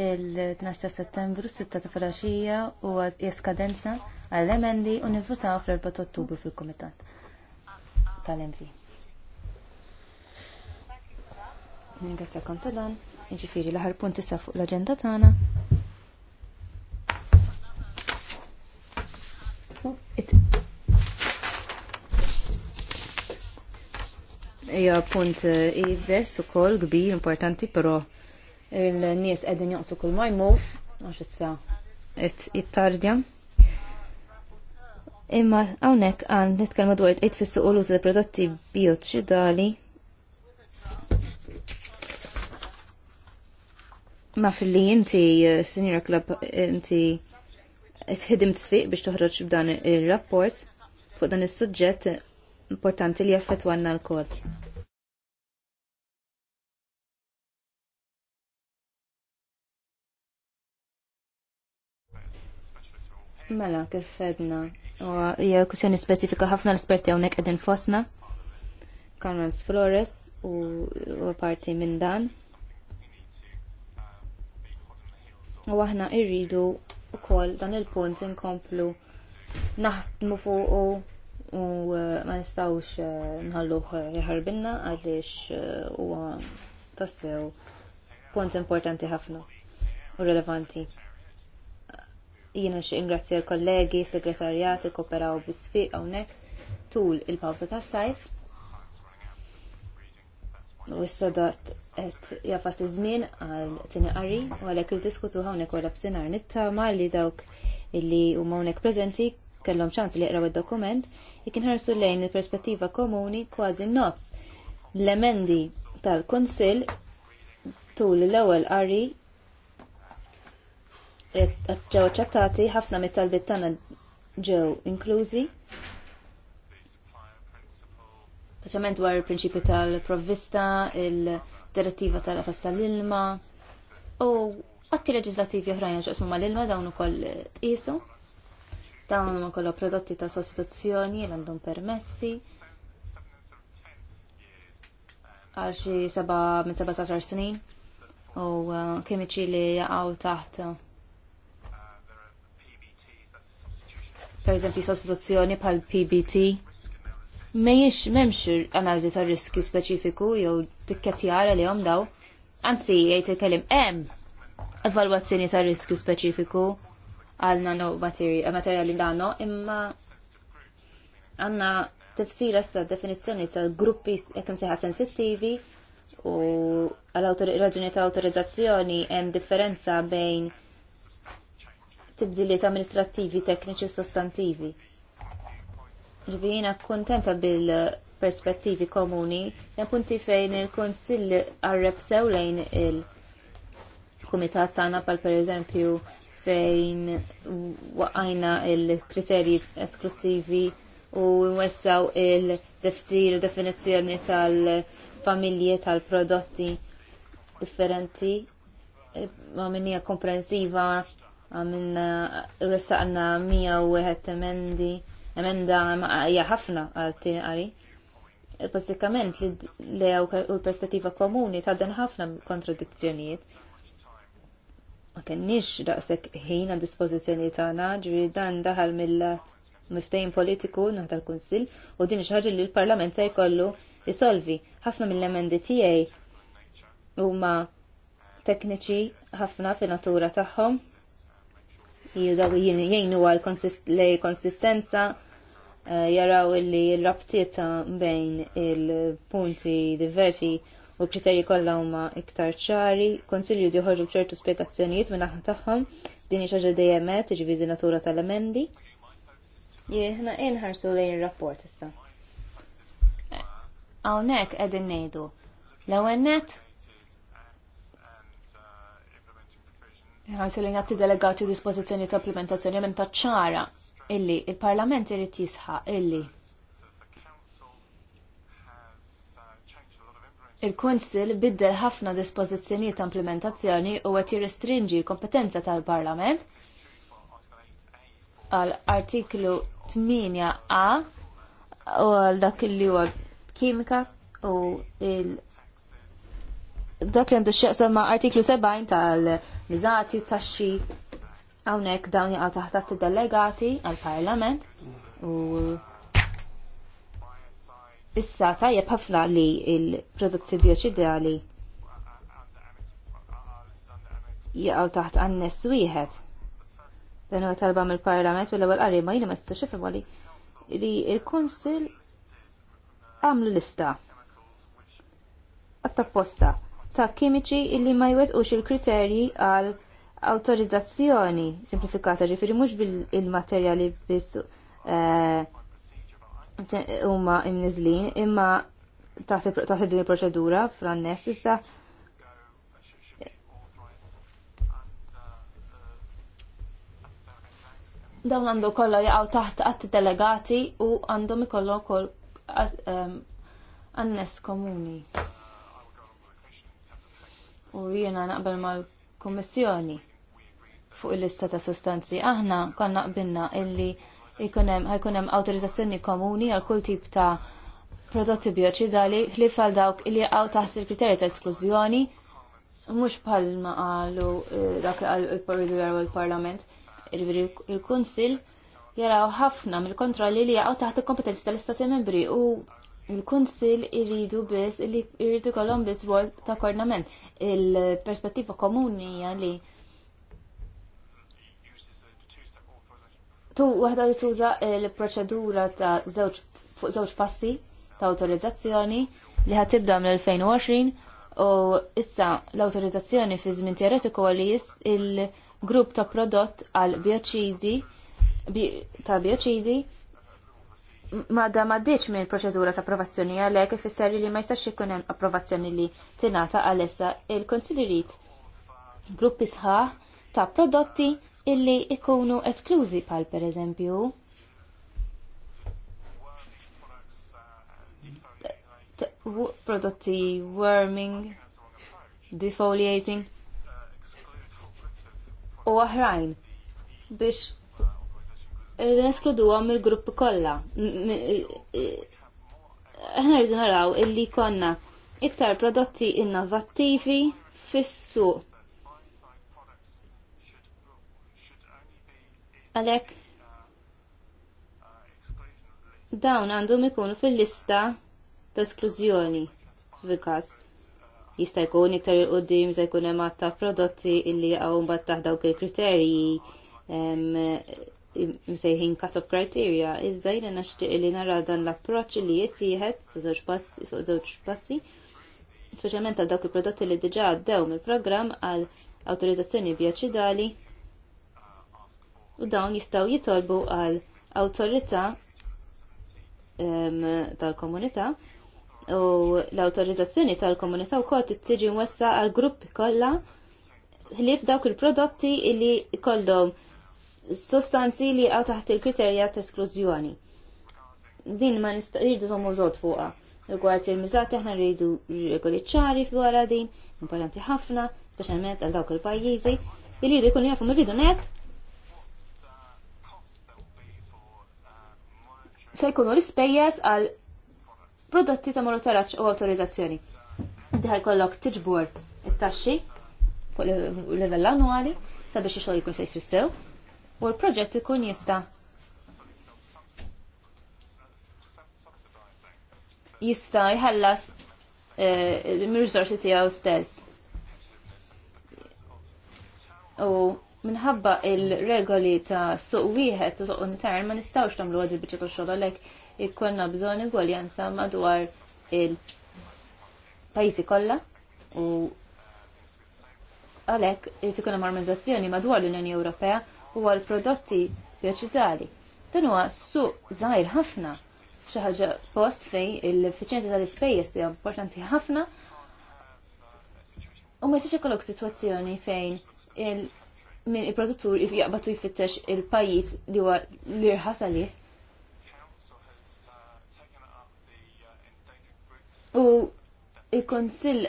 il-12 ta' settembru 6 ta' filgħaxija u jeskadenza għall-emendi u nivvutaw fl-4 ottubru fil-Kumitat tal mv Ningrazzjakom ta' dan, ġifiri l-aħħar punt issa fuq l-aġenda tagħna. Ija punt eh, ibess u kol gbir importanti, pero il-nies edin joqsu kull majmu, jmur, għax sa it-tardja. Imma għawnek għan nitkalmu dwar it fissu u l-użu prodotti bioċidali ma fil-li inti, eh, Senior Club, inti tħidim tsfiq biex toħroġ b'dan il-rapport fuq dan il-sujġet importanti li jaffet għanna l-kol. Mela, kif fedna. Hija kusjoni specifika ħafna l-esperti hawnhekk qegħdin fosna. Carmen Flores u parti minn dan U aħna irridu wkoll dan il-punt inkomplu naħdmu fuq u eh, ma nistawx eh, nħalluh eh, jħarbinna għaliex huwa tassew punt importanti ħafna u relevanti. Jiena xi ingrazzja l-kollegi, segretarjat, kooperaw bis-sfiq hawnhekk tul il-pawza tas-sajf. U s-sadat et jafas iż-żmien għal tini qari u għalhekk id-diskutu hawnhekk wara f'sinar nittama li dawk illi huma hawnhekk preżenti kellhom ċans li jqraw id-dokument ikinħarsu lejn il-perspettiva komuni kważi nofs l-emendi tal-Kunsill tul l-ewwel qari ġew ċattati ħafna mit-talbiet tagħna ġew inklużi speċjalment dwar il-prinċipju tal-provvista, il prinċipi tal provvista il direttiva tal-qafas tal-ilma u atti leġislativi oħrajn ma mal-ilma dawn ukoll tqisu. Dawn ukoll prodotti ta' sostituzzjoni l għandhom permessi għal xi seba minn seba' sasar snin u uh, kimiċi li jaqgħu taħt uh, per esempio sostituzzjoni pal PBT mejiex memx analizi ta' riskju speċifiku jew tikketjara li jom daw. Anzi, jgħid il-kelim hemm evalwazzjoni ta' riskju speċifiku għal nano eh, materjali nano, imma għanna tifsira sta definizzjoni ta' gruppi jekkim seħa sensittivi u għal raġuni ta' autorizzazzjoni hemm differenza bejn tibdiliet amministrattivi, tekniċi u sostantivi ġvina kontenta bil-perspettivi komuni, jan punti fejn il-konsill għarreb sew lejn il-komitat tagħna pal per eżempju fejn waqajna il-kriterji esklusivi u nwessaw il-defsir u definizzjoni tal-familji tal-prodotti differenti ma minnija komprensiva għamilna ressaqna 101 emendi emenda hija ħafna għal tieni qari. Bażikament li lew u l-perspettiva komuni ta' dan ħafna kontradizzjonijiet. Ma kenniex daqshekk ħin għad dispożizzjoni tagħna, ġiri dan daħal mill miftejn politiku naħta tal kunsill u din xi ħaġa li l-Parlament se jkollu jisolvi. Ħafna mill-emendi tiegħi huma tekniċi ħafna fi natura tagħhom jgħinu għal konsistenza Eh, jaraw illi l-rabtiet bejn il-punti diversi u kriterji kollha huma iktar ċari, konsilju diħorġu bċertu spjegazzjonijiet minn aħna tagħhom din hi xaġa dejjem qed iġifieri natura tal-emendi. Jieħna inħarsu lejn ir-rapport issa. Hawnhekk qegħdin ngħidu. L-ewwel net Għajsu li għatti delegati dispozizjoni ta' implementazzjoni minn ta' ċara illi il-Parlament irid jisħaq illi il kunsill biddel ħafna dispożizzjonijiet ta' implementazzjoni u qed jirrestringi l-kompetenza tal-Parlament għal artiklu 8a u għal dak li huwa kimika u il dak li għandu xieqsa ma' artiklu 70 tal-mizati taxxi Hawnhekk dawn jaqgħu taħt id-delegati għall-Parlament u issa tajjeb ħafna li il-prodotti bioċidali jaqgħu taħt annes wieħed. Dan huwa talba mill-Parlament u l-ewwel qari ma jiena ma jistax ifhem li l kunsil għamlu lista għat-tapposta ta' kimiċi illi ma jwetqux il-kriterji għal autorizzazzjoni simplifikata ġifiri mux bil-materjali bis eh, huma imnizlin imma taħt din il-proċedura fl annessi dawn għandu kollha jaqgħu taħt atti delegati u għandhom ikollhom ukoll eh, annes komuni. U jiena naqbel mal-Kummissjoni fuq il-lista ta' sostanzi. Aħna konna qbilna illi ħajkunem autorizzazzjoni komuni għal kull tip ta' prodotti bioċidali li fal dawk illi għaw taħt il-kriterji ta' esklużjoni mux bħal ma eh, dak li għal il-Parlament il-Parlament jiġifieri il-Kunsil jaraw ħafna mill-kontrolli li jaqgħu taħt il-kompetenzi tal-Istati Membri u il-Kunsil iridu biss li jridu kollhom biss ta' kornament. Il-perspettiva komuni hija li Tu waħda li tuża l-proċedura ta' żewġ fuq żewġ passi ta' autorizzazzjoni li ħatibda mill-2020 u issa l-autorizzazzjoni fi żmien teoretiku li il-grupp ta' prodott għal bioċidi ta' bioċidi ma da maddiċ minn proċedura ta' approvazzjoni għalhekk ifisser li ma jistax ikun hemm approvazzjoni li tingħata għalissa il-konsiderit gruppi sħaħ ta' prodotti illi ikunu esklużi pal per eżempju prodotti warming, defoliating u oħrajn biex rridu neskludu għom il-gruppi kolla. Ħna rridu naraw illi konna iktar prodotti innovattivi fissuq Għalek, dawn għandhom ikunu fil-lista ta' esklużjoni fil-każ. Jista' jkun iktar il qoddim se jkun hemm ta' prodotti illi għaw mbagħad taħt dawk il-kriterji msejħin cut-off criteria, iżda jiena nixtieq li nara dan l-approċċ li jittieħed fuq żewġ passi, speċjalment għal dawk il-prodotti li diġà għaddew mill-programm għal awtorizzazzjoni bioċidali u dawn jistgħu jitolbu għal awtorità tal-komunità u l-autorizzazzjoni tal-komunità wkoll tittiġi mwessa għal grupp kollha ħlief dawk il-prodotti li jkollhom sostanzi li għaw taħt il-kriterja ta' esklużjoni. Din ma nistaqirdu zomu zot fuqa. Rigward il-miżat aħna rridu regoli ċari għara din, importanti ħafna, speċjalment għal dawk il-pajjiżi, li jridu jkunu jafu mirridu net se jkunu l-ispejjeż għal prodotti ta' monitoraġġ u autorizzazzjoni. Inti ħajkollok tiġbor it-taxxi fuq livell annwali sabiex ix-xogħol jkun se jsir sew u l-proġett ikun jista' jista' jħallas eh, il risorsi tiegħu stess. U minħabba il-regoli ta' suq wieħed u suq intern ma nistgħux tagħmlu għad biċċa ta' xogħol għalhekk ikollna bżonn igwaljanza madwar il-pajjiżi kollha u għalhekk irid ikun hemm armonizzazzjoni madwar l-Unjoni Ewropea u għal prodotti vjaċitali. Dan huwa suq żgħir ħafna xi ħaġa post fejn l-effiċjenza tal-ispejjeż hija importanti ħafna u ma jistax ikollok sitwazzjoni fejn il- minn il-produttur jaqbatu jfittex il-pajis li huwa li rħas U il-konsil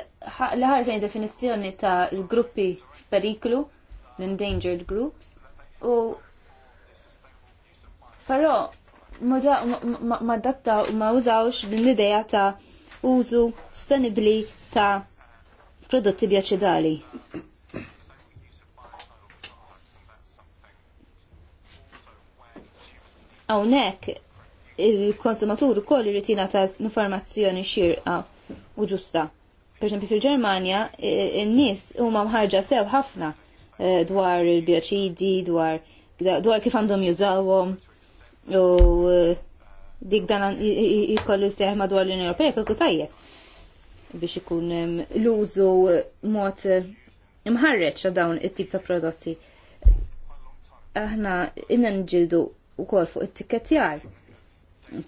l sejn definizzjoni ta' il gruppi f'periklu, l-endangered groups, u però ma datta ma użawx din l idea ta' użu sostenibli ta' prodotti bjaċedali. hawnhekk il-konsumatur ukoll irid jingħata informazzjoni xirqa u ġusta. esempio, fil-Ġermanja in-nies huma mħarġa sew ħafna eh, dwar il-bioċidi, dwar dwar kif għandhom jużawhom u eh, dik dan jikollu seħma dwar l-Unjoni Ewropea kolku tajjeb biex ikun l-użu mod imħarreċ eh, dawn it-tip ta' prodotti. Aħna inna ġildu kol fuq it-tikketjar.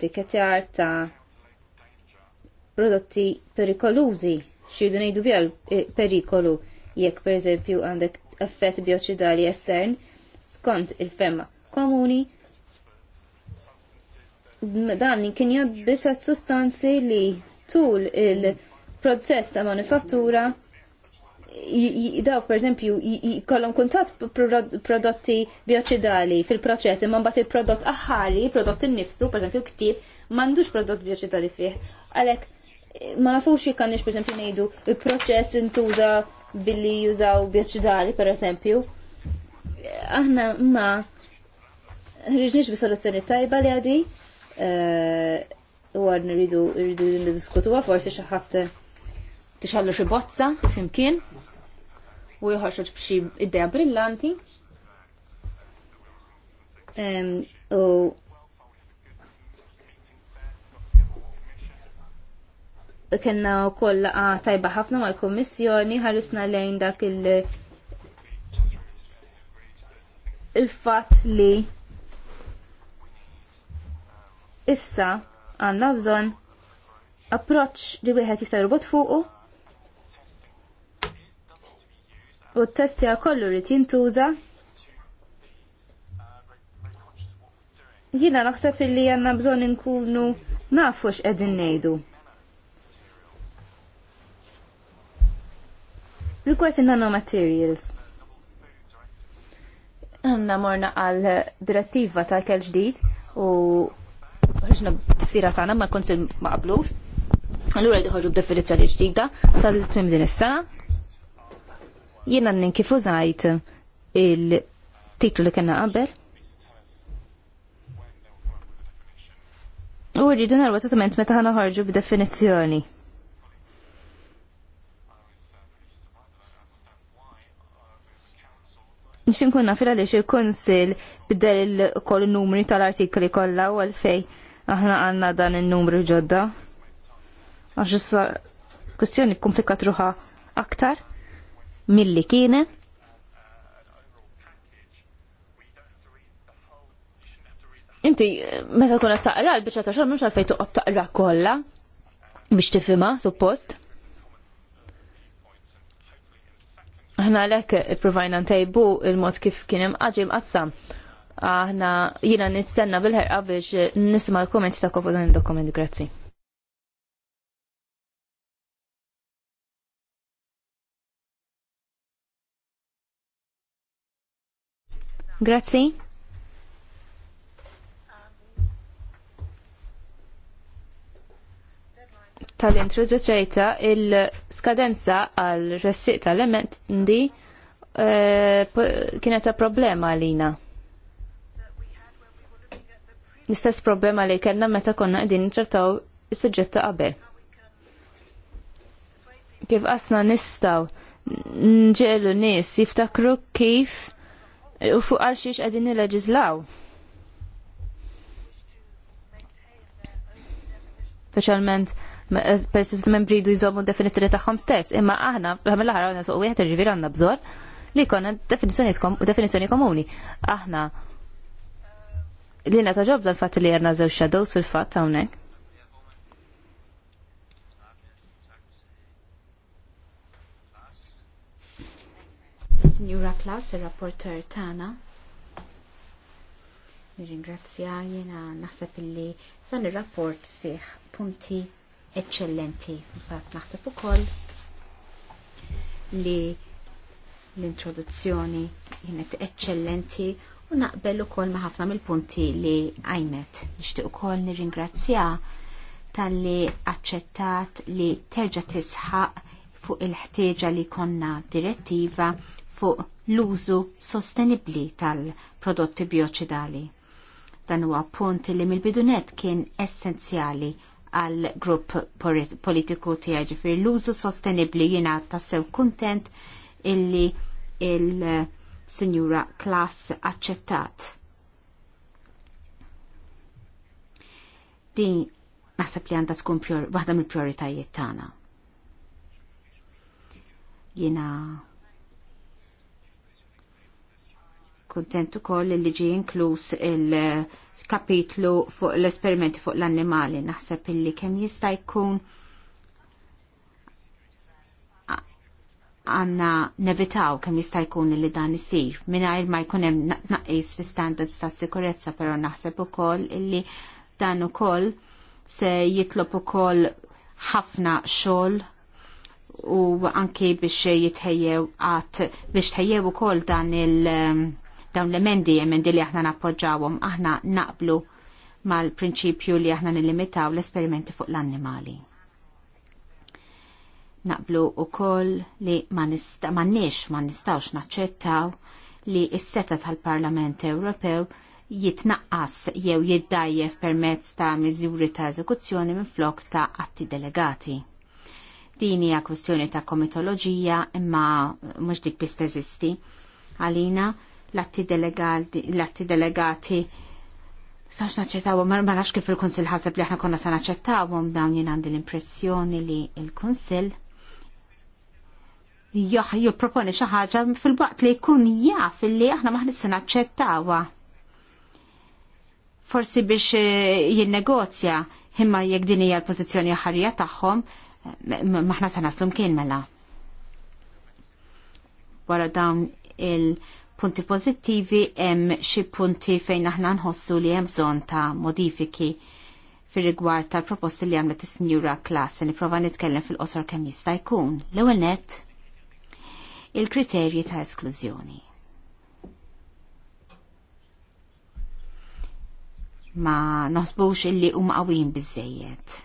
Tikketjar ta' prodotti perikolużi xirdu ngħidu biha eh, perikolu jekk pereżempju għandek effett bioċidali estern skont il-femma komuni dan kien jadbisa sustanzi li tul il-proċess ta' manifattura daw per eżempju kollhom kuntat prodotti bioċidali fil-proċess imma mbagħad il-prodott aħħari, prodott il-nifsu, per eżempju ktieb, m'għandux prodott bioċidali fih. Għalhekk ma nafux jekk per eżempju ngħidu il-proċess intuża billi jużaw bioċidali per eżempju. Aħna ma rriġniġ bi soluzzjoni tajba li għadi eh, u rridu nridu nridu diskutu forsi xi ħadd tixallu xi bozza f'imkien u jħorxoġ b'xi idea brillanti. U kena u koll tajba ħafna mal-kommissjoni ħarisna lejn dak il- il-fat li issa għanna bżon approċ li wieħed jista' jrobot fuqu u t testi kollu rrit jintuża. Jina naħseb illi għanna bżon inkunu nafux edin nejdu. Rikwet materials. Għanna morna għal direttiva ta' kell ġdid u t-sira tagħna ma' konsil ma' għablux. Allura jdiħħoġu b'definizzjoni ġdida sal-tmim din is-sena Jiena n fużajt il-titlu li kena qabel. U rridu narwa settlement meta ħana ħarġu b'definizzjoni. Nxin kunna fil għaliex il konsil bidel il-koll numri tal-artikoli kollha u għalfej aħna għandna dan il numri ġodda. Għax issa kustjoni komplikat ruħa aktar milli kienet. Inti, meta tkun qed taqra l-biċċa ta' xogħol mhux għalfejn toqgħod taqra kollha biex tifhimha suppost. Aħna għalhekk ippruvajna ntejbu il-mod kif kien hemm qaġi Aħna jiena nistenna bil-ħerqa biex nisma' l kumenti ta' dan il-dokument, grazzi. Grazzi. tal-introduċejta il-skadenza għal ressiq tal-emendi ndi eh, kienet ta' problema għalina. L-istess problema li kellna meta konna qegħdin nitrattaw is-suġġett ta' qabel. Kif qasna nistgħu nġelu nies jiftakru kif u fuq għal xiex għedin nileġizlaw. Specialment eh, persis membri jdu jżommu definizjoni tagħhom stess, imma aħna għamil aħra għandna suq wieħed ġivir għandna bżor, li jkollna definizjoni komuni. Aħna li ta' ġobda l fat li għandna żewġ shadows fil-fatt hawnhekk. Signora Klaas, il-rapporter tana. Nirringrazzja jena naħseb illi dan il-rapport fih punti eccellenti. Fatt naħseb ukoll li l-introduzzjoni jenet eccellenti u naqbel ukoll ma' ħafna mill-punti li għajmet. Nixtieq ukoll nirringrazzja tal-li aċċettat li terġa' tisħaq fuq il-ħtieġa li konna direttiva fuq l-użu sostenibli tal-prodotti bioċidali. Dan huwa punt li mill-bidunet kien essenzjali għal grupp politiku tiegħi ġifir l-użu sostenibli jiena tassew kuntent illi il-Sinjura Klass aċċettat. Din naħseb li għandha tkun waħda mill-prioritajiet tagħna. Jiena Kuntent ukoll li ġie inkluż il-kapitlu fuq l-esperimenti fuq l-annimali. Naħseb illi kemm jista' jkun għanna nevitaw kem jista' jkun li dan isir mingħajr ma jkun hemm tnaqqis fi standards ta' sikurezza però naħseb ukoll illi dan ukoll se jitlob ukoll ħafna xogħol u anki biex jitħejjew għat biex tħejjew ukoll dan il- dawn l-emendi emendi li aħna nappoġġawhom aħna naqblu mal-prinċipju li aħna nilimitaw l-esperimenti fuq l-annimali. Naqblu u koll li ma nix ma nistawx naċċettaw li s-seta tal-Parlament Ewropew jitnaqqas jew jiddajjef permezz ta' miżuri ta' eżekuzzjoni minn flok ta' atti delegati. Din hija kwestjoni ta' komitoloġija imma mhux dik biss teżisti. Għalina l-atti delegati Sax naċċettawhom, ma nafx kif il-Kunsill ħaseb li aħna konna sa naċċettawhom dawn jien għandi l-impressjoni li il-Kunsill joħ jipproponi xi ħaġa fil-waqt li jkun jaf li aħna ma ħnissa naċċettawha. Forsi biex eh, jinn imma jekk din hija l-pożizzjoni ħarja tagħhom eh, maħna se naslum kien mela. Wara dawn il- punti pozittivi hemm xi punti fejn aħna nħossu li hemm bżonn ta' modifiki fir rigward tal-proposti li għamlet is-Sinjura Klass nipprova nitkellem fil-qosor kemm jista' jkun. L-ewwel nett il-kriterji ta' esklużjoni. Ma naħsbux illi huma qawwin biżejjed.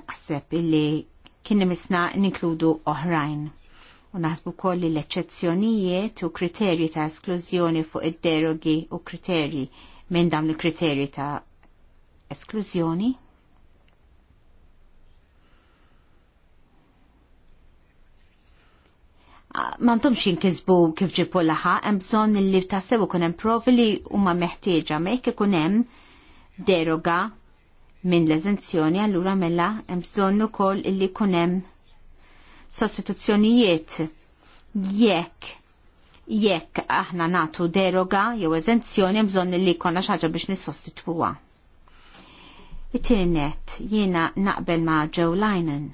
Naqseb illi kien nimisna ninkludu oħrajn u naħsbu kolli li l-eċezzjonijiet u kriterji ta' esklużjoni fuq id-derogi u kriterji minn dawn il-kriterji ta' esklużjoni. Ah, Mantum xin kizbu kif ġipu laħa, bżon li tassew kun hemm provi li huma meħtieġa mek ikun hemm deroga minn l-eżenzjoni allura mela hemm bżonn ukoll illi kun hemm sostituzzjonijiet jekk jekk aħna natu deroga jew eżenzjoni bżonn li jkollna xi ħaġa biex nissostitwuha. It-tieni net jiena naqbel ma' Joe Linen.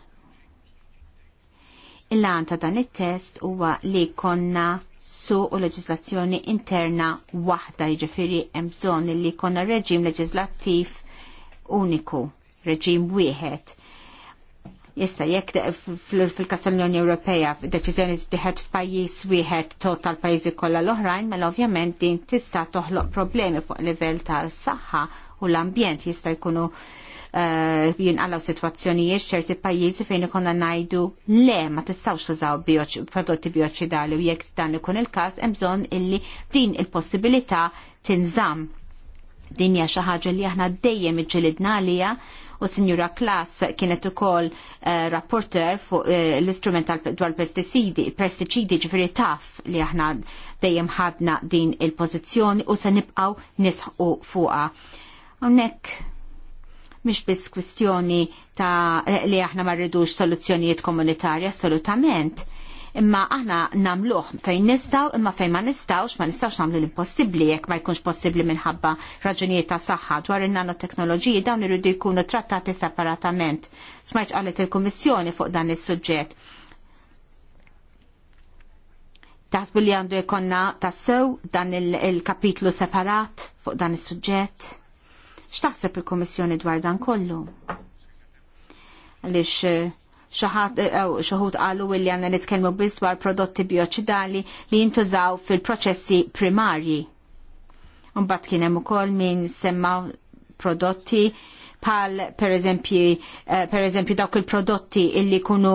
Il-lan ta' dan it-test huwa li konna su u leġislazzjoni interna waħda jiġifieri hemm bżonn li konna reġim leġislattiv uniku, reġim wieħed Issa, jekk fil-kas tal-Unjoni Ewropea tiħed f'pajjiż wieħed tot tal-pajjiżi kollha l-oħrajn, mela ovvjament din tista' toħloq problemi fuq livell tal-saħħa u l-ambjent jista' jkunu eh, jinqalaw situazzjonijiet ċerti pajjiżi fejn ikonna ngħidu le ma tistgħux tużaw prodotti bioċidali u jekk dan ikun il-każ hemm bżonn illi din il-possibilità tinżamm. Din hija xi ħaġa li aħna dejjem iġġilidna għalija u Sinjura Klas kienet ukoll uh, rapporter fuq uh, l-istrument dwar pesticidi, pesticidi ġifiri taf li aħna dejjem ħadna din il-pożizzjoni u se nibqgħu nisħu fuqha. Hawnhekk mhix biss kwistjoni ta' eh, li aħna ma rridux soluzzjonijiet komunitarji assolutament imma aħna namluħ fejn nistaw, imma fejn ma nistawx, ma nistawx namlu l-impossibli jekk ma jkunx possibli minħabba raġunijiet ta' saħħa dwar il-nanoteknoloġiji dawn irridu jkunu trattati separatament. Smajċ qalet il-Kummissjoni fuq dan is-suġġett. Taħsbu li għandu jkonna tassew dan il-kapitlu separat fuq dan is-suġġett. X'taħseb il-Kummissjoni dwar dan kollu? Għaliex eh, xaħat eh, eh, xaħut għalu illi għanna nitkelmu biz dwar prodotti bioċidali li jintużaw fil-proċessi primarji. Unbat kienem u kol min semmaw prodotti pal per eżempju eh, per eżempju dawk il-prodotti illi kunu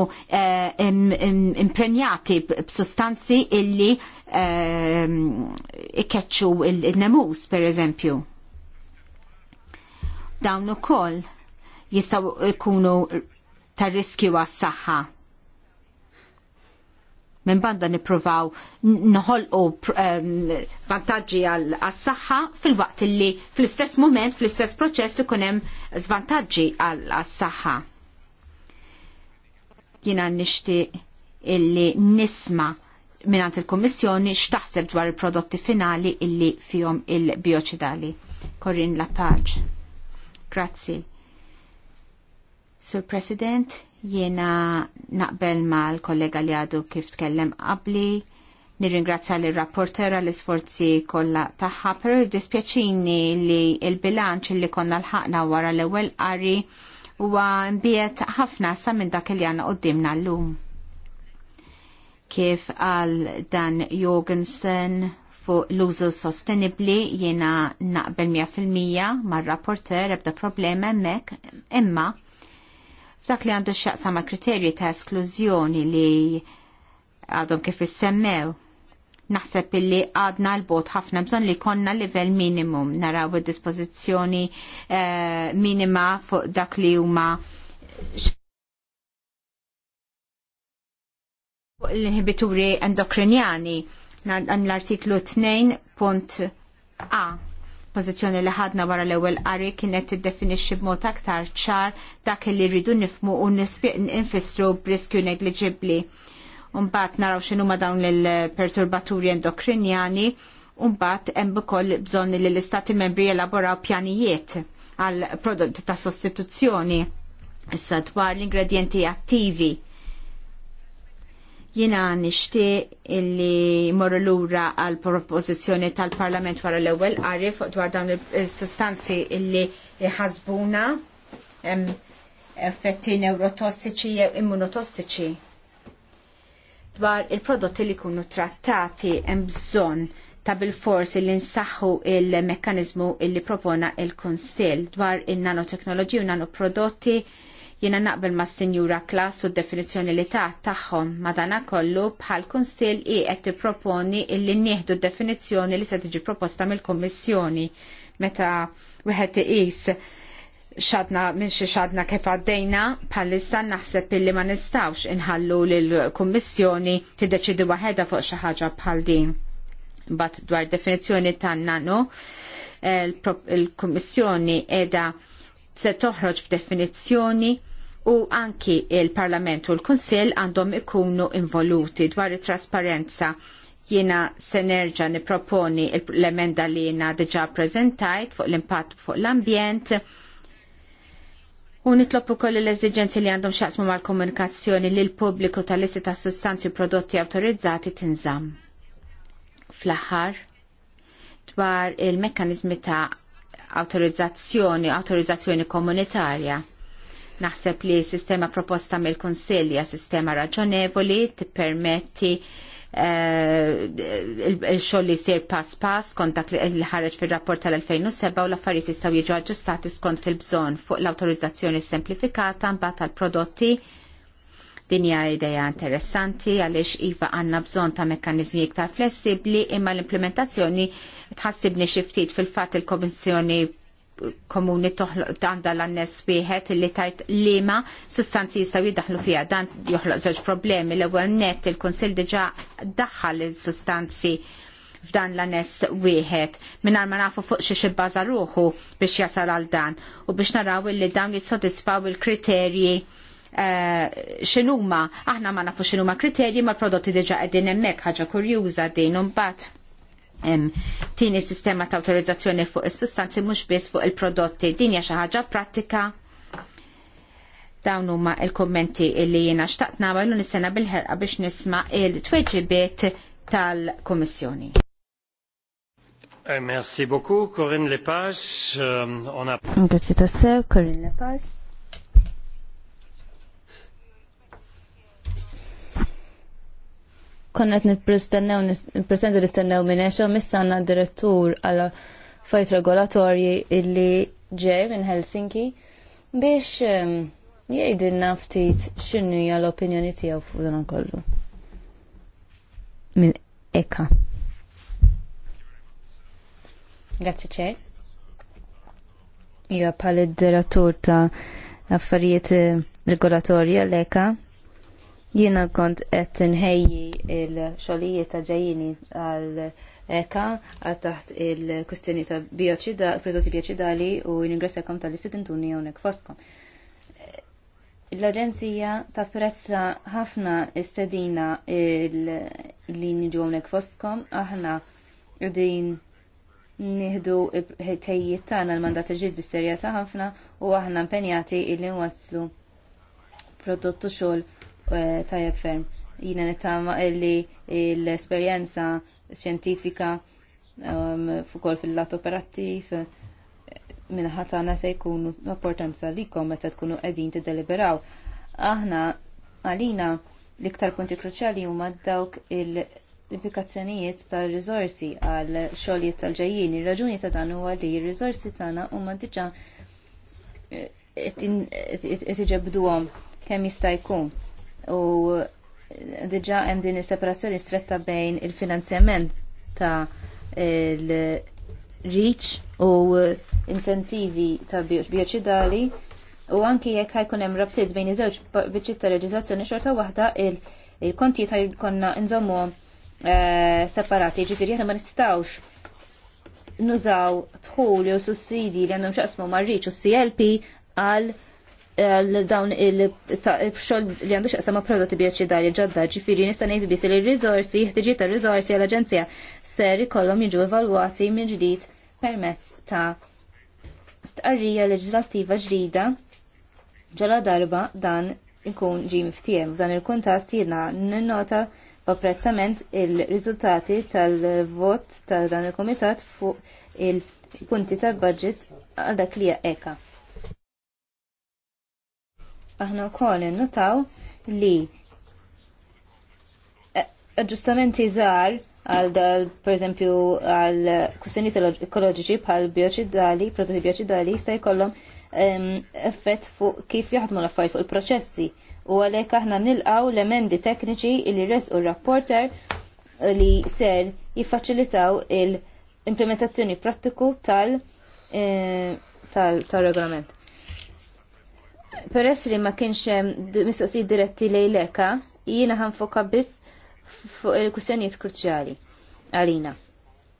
imprenjati b'sustanzi illi ehm, ikkeċċu il-nemus per eżempju. Dawn ukoll jistgħu jkunu riski riskju għas-saħħa. Minn banda nippruvaw nħolqu ehm, vantaġġi għas-saħħa fil-waqt illi fl-istess mument, fl-istess proċess ikun hemm svantaġġi għas-saħħa. Jiena nixtieq illi nisma' minant il kummissjoni x'taħseb dwar il-prodotti finali illi fihom il-bioċidali. Korin Lapage. Grazzi. Sur President, jiena naqbel mal kollega li għadu kif tkellem qabli. Nirringrazzja l rapporter għall isforzi kollha tagħha, però jiddispjaċini li l-bilanċ li konna l-ħaqna wara l-ewwel qari huwa mbiet ħafna sa minn dak li għandna qudiemna llum. Kif għal Dan Jorgensen fuq l-użu sostenibli jiena naqbel 100% mar-rapporter ebda problema hemmhekk imma F'dak li għandu xaqsa ma' kriterji ta' esklużjoni li għadhom kif issemmew. Naħseb illi għadna l-bot ħafna bżon li konna livell minimum naraw id-dispożizzjoni eh, minima fuq dak li huma l-inhibituri endokrinjani l-artiklu 2.a pożizzjoni li ħadna wara l-ewwel qari kienet tiddefinixxi b'mod aktar ċar dak li rridu nifmu u ninfistru b'riskju negliġibbli. Mbagħad naraw x'inhuma dawn il-perturbaturi endokrinjani u mbagħad hemm ukoll bżonn li l-istati membri jelaboraw pjanijiet għal prodotti ta' sostituzzjoni. Issa dwar l-ingredienti attivi Jina nishti illi morru lura għal propożizzjoni tal-Parlament wara l-ewwel għarif dwar dawn il-sustanzi illi ħasbuna effetti neurotossiċi jew immunotossiċi. Dwar il-prodotti li jkunu trattati hemm bżonn ta' bil-fors li nsaħħu il-mekkanizmu illi propona il-Kunsill dwar il nanoteknologi u nanoprodotti prodotti Jiena naqbel ma' Sinjura Klas u d-definizzjoni li ta' tagħhom madana kollu bħal kunsil i qed proponi illi nieħdu d-definizzjoni li se tiġi proposta mill-Kummissjoni meta wieħed iqis xadna minn xi xadna kif għaddejna bħalissa naħseb illi ma nistawx inħallu lill-Kummissjoni tiddeċidi waħedha fuq xi ħaġa bħal din. Bat dwar definizzjoni tan nanu eh, il-Kummissjoni edha se toħroġ b'definizzjoni u anki il-Parlament u l-Kunsill għandhom ikunu involuti dwar it-trasparenza jiena se nerġa' nipproponi l-emenda li jiena diġà prezentajt fuq l-impatt fuq l-ambjent. U nitlob ukoll l eżigenzi li għandhom xaqsmu mal-komunikazzjoni l pubbliku tal-listi ta' sustanzi u prodotti awtorizzati tinżamm. Fl-aħħar dwar il-mekkaniżmi ta' awtorizzazzjoni, awtorizzazzjoni komunitarja Naħseb li sistema proposta mill ja sistema raġonevoli tippermetti eh, il-xoll li sir pass pass kontak li ħareġ fil-rapport tal-2007 u l-affarijiet jistgħu jiġu aġġustati skont il-bżonn fuq l-awtorizzazzjoni semplifikata mbagħad tal-prodotti Din hija idea interessanti għaliex iva għandna bżonn ta' mekkaniżmi iktar flessibbli imma l-implementazzjoni tħassibni xi ftit fil-fatt il-Komissjoni komuni għandha l-annes wieħed li tajt liema sustanzi jistgħu jiddaħlu fiha dan joħloq żewġ problemi l-ewwel nett il-Kunsill diġà daħħal il-sustanzi f'dan l-anes wieħed mingħajr ma nafu fuq xi baza ruħu biex jasal għal dan u biex naraw li dan jissodisfaw il-kriterji eh, x'inhuma aħna ma nafu x'inhuma kriterji mal prodotti diġà qegħdin hemmhekk ħaġa kurjuża din un mbagħad tini sistema ta' autorizzazzjoni fuq is-sustanzi mhux biss fuq il-prodotti. Din hija xi ħaġa pratika dawn huma l-kummenti li jiena xtaqt nagħmel nissena nistenna bil-ħerqa biex nisma' il-tweġibiet tal-Kummissjoni. Eh, merci beaucoup, Corinne Lepage. Euh, Grazie tassew, Corinne Lepage. konnet nipristennew, nipristendu nistennew minn eċo, missanna direttur għal fajt regolatorji illi ġej minn Helsinki biex ehm, jgħidilna ftit x'inhu hija l-opinjoni tiegħu fuq dan kollu. Minn eka. Grazzi ċej. Ja iva, bħal direttur ta' affarijiet eh, regolatorji għal eka Jiena kont qed nħejji il-xogħlijiet ta' ġejjini għal eka għal taħt il-kustjoni ta' bioċida, prodotti bioċidali u n-ingressakom tal-istudentuni hawnhekk fostkom. L-Aġenzija ta' prezza ħafna istedina li niġu hawnhekk fostkom, aħna din nieħdu tejjiet tagħna l-mandat il-ġid bis-serjetà ħafna u aħna impenjati illi nwasslu prodottu xogħol Eh, tajjeb ferm. Jina nittama li l-esperienza xjentifika um, fukol fil-lat operattiv minna ħatana se jkunu importanza li kom meta tkunu qegħdin deliberaw Aħna għalina l-iktar punti kruċjali huma dawk l implikazzjonijiet tal rizorsi għal xogħlijiet tal-ġejjin. Ir-raġuni ta' dan huwa li r-riżorsi tagħna huma diġà eh, qed iġebduhom kemm jista' jkun u diġa hemm din is-separazzjoni stretta bejn il-finanzjament ta' il-reach u incentivi ta' bioċidali u anki jekk ħajkun hemm rabtiet bejn iż-żewġ biċċiet ta' leġiżlazzjoni xorta waħda il konti ta jkollna inżommu eh, separati, ġifieri aħna ma nistgħux nużaw tħul jew sussidi li għandhom xaqsmu marriċ u CLP għal l dawn il-xol li għandu xaqsa ma' prodotti bioċidarji ġadda ġifiri nistanejt bis li rizorsi, ħtiġi ta' rizorsi għal-Aġenzija ser ikollhom jiġu evalwati minn ġdid permezz ta' stqarrija leġislattiva ġdida ġala darba dan ikun ġim miftiem. F'dan il-kuntast jiena ninnota b'apprezzament il-riżultati tal-vot ta' dan il-Komitat fuq il-punti tal-budget għal dak li eka. Aħna wkoll innutaw li eh, aġġustamenti żgħar għal dal pereżempju għal kwistjonijiet ekoloġiċi bħal bioċidali, prodotti bioċidali jista' jkollhom ehm, effett fuq kif jaħdmu l-affarijiet fuq il-proċessi. U għalhekk aħna nilqgħu l-emendi tekniċi li resqu r-rapporter eh, li ser jiffaċilitaw il- implementazzjoni prattiku tal, eh, tal, tal regolament. Peress li ma kienx mistoqsijiet diretti lejleka, jiena ħanfoka biss fuq il-kwistjonijiet kruċjali għalina.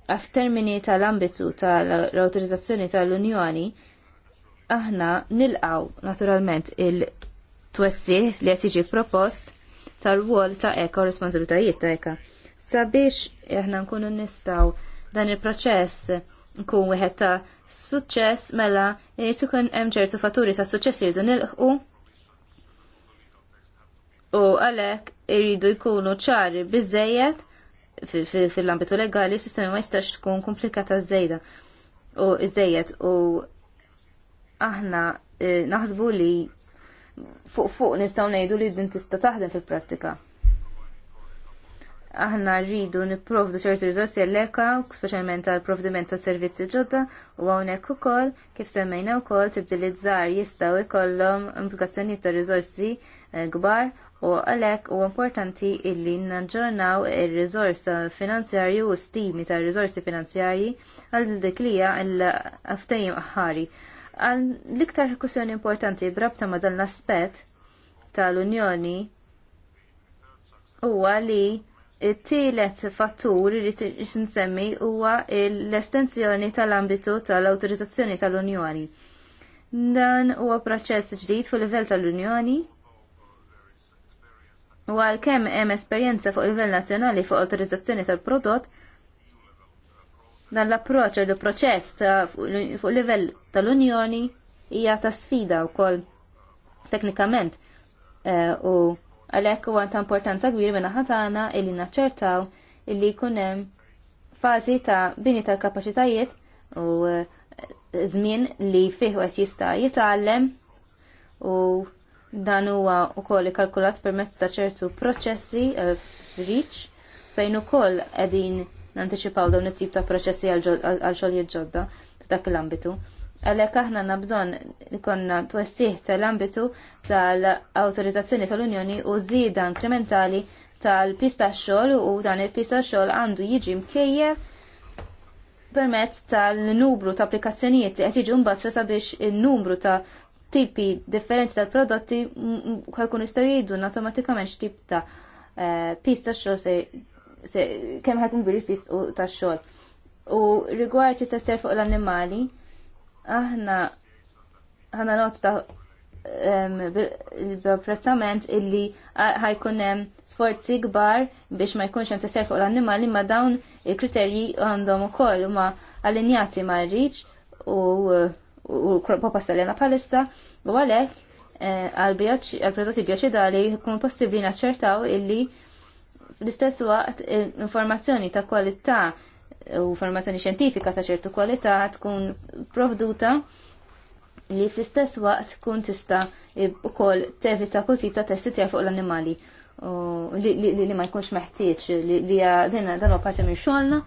Għaf termini tal-ambitu tal-autorizzazzjoni tal-Unjoni, aħna nilqaw naturalment il-twessi li qed jiġi propost tal-wol ta' eka u responsabilitajiet ta' eka. Sabiex aħna nkunu nistaw dan il-proċess nkun wieħed ta' suċċess mela jrid ikun hemm ċertu fatturi ta' suċċess irridu nilħqu u għalhekk irridu jkunu ċari biżejjed fil-ambitu legali s-sistema ma jistax tkun komplikata żejda u iżejjed u aħna eh, naħsbu li fuq fuq nistgħu ngħidu li din tista' taħdem fil-prattika aħna rridu nipprovdu ċertu riżorsi għall-eka, speċjalment għal provdiment ta' servizzi ġodda, u hawnhekk ukoll kif semmejna wkoll tibdilizzar żgħar jistgħu jkollhom implikazzjonijiet ta' riżorsi eh, kbar u għalhekk huwa importanti illi naġġornaw ir-riżors finanzjarji u stimi ta' riżorsi finanzjarji għal dik li hija l-aftejjem aħħari. L-iktar kussjoni importanti brabta ma' dan l-aspett tal-Unjoni huwa li it-tielet fattur irrid nsemmi huwa l-estensjoni tal-ambitu tal-awtorizzazzjoni tal-Unjoni. Dan huwa proċess ġdid fuq livell tal-Unjoni u għalkemm hemm esperjenza fuq livell nazzjonali fuq awtorizzazzjoni tal-prodott, dan l-approċċ u proċess fuq livell tal-Unjoni hija ta' sfida wkoll teknikament eh, u Għalhekk huwa ta' importanza kbir minna ħatana illi naċċertaw illi jkun hemm fażi ta' bini tal-kapaċitajiet u eh, żmien li fih qed jista' jitgħallem u dan huwa wkoll ikkalkulat permezz ta' ċertu proċessi eh, riċ fejn ukoll qegħdin nanticipaw dawn it-tip ta' proċessi għal xogħlijiet ġodda f'dak l-ambitu. Għalhekk aħna nabżon ikonna twessih tal-ambitu tal-awtorizzazzjoni tal-Unjoni u żieda inkrementali tal-pista xogħol u dan il-pista xogħol għandu jiġi mkejje permezz tal-numru ta' applikazzjonijiet li qed jiġu mbagħad sabiex in-numru ta' tipi differenti tal-prodotti kalkun jistgħu jgħidu automatikament x'tip ta' eh, pista xogħol se kemm ħakun bir il-pist tax-xogħol. U rigward it-tester fuq l-annimali, aħna ħana nota il-apprezzament illi ħajkunem sforzi gbar biex ma jkunx hemm tisser fuq l-annimali ma dawn il-kriterji għandhom ukoll huma allinjati ma' riċ u proposta li palissa u għalhekk eh, għal-prodotti bioċidali jkun possibbli naċċertaw illi fl-istess waqt eh, informazzjoni ta' kwalità u formazzjoni xjentifika ta' ċertu kwalità tkun provduta li fl-istess waqt tkun tista' ukoll tevita kull tip ta' testi tiegħek fuq l-annimali li ma jkunx meħtieġ li dinna dan huwa parti minn xogħolna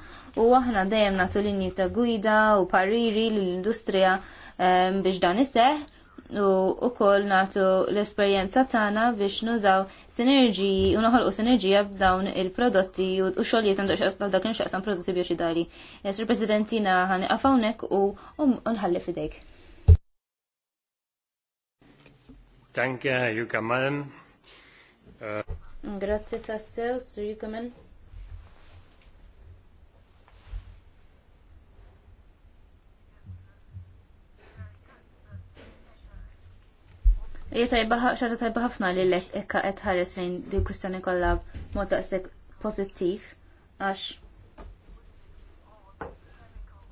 u aħna dejjem nagħtu linji ta' gwida u pariri lill-industrija ehm, biex dan iseħħ u koll nagħtu l-esperjenza tagħna biex nużaw sinerġiji u noħolqu sinerġija b'dawn il-prodotti u xogħlijiet għandu dak nixaqsam prodotti bioċidali. Sir Presidentina ħani hawnhekk u um, nħalli fidejk. Danke, Juka Malm. Uh, Grazie tassew, Sir Juka xaġa tajba ħafna li l ekka qed ħares lejn di kustjoni kollha mod daqshekk pożittiv għax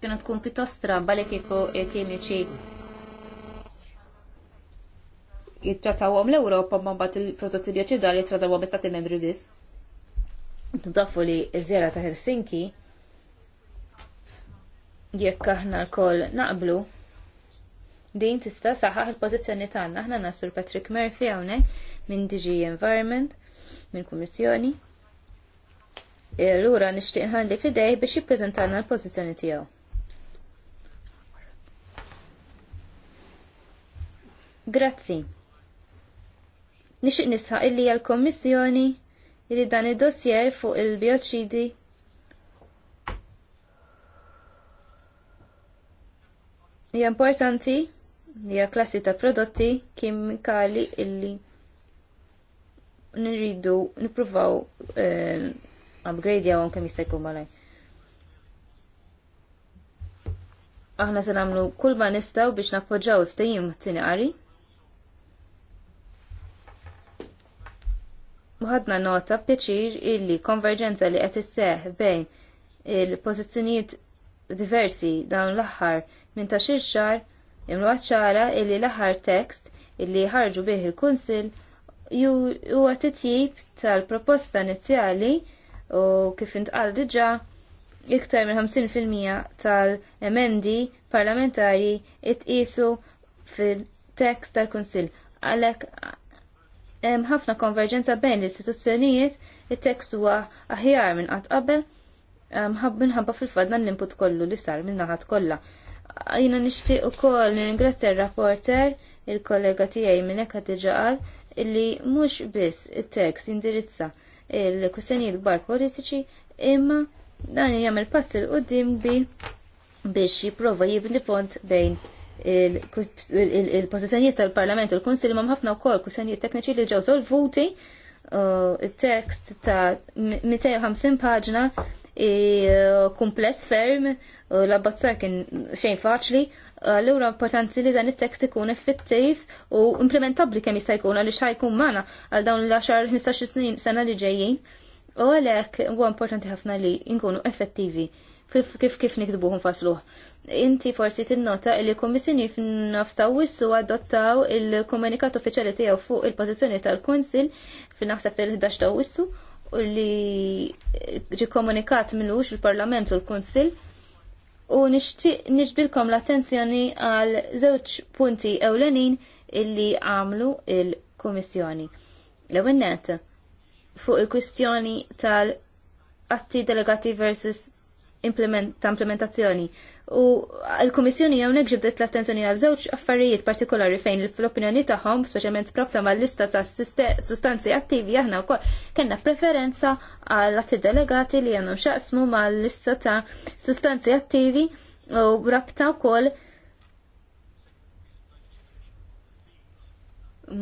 kena tkun pittostra strabba li kieku kimiċi għom l-Ewropa ma bat il-prodotti bioċidali għom istati membri biss. Tafu li ż-żjara ta' Helsinki jekk aħna lkoll naqblu din tista' saħaħ il-pożizzjoni tagħna. Aħna nasur Patrick Murphy hawnhekk minn DG Environment mill-Kummissjoni. E, allura nixtieq nħalli fidej biex jippreżentana l-pożizzjoni tiegħu. Grazzi. Nixtieq nisħaq illi l kommissjoni li dan id-dossier fuq il-bioċidi hija importanti hija klassi ta' prodotti kimikali illi nirridu nippruvaw eh, upgrade jew anke jista' jkun malaj. Aħna se nagħmlu kull ma nistgħu biex nappoġġaw iftejjim mat-tieni qari ħadna nota pjaċir illi konverġenza li qed isseħ bejn il-pożizzjonijiet diversi dawn l-aħħar minn ta' xar Imlu ċara illi l-aħħar tekst illi ħarġu bih il-Kunsil huwa titjib tal-proposta inizjali u kif intqal diġà iktar minn 50% tal-emendi parlamentari itqisu fil-tekst tal-Kunsil. Għalhekk hemm ħafna konverġenza bejn l-istituzzjonijiet, it-tekst huwa aħjar minn qatt qabel, um, minħabba fil-fadna l-input kollu li sar minn naħat kollha. Jina nishtiq u kol ningrazzja il-rapporter, il-kollega tijaj minnek għadġaqal, illi mux biss il-tekst indirizza il-kustenijiet kbar politiċi, imma dan jgħamil pass il-qoddim bi biex jiprofa jibni pont bejn il-pozizjonijiet tal-Parlament u l-Konsil ma ħafna wkoll kwistjonijiet tekniċi li ġew solvuti il-tekst ta' 250 paġna Eh, kumpless ferm, eh, l-abbazzar kien xejn faċli, l ura importanti li dan it-tekst ikun effettiv u implementabli kemm jista' jkun għaliex ħajkun magħna għal dawn l-10-15 snin sena li ġejjin. U għalhekk huwa importanti ħafna li nkunu effettivi kif kif, kif nikdbuh Inti forsi tinnota li l-Kummissjoni f'nofs ta' wissu adottaw il-komunikat uffiċjali tiegħu fuq il-pożizzjoni tal-Kunsil fin naħseb fil-11 ta' wissu u li ġi komunikat mill il-Parlament u l konsil u nixbilkom l-attenzjoni għal żewġ punti ewlenin illi għamlu il-Komissjoni. L-ewennet fuq il-kwistjoni tal-atti delegati versus ta' implementazzjoni. U l-Komissjoni hawnhekk ġibdet l-attenzjoni għal żewġ affarijiet partikolari fejn l-opinjoni tagħhom, speċjalment propta mal-lista ta' sustanzi attivi aħna wkoll kellna preferenza għal atti delegati li għandhom xaqsmu mal-lista ta' sustanzi attivi u rabta wkoll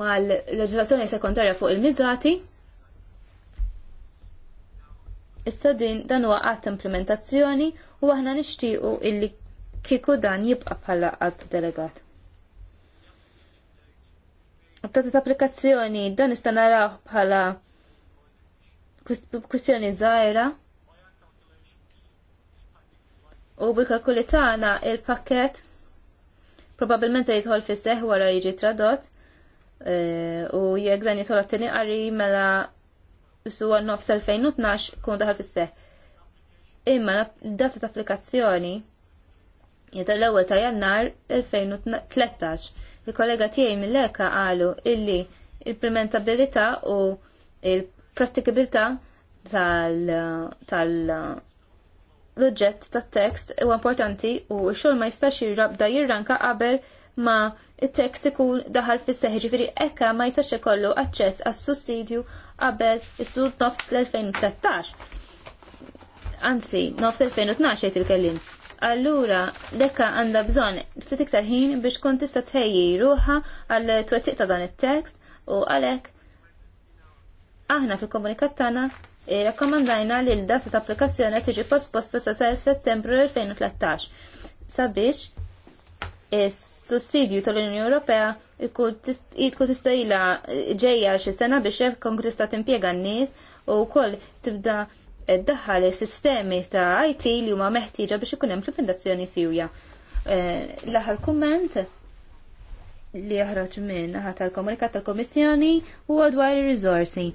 mal-leġislazzjoni sekondarja fuq il-miżati Issa din dan huwa qatt implementazzjoni u aħna nixtiequ illi kieku dan jibqa' bħala għad delegat. Tata applikazzjoni dan nista' naraw bħala kwistjoni żgħira u bil-kalkuli tagħna il-pakket probabbilment se jidħol fis seħħ wara jiġi tradott e, u jekk dan jidħol għat-tieni qari mela s-suwa nofs 2012 kun daħal fis seħħ imma data ta' applikazzjoni jeta l-ewwel ta' jannar 2013. Il-kollega tiegħi mill-eka qalu illi il-implementabilità u il-prattikabilità tal-loġġett tat-tekst huwa importanti u x-xogħol ma jistax jirrabda jirranka qabel ma il-tekst ikun daħal fis seħ ġifiri ekka ma jistax ikollu aċċess għas sussidju qabel is-sud nofs l-2013 anzi, nofs 2012 jgħid il-kellim. Allura, dekka għandha bżonn ftit iktar ħin biex kont tista' tħejji ruħha għal twettiq ta' dan it-tekst u għalhekk aħna fil-komunikat tagħna eh, rakkomandajna li l-data ta' applikazzjoni tiġi posposta sa' settembru 2013 sabiex is-sussidju tal-Unjoni Ewropea jkun tista' ilha ġejja xi sena biex hekk tkun tista' timpjega n-nies u wkoll tibda daħħal sistemi ta' IT li huma meħtieġa biex ikun hemm fil-fondazzjoni sirja. Eh, l-aħħar kumment li jaħraġ minn naħa tal-komunikat tal-Komissjoni huwa dwar ir-riżorsi.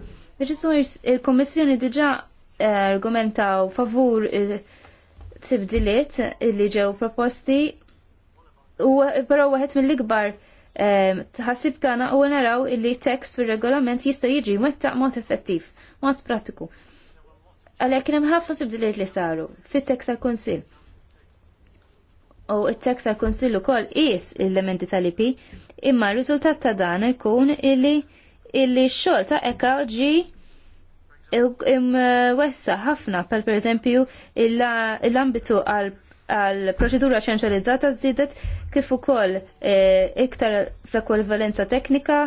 Il-Komissjoni diġà eh, argumentaw favur tibdiliet li ġew proposti u però waħed mill-ikbar eh, tħassib tagħna u naraw li tekst fir-regolament jista' jiġi mwettaq mod effettiv, mod pratiku. Għalhekk kien hemm ħafna tibdiliet li saru fit-tekst tal-Kunsill. U t-tekst tal-Kunsill ukoll is l-elementi tal-IP, imma r-riżultat ta' dan ikun illi illi x-xogħol ta' eka ġi wessa ħafna per pereżempju l-ambitu għal għal proċedura ċentralizzata żdiedet kif ukoll eh, iktar fl-ekwivalenza teknika,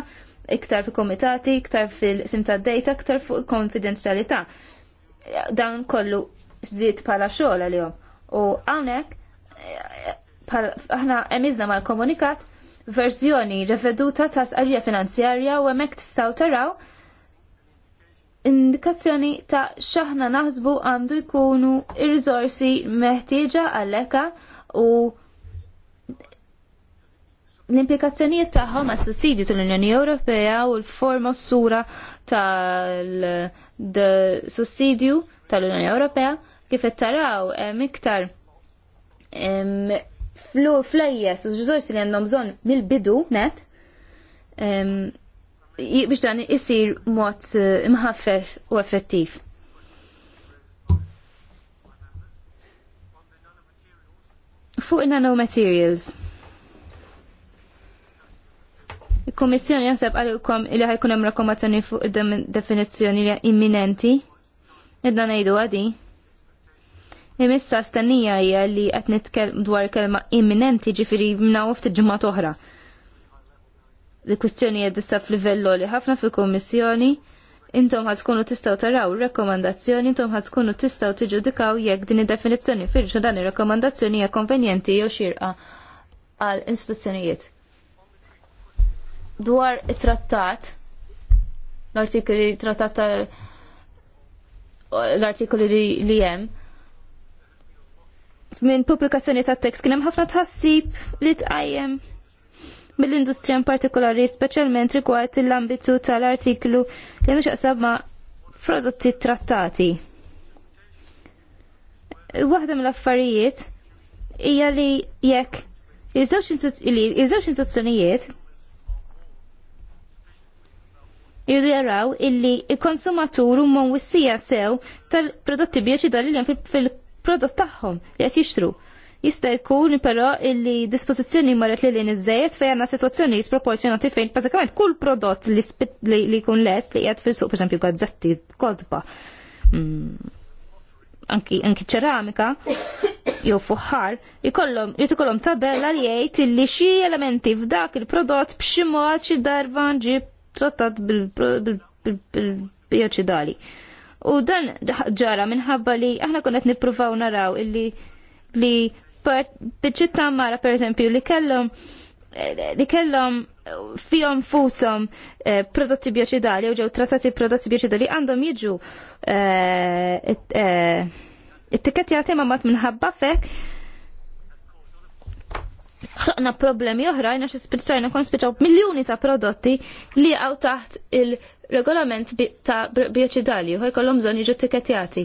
iktar fil komitati, iktar fil-sim ta' data, iktar fuq konfidenzjalità dan kollu pala bħala xogħol jom U hawnhekk aħna emiżna mal-komunikat verżjoni reveduta ta' sqarrija finanzjarja u hemmhekk tistgħu taraw indikazzjoni ta' xaħna naħsbu għandu jkunu ir rizorsi meħtieġa għalleka u l-implikazzjonijiet tagħhom għas sussidju tal-Unjoni Ewropea u l-forma s-sura tal- sussidju tal-Unjoni Ewropea kif qed taraw hemm iktar flu flejjes u ġżorsi li għandhom bżonn mill-bidu net biex dan isir mod eh, imħaffef u effettiv. Fuq in nanomaterials. materials Il-Kommissjoni jaħseb għalikom li ħajkun hemm rakkomandazzjoni fuq definizzjoni li imminenti. Idna ngħidu għadi. Imissa stennija hija li qed nitkellem dwar kelma imminenti ġifieri minnaw ftit ġimgħa oħra. Il-kwistjoni hija issa f'livell li ħafna fil-Kummissjoni intom ħad tkunu tistaw taraw rakkomandazzjoni, intom ħad tkunu tistaw tiġudikaw jekk din id-definizzjoni firxu dan ir-rekomandazzjoni hija konvenjenti jew xirqa għal istituzzjonijiet dwar it-trattat, l-artikoli trattat tal l-artikoli li hemm. Minn pubblikazzjoni ta' tekst kien hemm ħafna tħassib li tqajjem mill-industrija partikolari, speċjalment rigward l-ambitu tal-artiklu li għandu xaqsab ma' prodotti trattati. Waħda mill-affarijiet hija li jekk iż-żewġ iż-żewġ jiraw jaraw illi il konsumatur mon wissija sew tal-prodotti bioċidali li fil-prodott tagħhom li qed jixtru. Jista' jkun però illi dispożizzjoni marret li lin iżejjed fejn għandna sitwazzjoni sproporzjonati fejn bażikament kull prodott li li jkun lest li qiegħed fil-suq pereżempju gazzetti, kodba, mm, anki ċeramika jew fuħar, jkollhom jrid ikollhom tabella li jgħid illi xi elementi f'dak il-prodott b'xi mod xi darba nġib trattat bil-bioċidali. U dan ġara minħabba li aħna konet nipruvaw naraw illi li bieċitta mara per eżempju li kellhom li kellhom fihom fushom prodotti bioċidali u ġew trattati prodotti bioċidali għandhom jiġu it-tiketti għatema mat minħabba fek ħna problemi oħra jina xi kon spiċaw miljuni ta' prodotti li għaw taħt il-regolament ta' bioċidali u ħajkollhom bżonn jiġu tiketjati.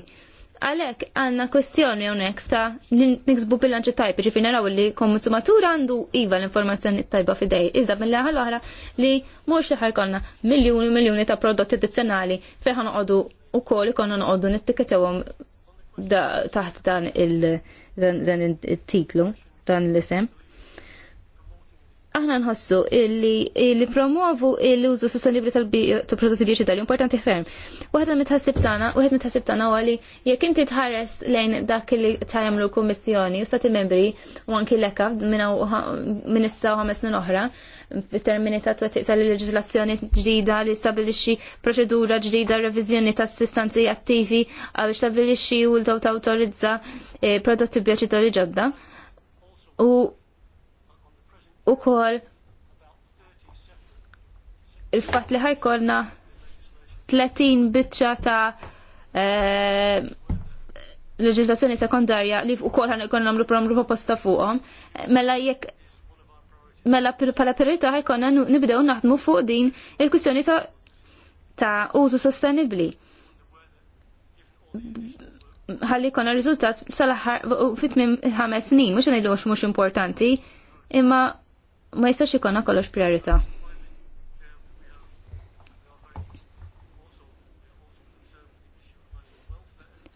Għalhekk għandna kwestjoni hawnhekk ta' niksbu bilanċi tajb, ġifin naraw li konsumatur għandu iva l-informazzjoni tajba fidej, iżda mill l oħra li mhux ħajkollna miljoni miljuni miljuni ta' prodotti addizzjonali fejn ħanoqogħdu ukoll ikonna noqogħdu nittikketjawhom taħt dan il-titlu dan l-isem aħna nħossu illi li promuovu l-użu sostenibli tal-prodotti bioċidali importanti ferm. Waħed mitħassib tagħna, waħed mitħassib tagħna għali jekk inti tħares lejn dak li tajamlu kummissjoni u stati membri u anki lekka minn issa u ħames snin oħra termini ta' twettiq tal-leġislazzjoni ġdida li stabilixxi proċedura ġdida reviżjoni ta' sistanzi attivi għal stabilixi u l-tawta autorizza eh, prodotti bioċidali ġodda. U u kol il-fat li ħajkolna 30 bitċa ta' eh, leġislazzjoni sekundarja li u kol ħan ikon namlu pramlu proposta fuqom, mela jekk mela pala perita ħajkonna nibdew naħdmu fuq din il-kwistjoni ta' ta' użu sostenibli. Ħalli konna rizultat sal-ħar fit ħames snin, mux il-lux mux importanti, imma ma jistax ikonna kollox priorità.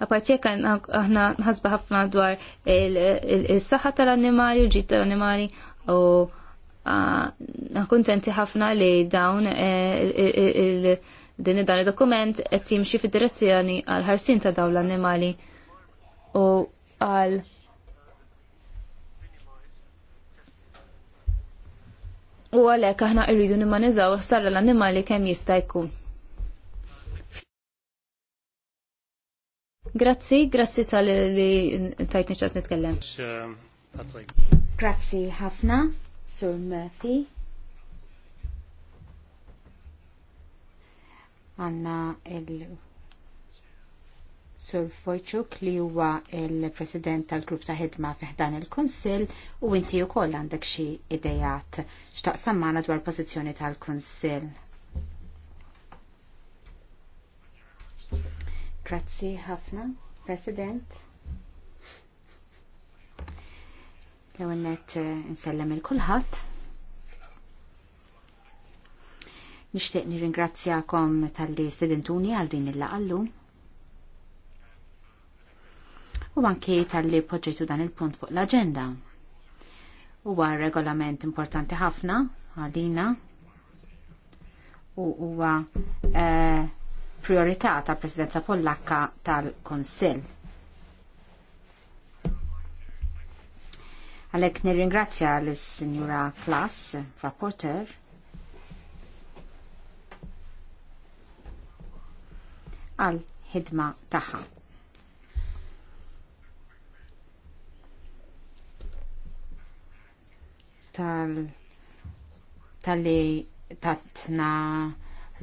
Aparti jekk aħna ħasba ħafna dwar is-saħħa tal-annimali, l-ġid tal-annimali u kuntenti ħafna li dawn e, e, e, din dan id-dokument qed jimxi fid-direzzjoni għal ħarsin ta' dawn l-annimali u għal u għalhekk aħna irridu nimmaniżaw ħsara l-annimali kemm jista' jkun. Grazzi, grazzi tal-li tajtni ċas nitkellem. Grazzi ħafna, Sur Murphy. Għanna il- Sur Wojciuk li huwa il-President tal-Grupp ta' ħidma fiħdan il-Kunsill u inti wkoll għandek xi idejat x'taqsam magħna dwar pożizzjoni tal-Kunsill. Grazzi ħafna, President. L-ewwel nett eh, insellem il-kulħadd. Nixtieq nirringrazzjakom tal-li sidintuni għal din il-laqallu u anke tal-li poġġejtu dan il-punt fuq l-agenda. Huwa regolament importanti ħafna għalina u huwa eh, priorità tal-Presidenza Pollakka tal konsil Għalek nirringrazzja l-Sinjura Klas, rapporter, għal ħidma taħħa. tal- li tatna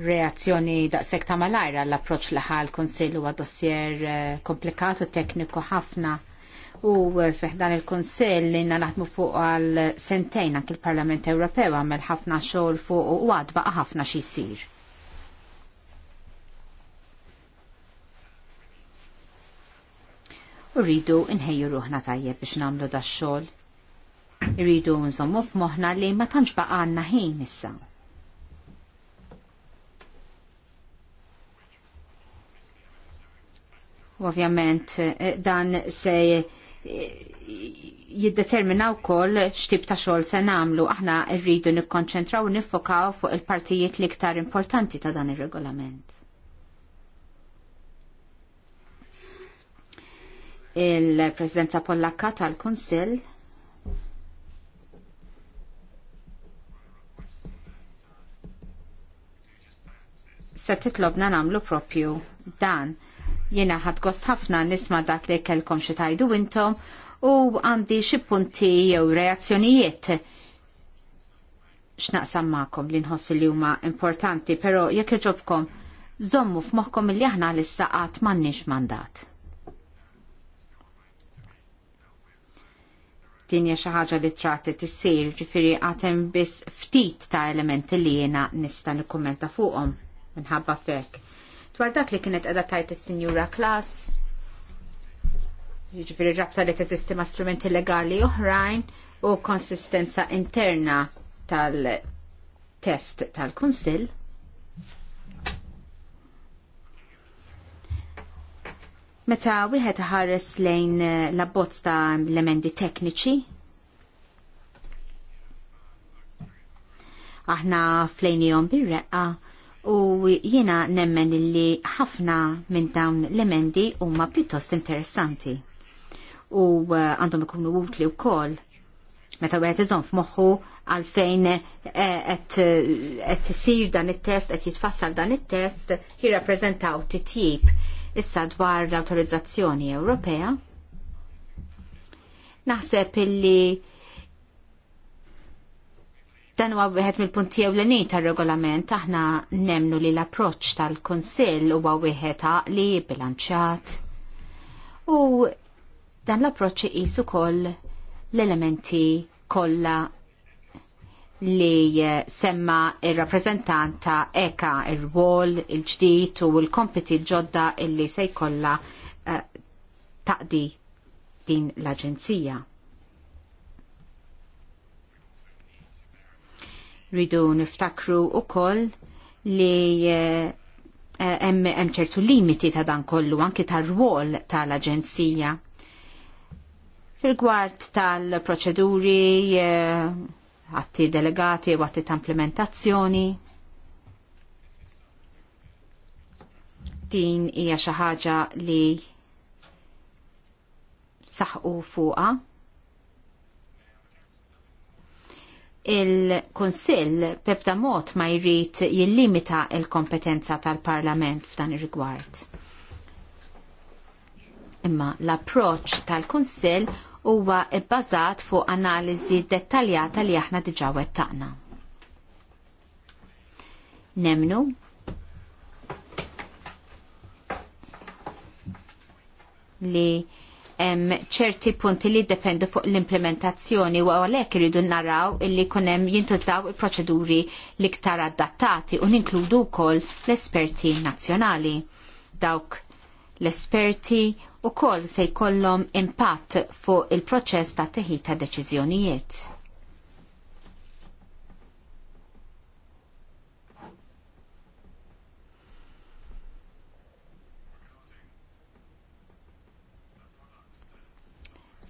reazzjoni daqshekk ta' malajra l-approċ laħal l konsillu huwa dossier eh, komplikatu u tekniku ħafna u eh, fiħdan il konsil li naħdmu fuq għal sentejn anke il-Parlament Ewropew għamel ħafna xogħol fuq u baqa ħafna xi jsir. U rridu nħejju ruħna tajjeb biex nagħmlu dax xogħol Irridu nżommu f'moħħna li ma tantx baqanna ħin issa. Ovvjament eh, dan se eh, jiddeterminaw kol xtib ta' xol se namlu, aħna rridu nikkonċentraw u nifokaw fuq il-partijiet l-iktar importanti ta' dan il-regolament. Il-Presidenza Pollakka tal-Kunsill se titlobna namlu propju dan. Jena ħad gost ħafna nisma dak li kelkom xi tajdu intom u għandi xi punti jew reazzjonijiet xnaq sammakom li nħossi li huma importanti, però jekk iġobkom żommu f'moħħkom li aħna l-issa qatt m'għandniex mandat. din xi ħaġa li trattet issir, ġifieri għad biss ftit ta' elementi li jiena nista' nikkummenta fuqhom minħabba fek. Dwar dak li kienet edha tajt is-sinjura klas, jiġifieri rabta li teżisti ma' strumenti legali oħrajn u konsistenza interna tal-test tal-Kunsill. Meta wieħed ħares lejn eh, l-abbozz ta' l-emendi tekniċi, aħna flejnijom bir-reqqa u jiena nemmen li ħafna minn dawn l-emendi huma pjuttost interessanti u uh, għandhom ikunu utli wkoll meta wieħed iżomm f'moħħu għalfejn eh, qed eh, sir dan it-test qed jitfassal dan it-test t titjib issa dwar l-awtorizzazzjoni Ewropea. Naħseb illi Dan huwa wieħed mill-punti ewlenin tar-regolament aħna nemnu li l-approċċ tal-Kunsill huwa wieħed għaqli bilanċjat. U dan l-approċċ iqis ukoll l-elementi kollha li semma ir-rappreżentanta eka ir-wol il il-ġdid u l-kompiti ġdid u l kompiti l ġodda illi se jkollha eh, taqdi din l-aġenzija. Ridu niftakru koll li eh, eh, hemm ċertu limiti ta' dan kollu anki tar-rwol tal-Aġenzija. Fil-gwart tal-proċeduri, eh, atti delegati u atti ta' implementazzjoni. Din hija xi ħaġa li saħqu fuqha. il-Konsill bebda mod ma jrid jillimita il-kompetenza tal-Parlament f'dan ir-rigward. Imma l-approċ tal-Kunsill huwa bbażat fuq analiżi dettaljata li aħna diġà wettaqna. Nemnu li hemm ċerti punti li jiddependu fuq l-implementazzjoni u għalhekk iridu naraw illi jkun hemm jintużaw il-proċeduri l-iktar adattati u ninkludu wkoll l-esperti nazzjonali. Dawk l-esperti wkoll se jkollhom impatt fuq il-proċess ta' teħita deċiżjonijiet.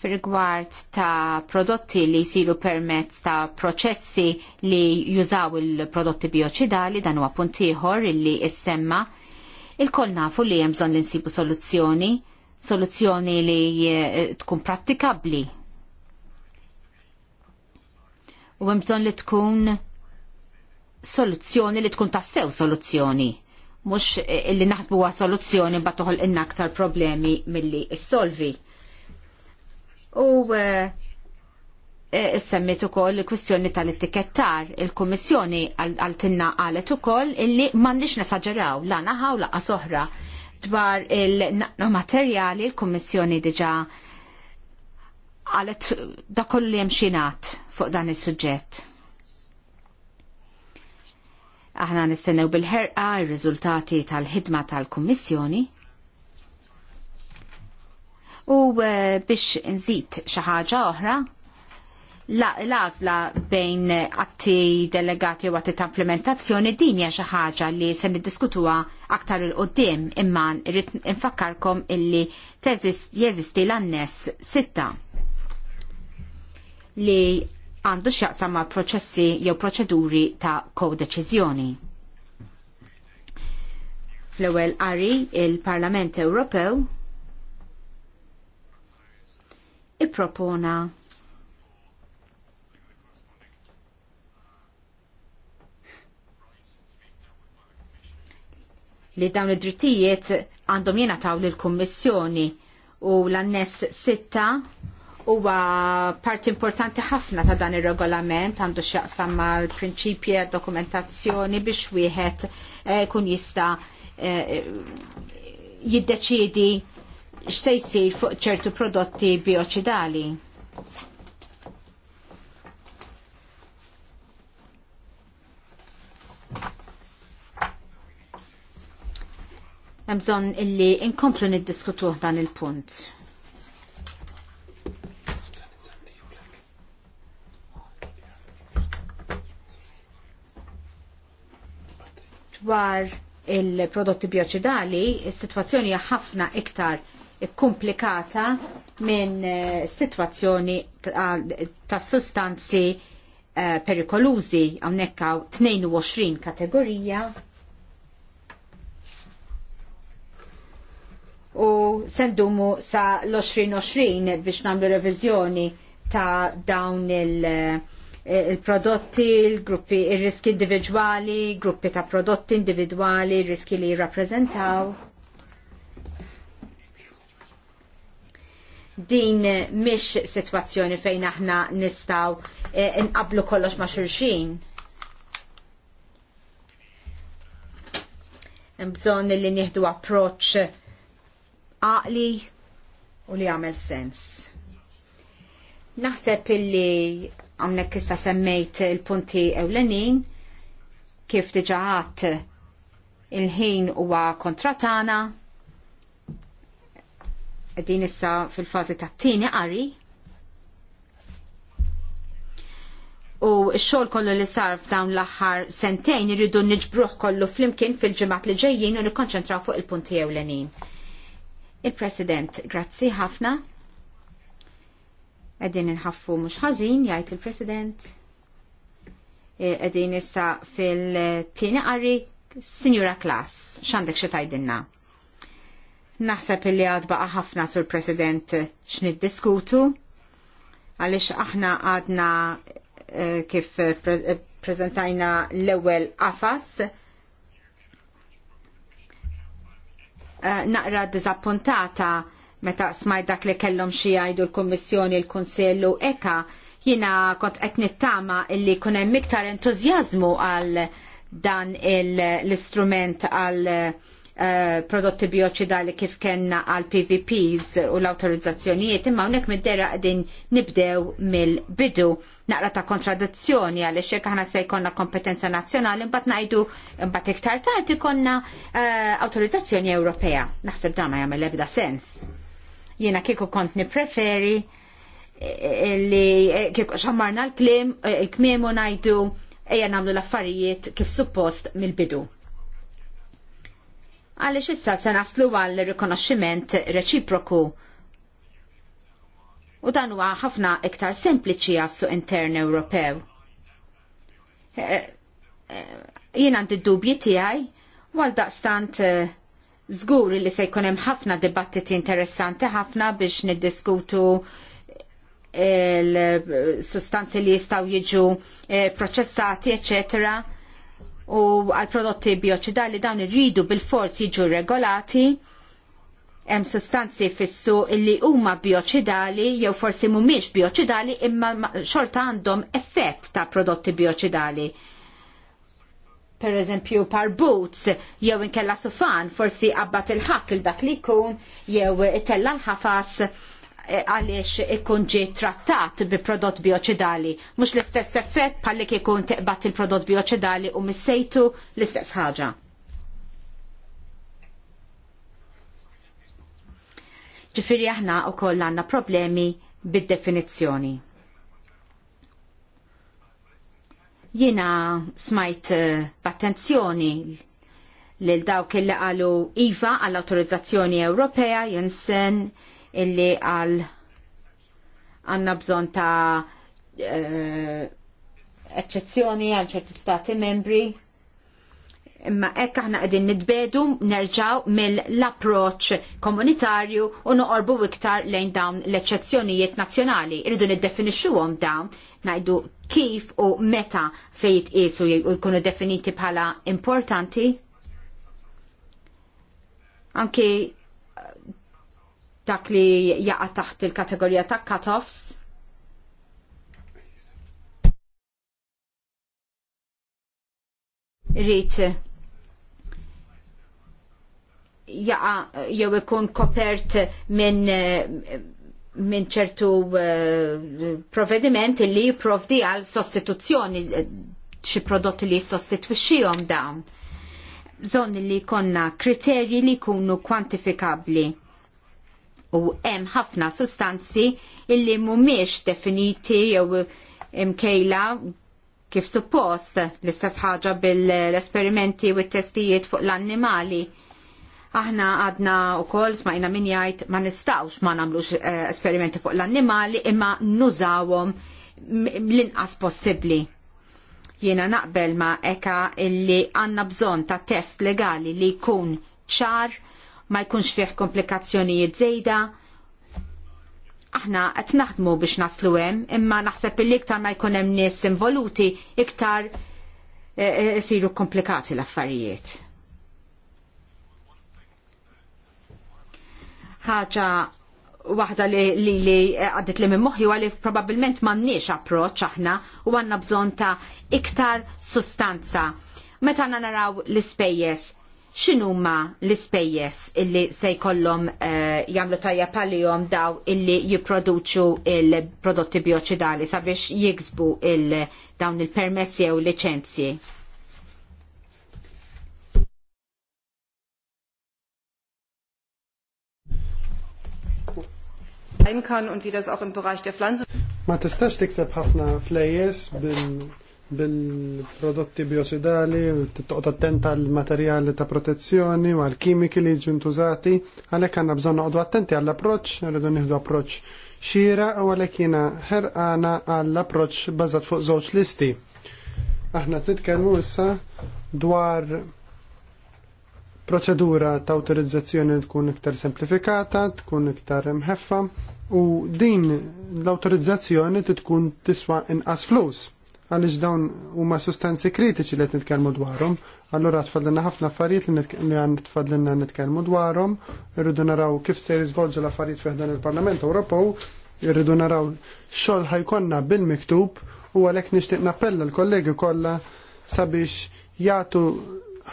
rigward ta' prodotti li jsiru permezz ta' proċessi li jużaw il-prodotti bioċidali dan huwa punt ieħor illi issemma il-kol nafu li hemm bżonn li nsibu soluzzjoni, soluzzjoni li eh, tkun prattikabbli. U hemm bżonn li tkun soluzzjoni li tkun tassew soluzzjoni mhux eh, illi naħsbu soluzzjoni bat toħol inna aktar problemi milli issolvi. solvi u eh, eh, semmit u koll kwistjoni tal-etikettar il-Komissjoni għal-tinna għalet u koll illi mandiċ nesagġeraw la naħaw la soħra dwar il-materjali il-Komissjoni diġa għalet da kollu jemxinat fuq dan il-sujġet. Aħna nistennew bil-ħerqa il-rizultati tal-ħidma tal-Komissjoni U eh, biex nżid xi ħaġa oħra, l-għażla bejn atti delegati u atti ta' implementazzjoni din hija xi ħaġa li se niddiskutuha aktar il qudiem imma rrid infakkarkom illi jeżisti l-annes sitta li għandu x'jaqsam ma' proċessi jew proċeduri ta' kodeċiżjoni. Fl-ewwel qari il-Parlament Ewropew ippropona li dawn id-drittijiet għandhom taw lil kummissjoni u l-annes sitta huwa parti importanti ħafna ta' dan ir-regolament għandu x'jaqsam mal-prinċipji dokumentazzjoni biex wieħed eh, kun jista' eh, jiddeċiedi x'se jsir fuq ċertu prodotti bioċidali. Hemm bżonn illi inkomplu niddiskutuh dan il-punt. dwar il-prodotti bioċidali, il sitwazzjoni hija ħafna iktar komplikata minn eh, situazzjoni ta' sustanzi eh, perikolużi għamnekkaw 22 kategorija u sendumu sa l-2020 biex namlu revizjoni ta' dawn il- eh, il-prodotti, il-gruppi, il-riski individuali, gruppi ta' prodotti individuali, riski li jirrappreżentaw. din mish situazzjoni fejn aħna nistaw eh, inqablu kollox ma' xurxin. Mbżon li nieħdu approċ għaqli u li għamel sens. Naħseb illi għamnek issa semmejt il-punti ewlenin kif diġaħat il-ħin huwa kontratana. tagħna Din issa fil-fazi ta' t-tini qari. U x-xogħol kollu li sar f'dawn l-aħħar sentejn irridu niġbruh kollu flimkien fil-ġimgħat li ġejjin u nikkonċentraw fuq il-punti ewlenin. Il-President, grazzi ħafna. Qegħdin nħaffu mhux ħażin, jgħid il-President. E, qegħdin issa fil-tieni qari Signora Klaas, x'għandek xi tajdinna? Naħseb illi għad baqa ħafna sur President x'nid diskutu għaliex aħna għadna eh, kif eh, eh, prezentajna l-ewwel qafas naqra dizappuntata meta smajt dak li kellhom xi jgħidu l-Kummissjoni l-Kunsillu eka jiena kont qed nittama illi jkun hemm iktar entużjażmu għal dan l-istrument għal, għal Eh, prodotti bioċidali kif kellna għal PVPs u l awtorizzazzjonijiet imma hawnhekk mid-dera qegħdin nibdew mill-bidu naqra ta' kontradizzjoni għaliex xek aħna se jkollna kompetenza nazzjonali mbagħad ngħidu mbagħad iktar tard konna eh, awtorizzazzjoni Ewropea. Naħseb dan ma jagħmel ebda sens. Jiena kieku kont nippreferi eh, li kieku xammarna l-klim, il-kmiemu ngħidu ejja nagħmlu l-affarijiet kif suppost mill-bidu għaliex issa se naslu għal rikonoxximent reċiproku. U dan huwa ħafna iktar sempliċi għassu intern Ewropew. Eh, eh, eh, jien għandi d-dubji tiegħi għal daqstant żgur li se jkun hemm ħafna dibattiti interessanti ħafna biex niddiskutu il-sustanzi li jistaw jiġu proċessati, eccetera u għal prodotti bioċidali dawn irridu bil-forz jiġu regolati hemm sostanzi fissu illi huma bioċidali jew forsi mhumiex bioċidali imma xorta għandhom effett ta' prodotti bioċidali. Per eżempju boots jew inkella sufan forsi qabbat il-ħak il dak li jkun jew itella l-ħafas Eh, għaliex ikun ġie trattat bi prodott bioċidali. Mhux l-istess effett palli ikun teqbat il-prodott bioċidali u missejtu l-istess ħaġa. Ġifieri aħna wkoll għandna problemi bid-definizzjoni. Jiena smajt eh, b'attenzjoni lil dawk il qalu IVA għall-autorizzazzjoni Ewropea Jensen illi għal għanna bżon ta' uh, eccezzjoni għal ċerti stati membri. Imma ekk aħna qegħdin nitbedu nerġaw mill-approċ komunitarju u noqorbu iktar lejn dawn l-eċċezzjonijiet nazzjonali. Irridu niddefinixxuhom dawn ngħidu kif u meta se jitqiesu jkunu definiti bħala importanti. Anki dak li jaqa taħt il-kategorija ta' cut-offs. Rit. Eh, jaqa jew ikun kopert minn eh, minn ċertu eh, provvediment li jipprovdi għal sostituzzjoni xi prodotti li jissostitwixxihom dawn. Bżonn li jkollna kriterji li jkunu kwantifikabbli u hemm ħafna sustanzi illi mhumiex definiti jew imkejla kif suppost l-istess ħaġa bil-esperimenti u t-testijiet fuq l-annimali. Aħna għadna u koll smajna min jgħid ma nistawx ma nagħmlux eh, esperimenti fuq l-annimali imma nużawhom l-inqas possibli. Jiena naqbel ma eka illi għandna bżonn ta' test legali li jkun ċar ma jkunx fih komplikazzjonijiet żejda. Aħna qed naħdmu biex naslu hemm, imma naħseb li iktar ma jkun hemm nies involuti iktar eh, eh, isiru e, e, komplikati l-affarijiet. ħaġa waħda li li li għaddit li minn moħħi għalif probabilment m'għandniex approċċ aħna u għandna bżonn ta' iktar sustanza. Meta naraw l ispejjeż x'inhuma l spejjes illi se jkollhom uh, eh, jamlu tajja palihom daw illi jiproduċu il-prodotti bioċidali sabiex jiksbu il dawn il-permessi u licenzji. Kann und wie das auch im Bereich der Pflanzen. Ma tistax tikseb ħafna flejjes bil bil-prodotti biosidali, t-toqta attenta għal-materjali ta' protezzjoni, għal-kimiki li ġuntużati, għalek għanna bżon għodu attenti għall-approċ, rridu nieħdu approċ xira u għalek jina ħerqana għall-approċ bazat fuq żewġ listi. Aħna t-nitkelmu issa dwar proċedura ta' autorizzazzjoni tkun iktar semplifikata, tkun iktar mħeffa u din l-autorizzazzjoni tkun tiswa inqas flus għaliex dawn huma sustanzi kritiċi li qed nitkellmu dwarhom. Allura tfadlilna ħafna affarijiet li għan tfadlilna nitkellmu dwarhom, irridu naraw kif se jiżvolġu l-affarijiet fih dan il-Parlament Ewropew, irridu naraw xogħol ħajkonna bil-miktub u għalhekk nixtieq nappella l-kollegi kollha sabiex jagħtu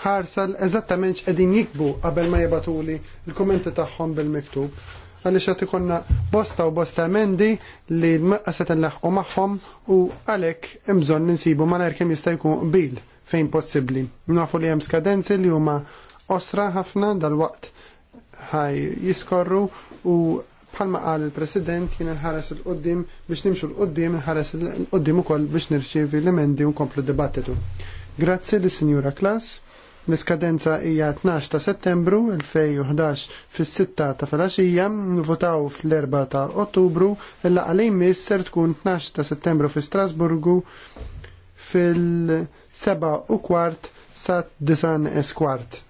ħarsal eżattament x'qegħdin jikbu qabel ma jibatuli l-kummenti tagħhom bil-miktub għaliex qed tikonna bosta u bosta emendi li l-maqqa se tinlaħqu magħhom u għalhekk hemm bżonn insibu malajr kemm jista' jkun bil fejn possibbli. Nafu li hemm skadenzi li huma osra ħafna dal-waqt ħaj jiskorru u bħalma qal il-President jien nħares il-qoddim biex nimxu l-qoddim nħares l qoddim ukoll biex nirċievi l-emendi u nkomplu dibattitu. Grazzi li Signora Klas. L-iskadenza hija 12 ta' settembru 2011 fis-6 ta' filgħaxija, votaw fl-4 ta' ottubru, illa għalejn miss ser tkun 12 ta' settembru fi Strasburgu fil-7 u kwart sa' 9 eskwart.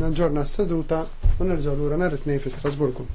Naġġorna s-seduta u nerġgħu lura nhar it-tnejn fi Strasburgu.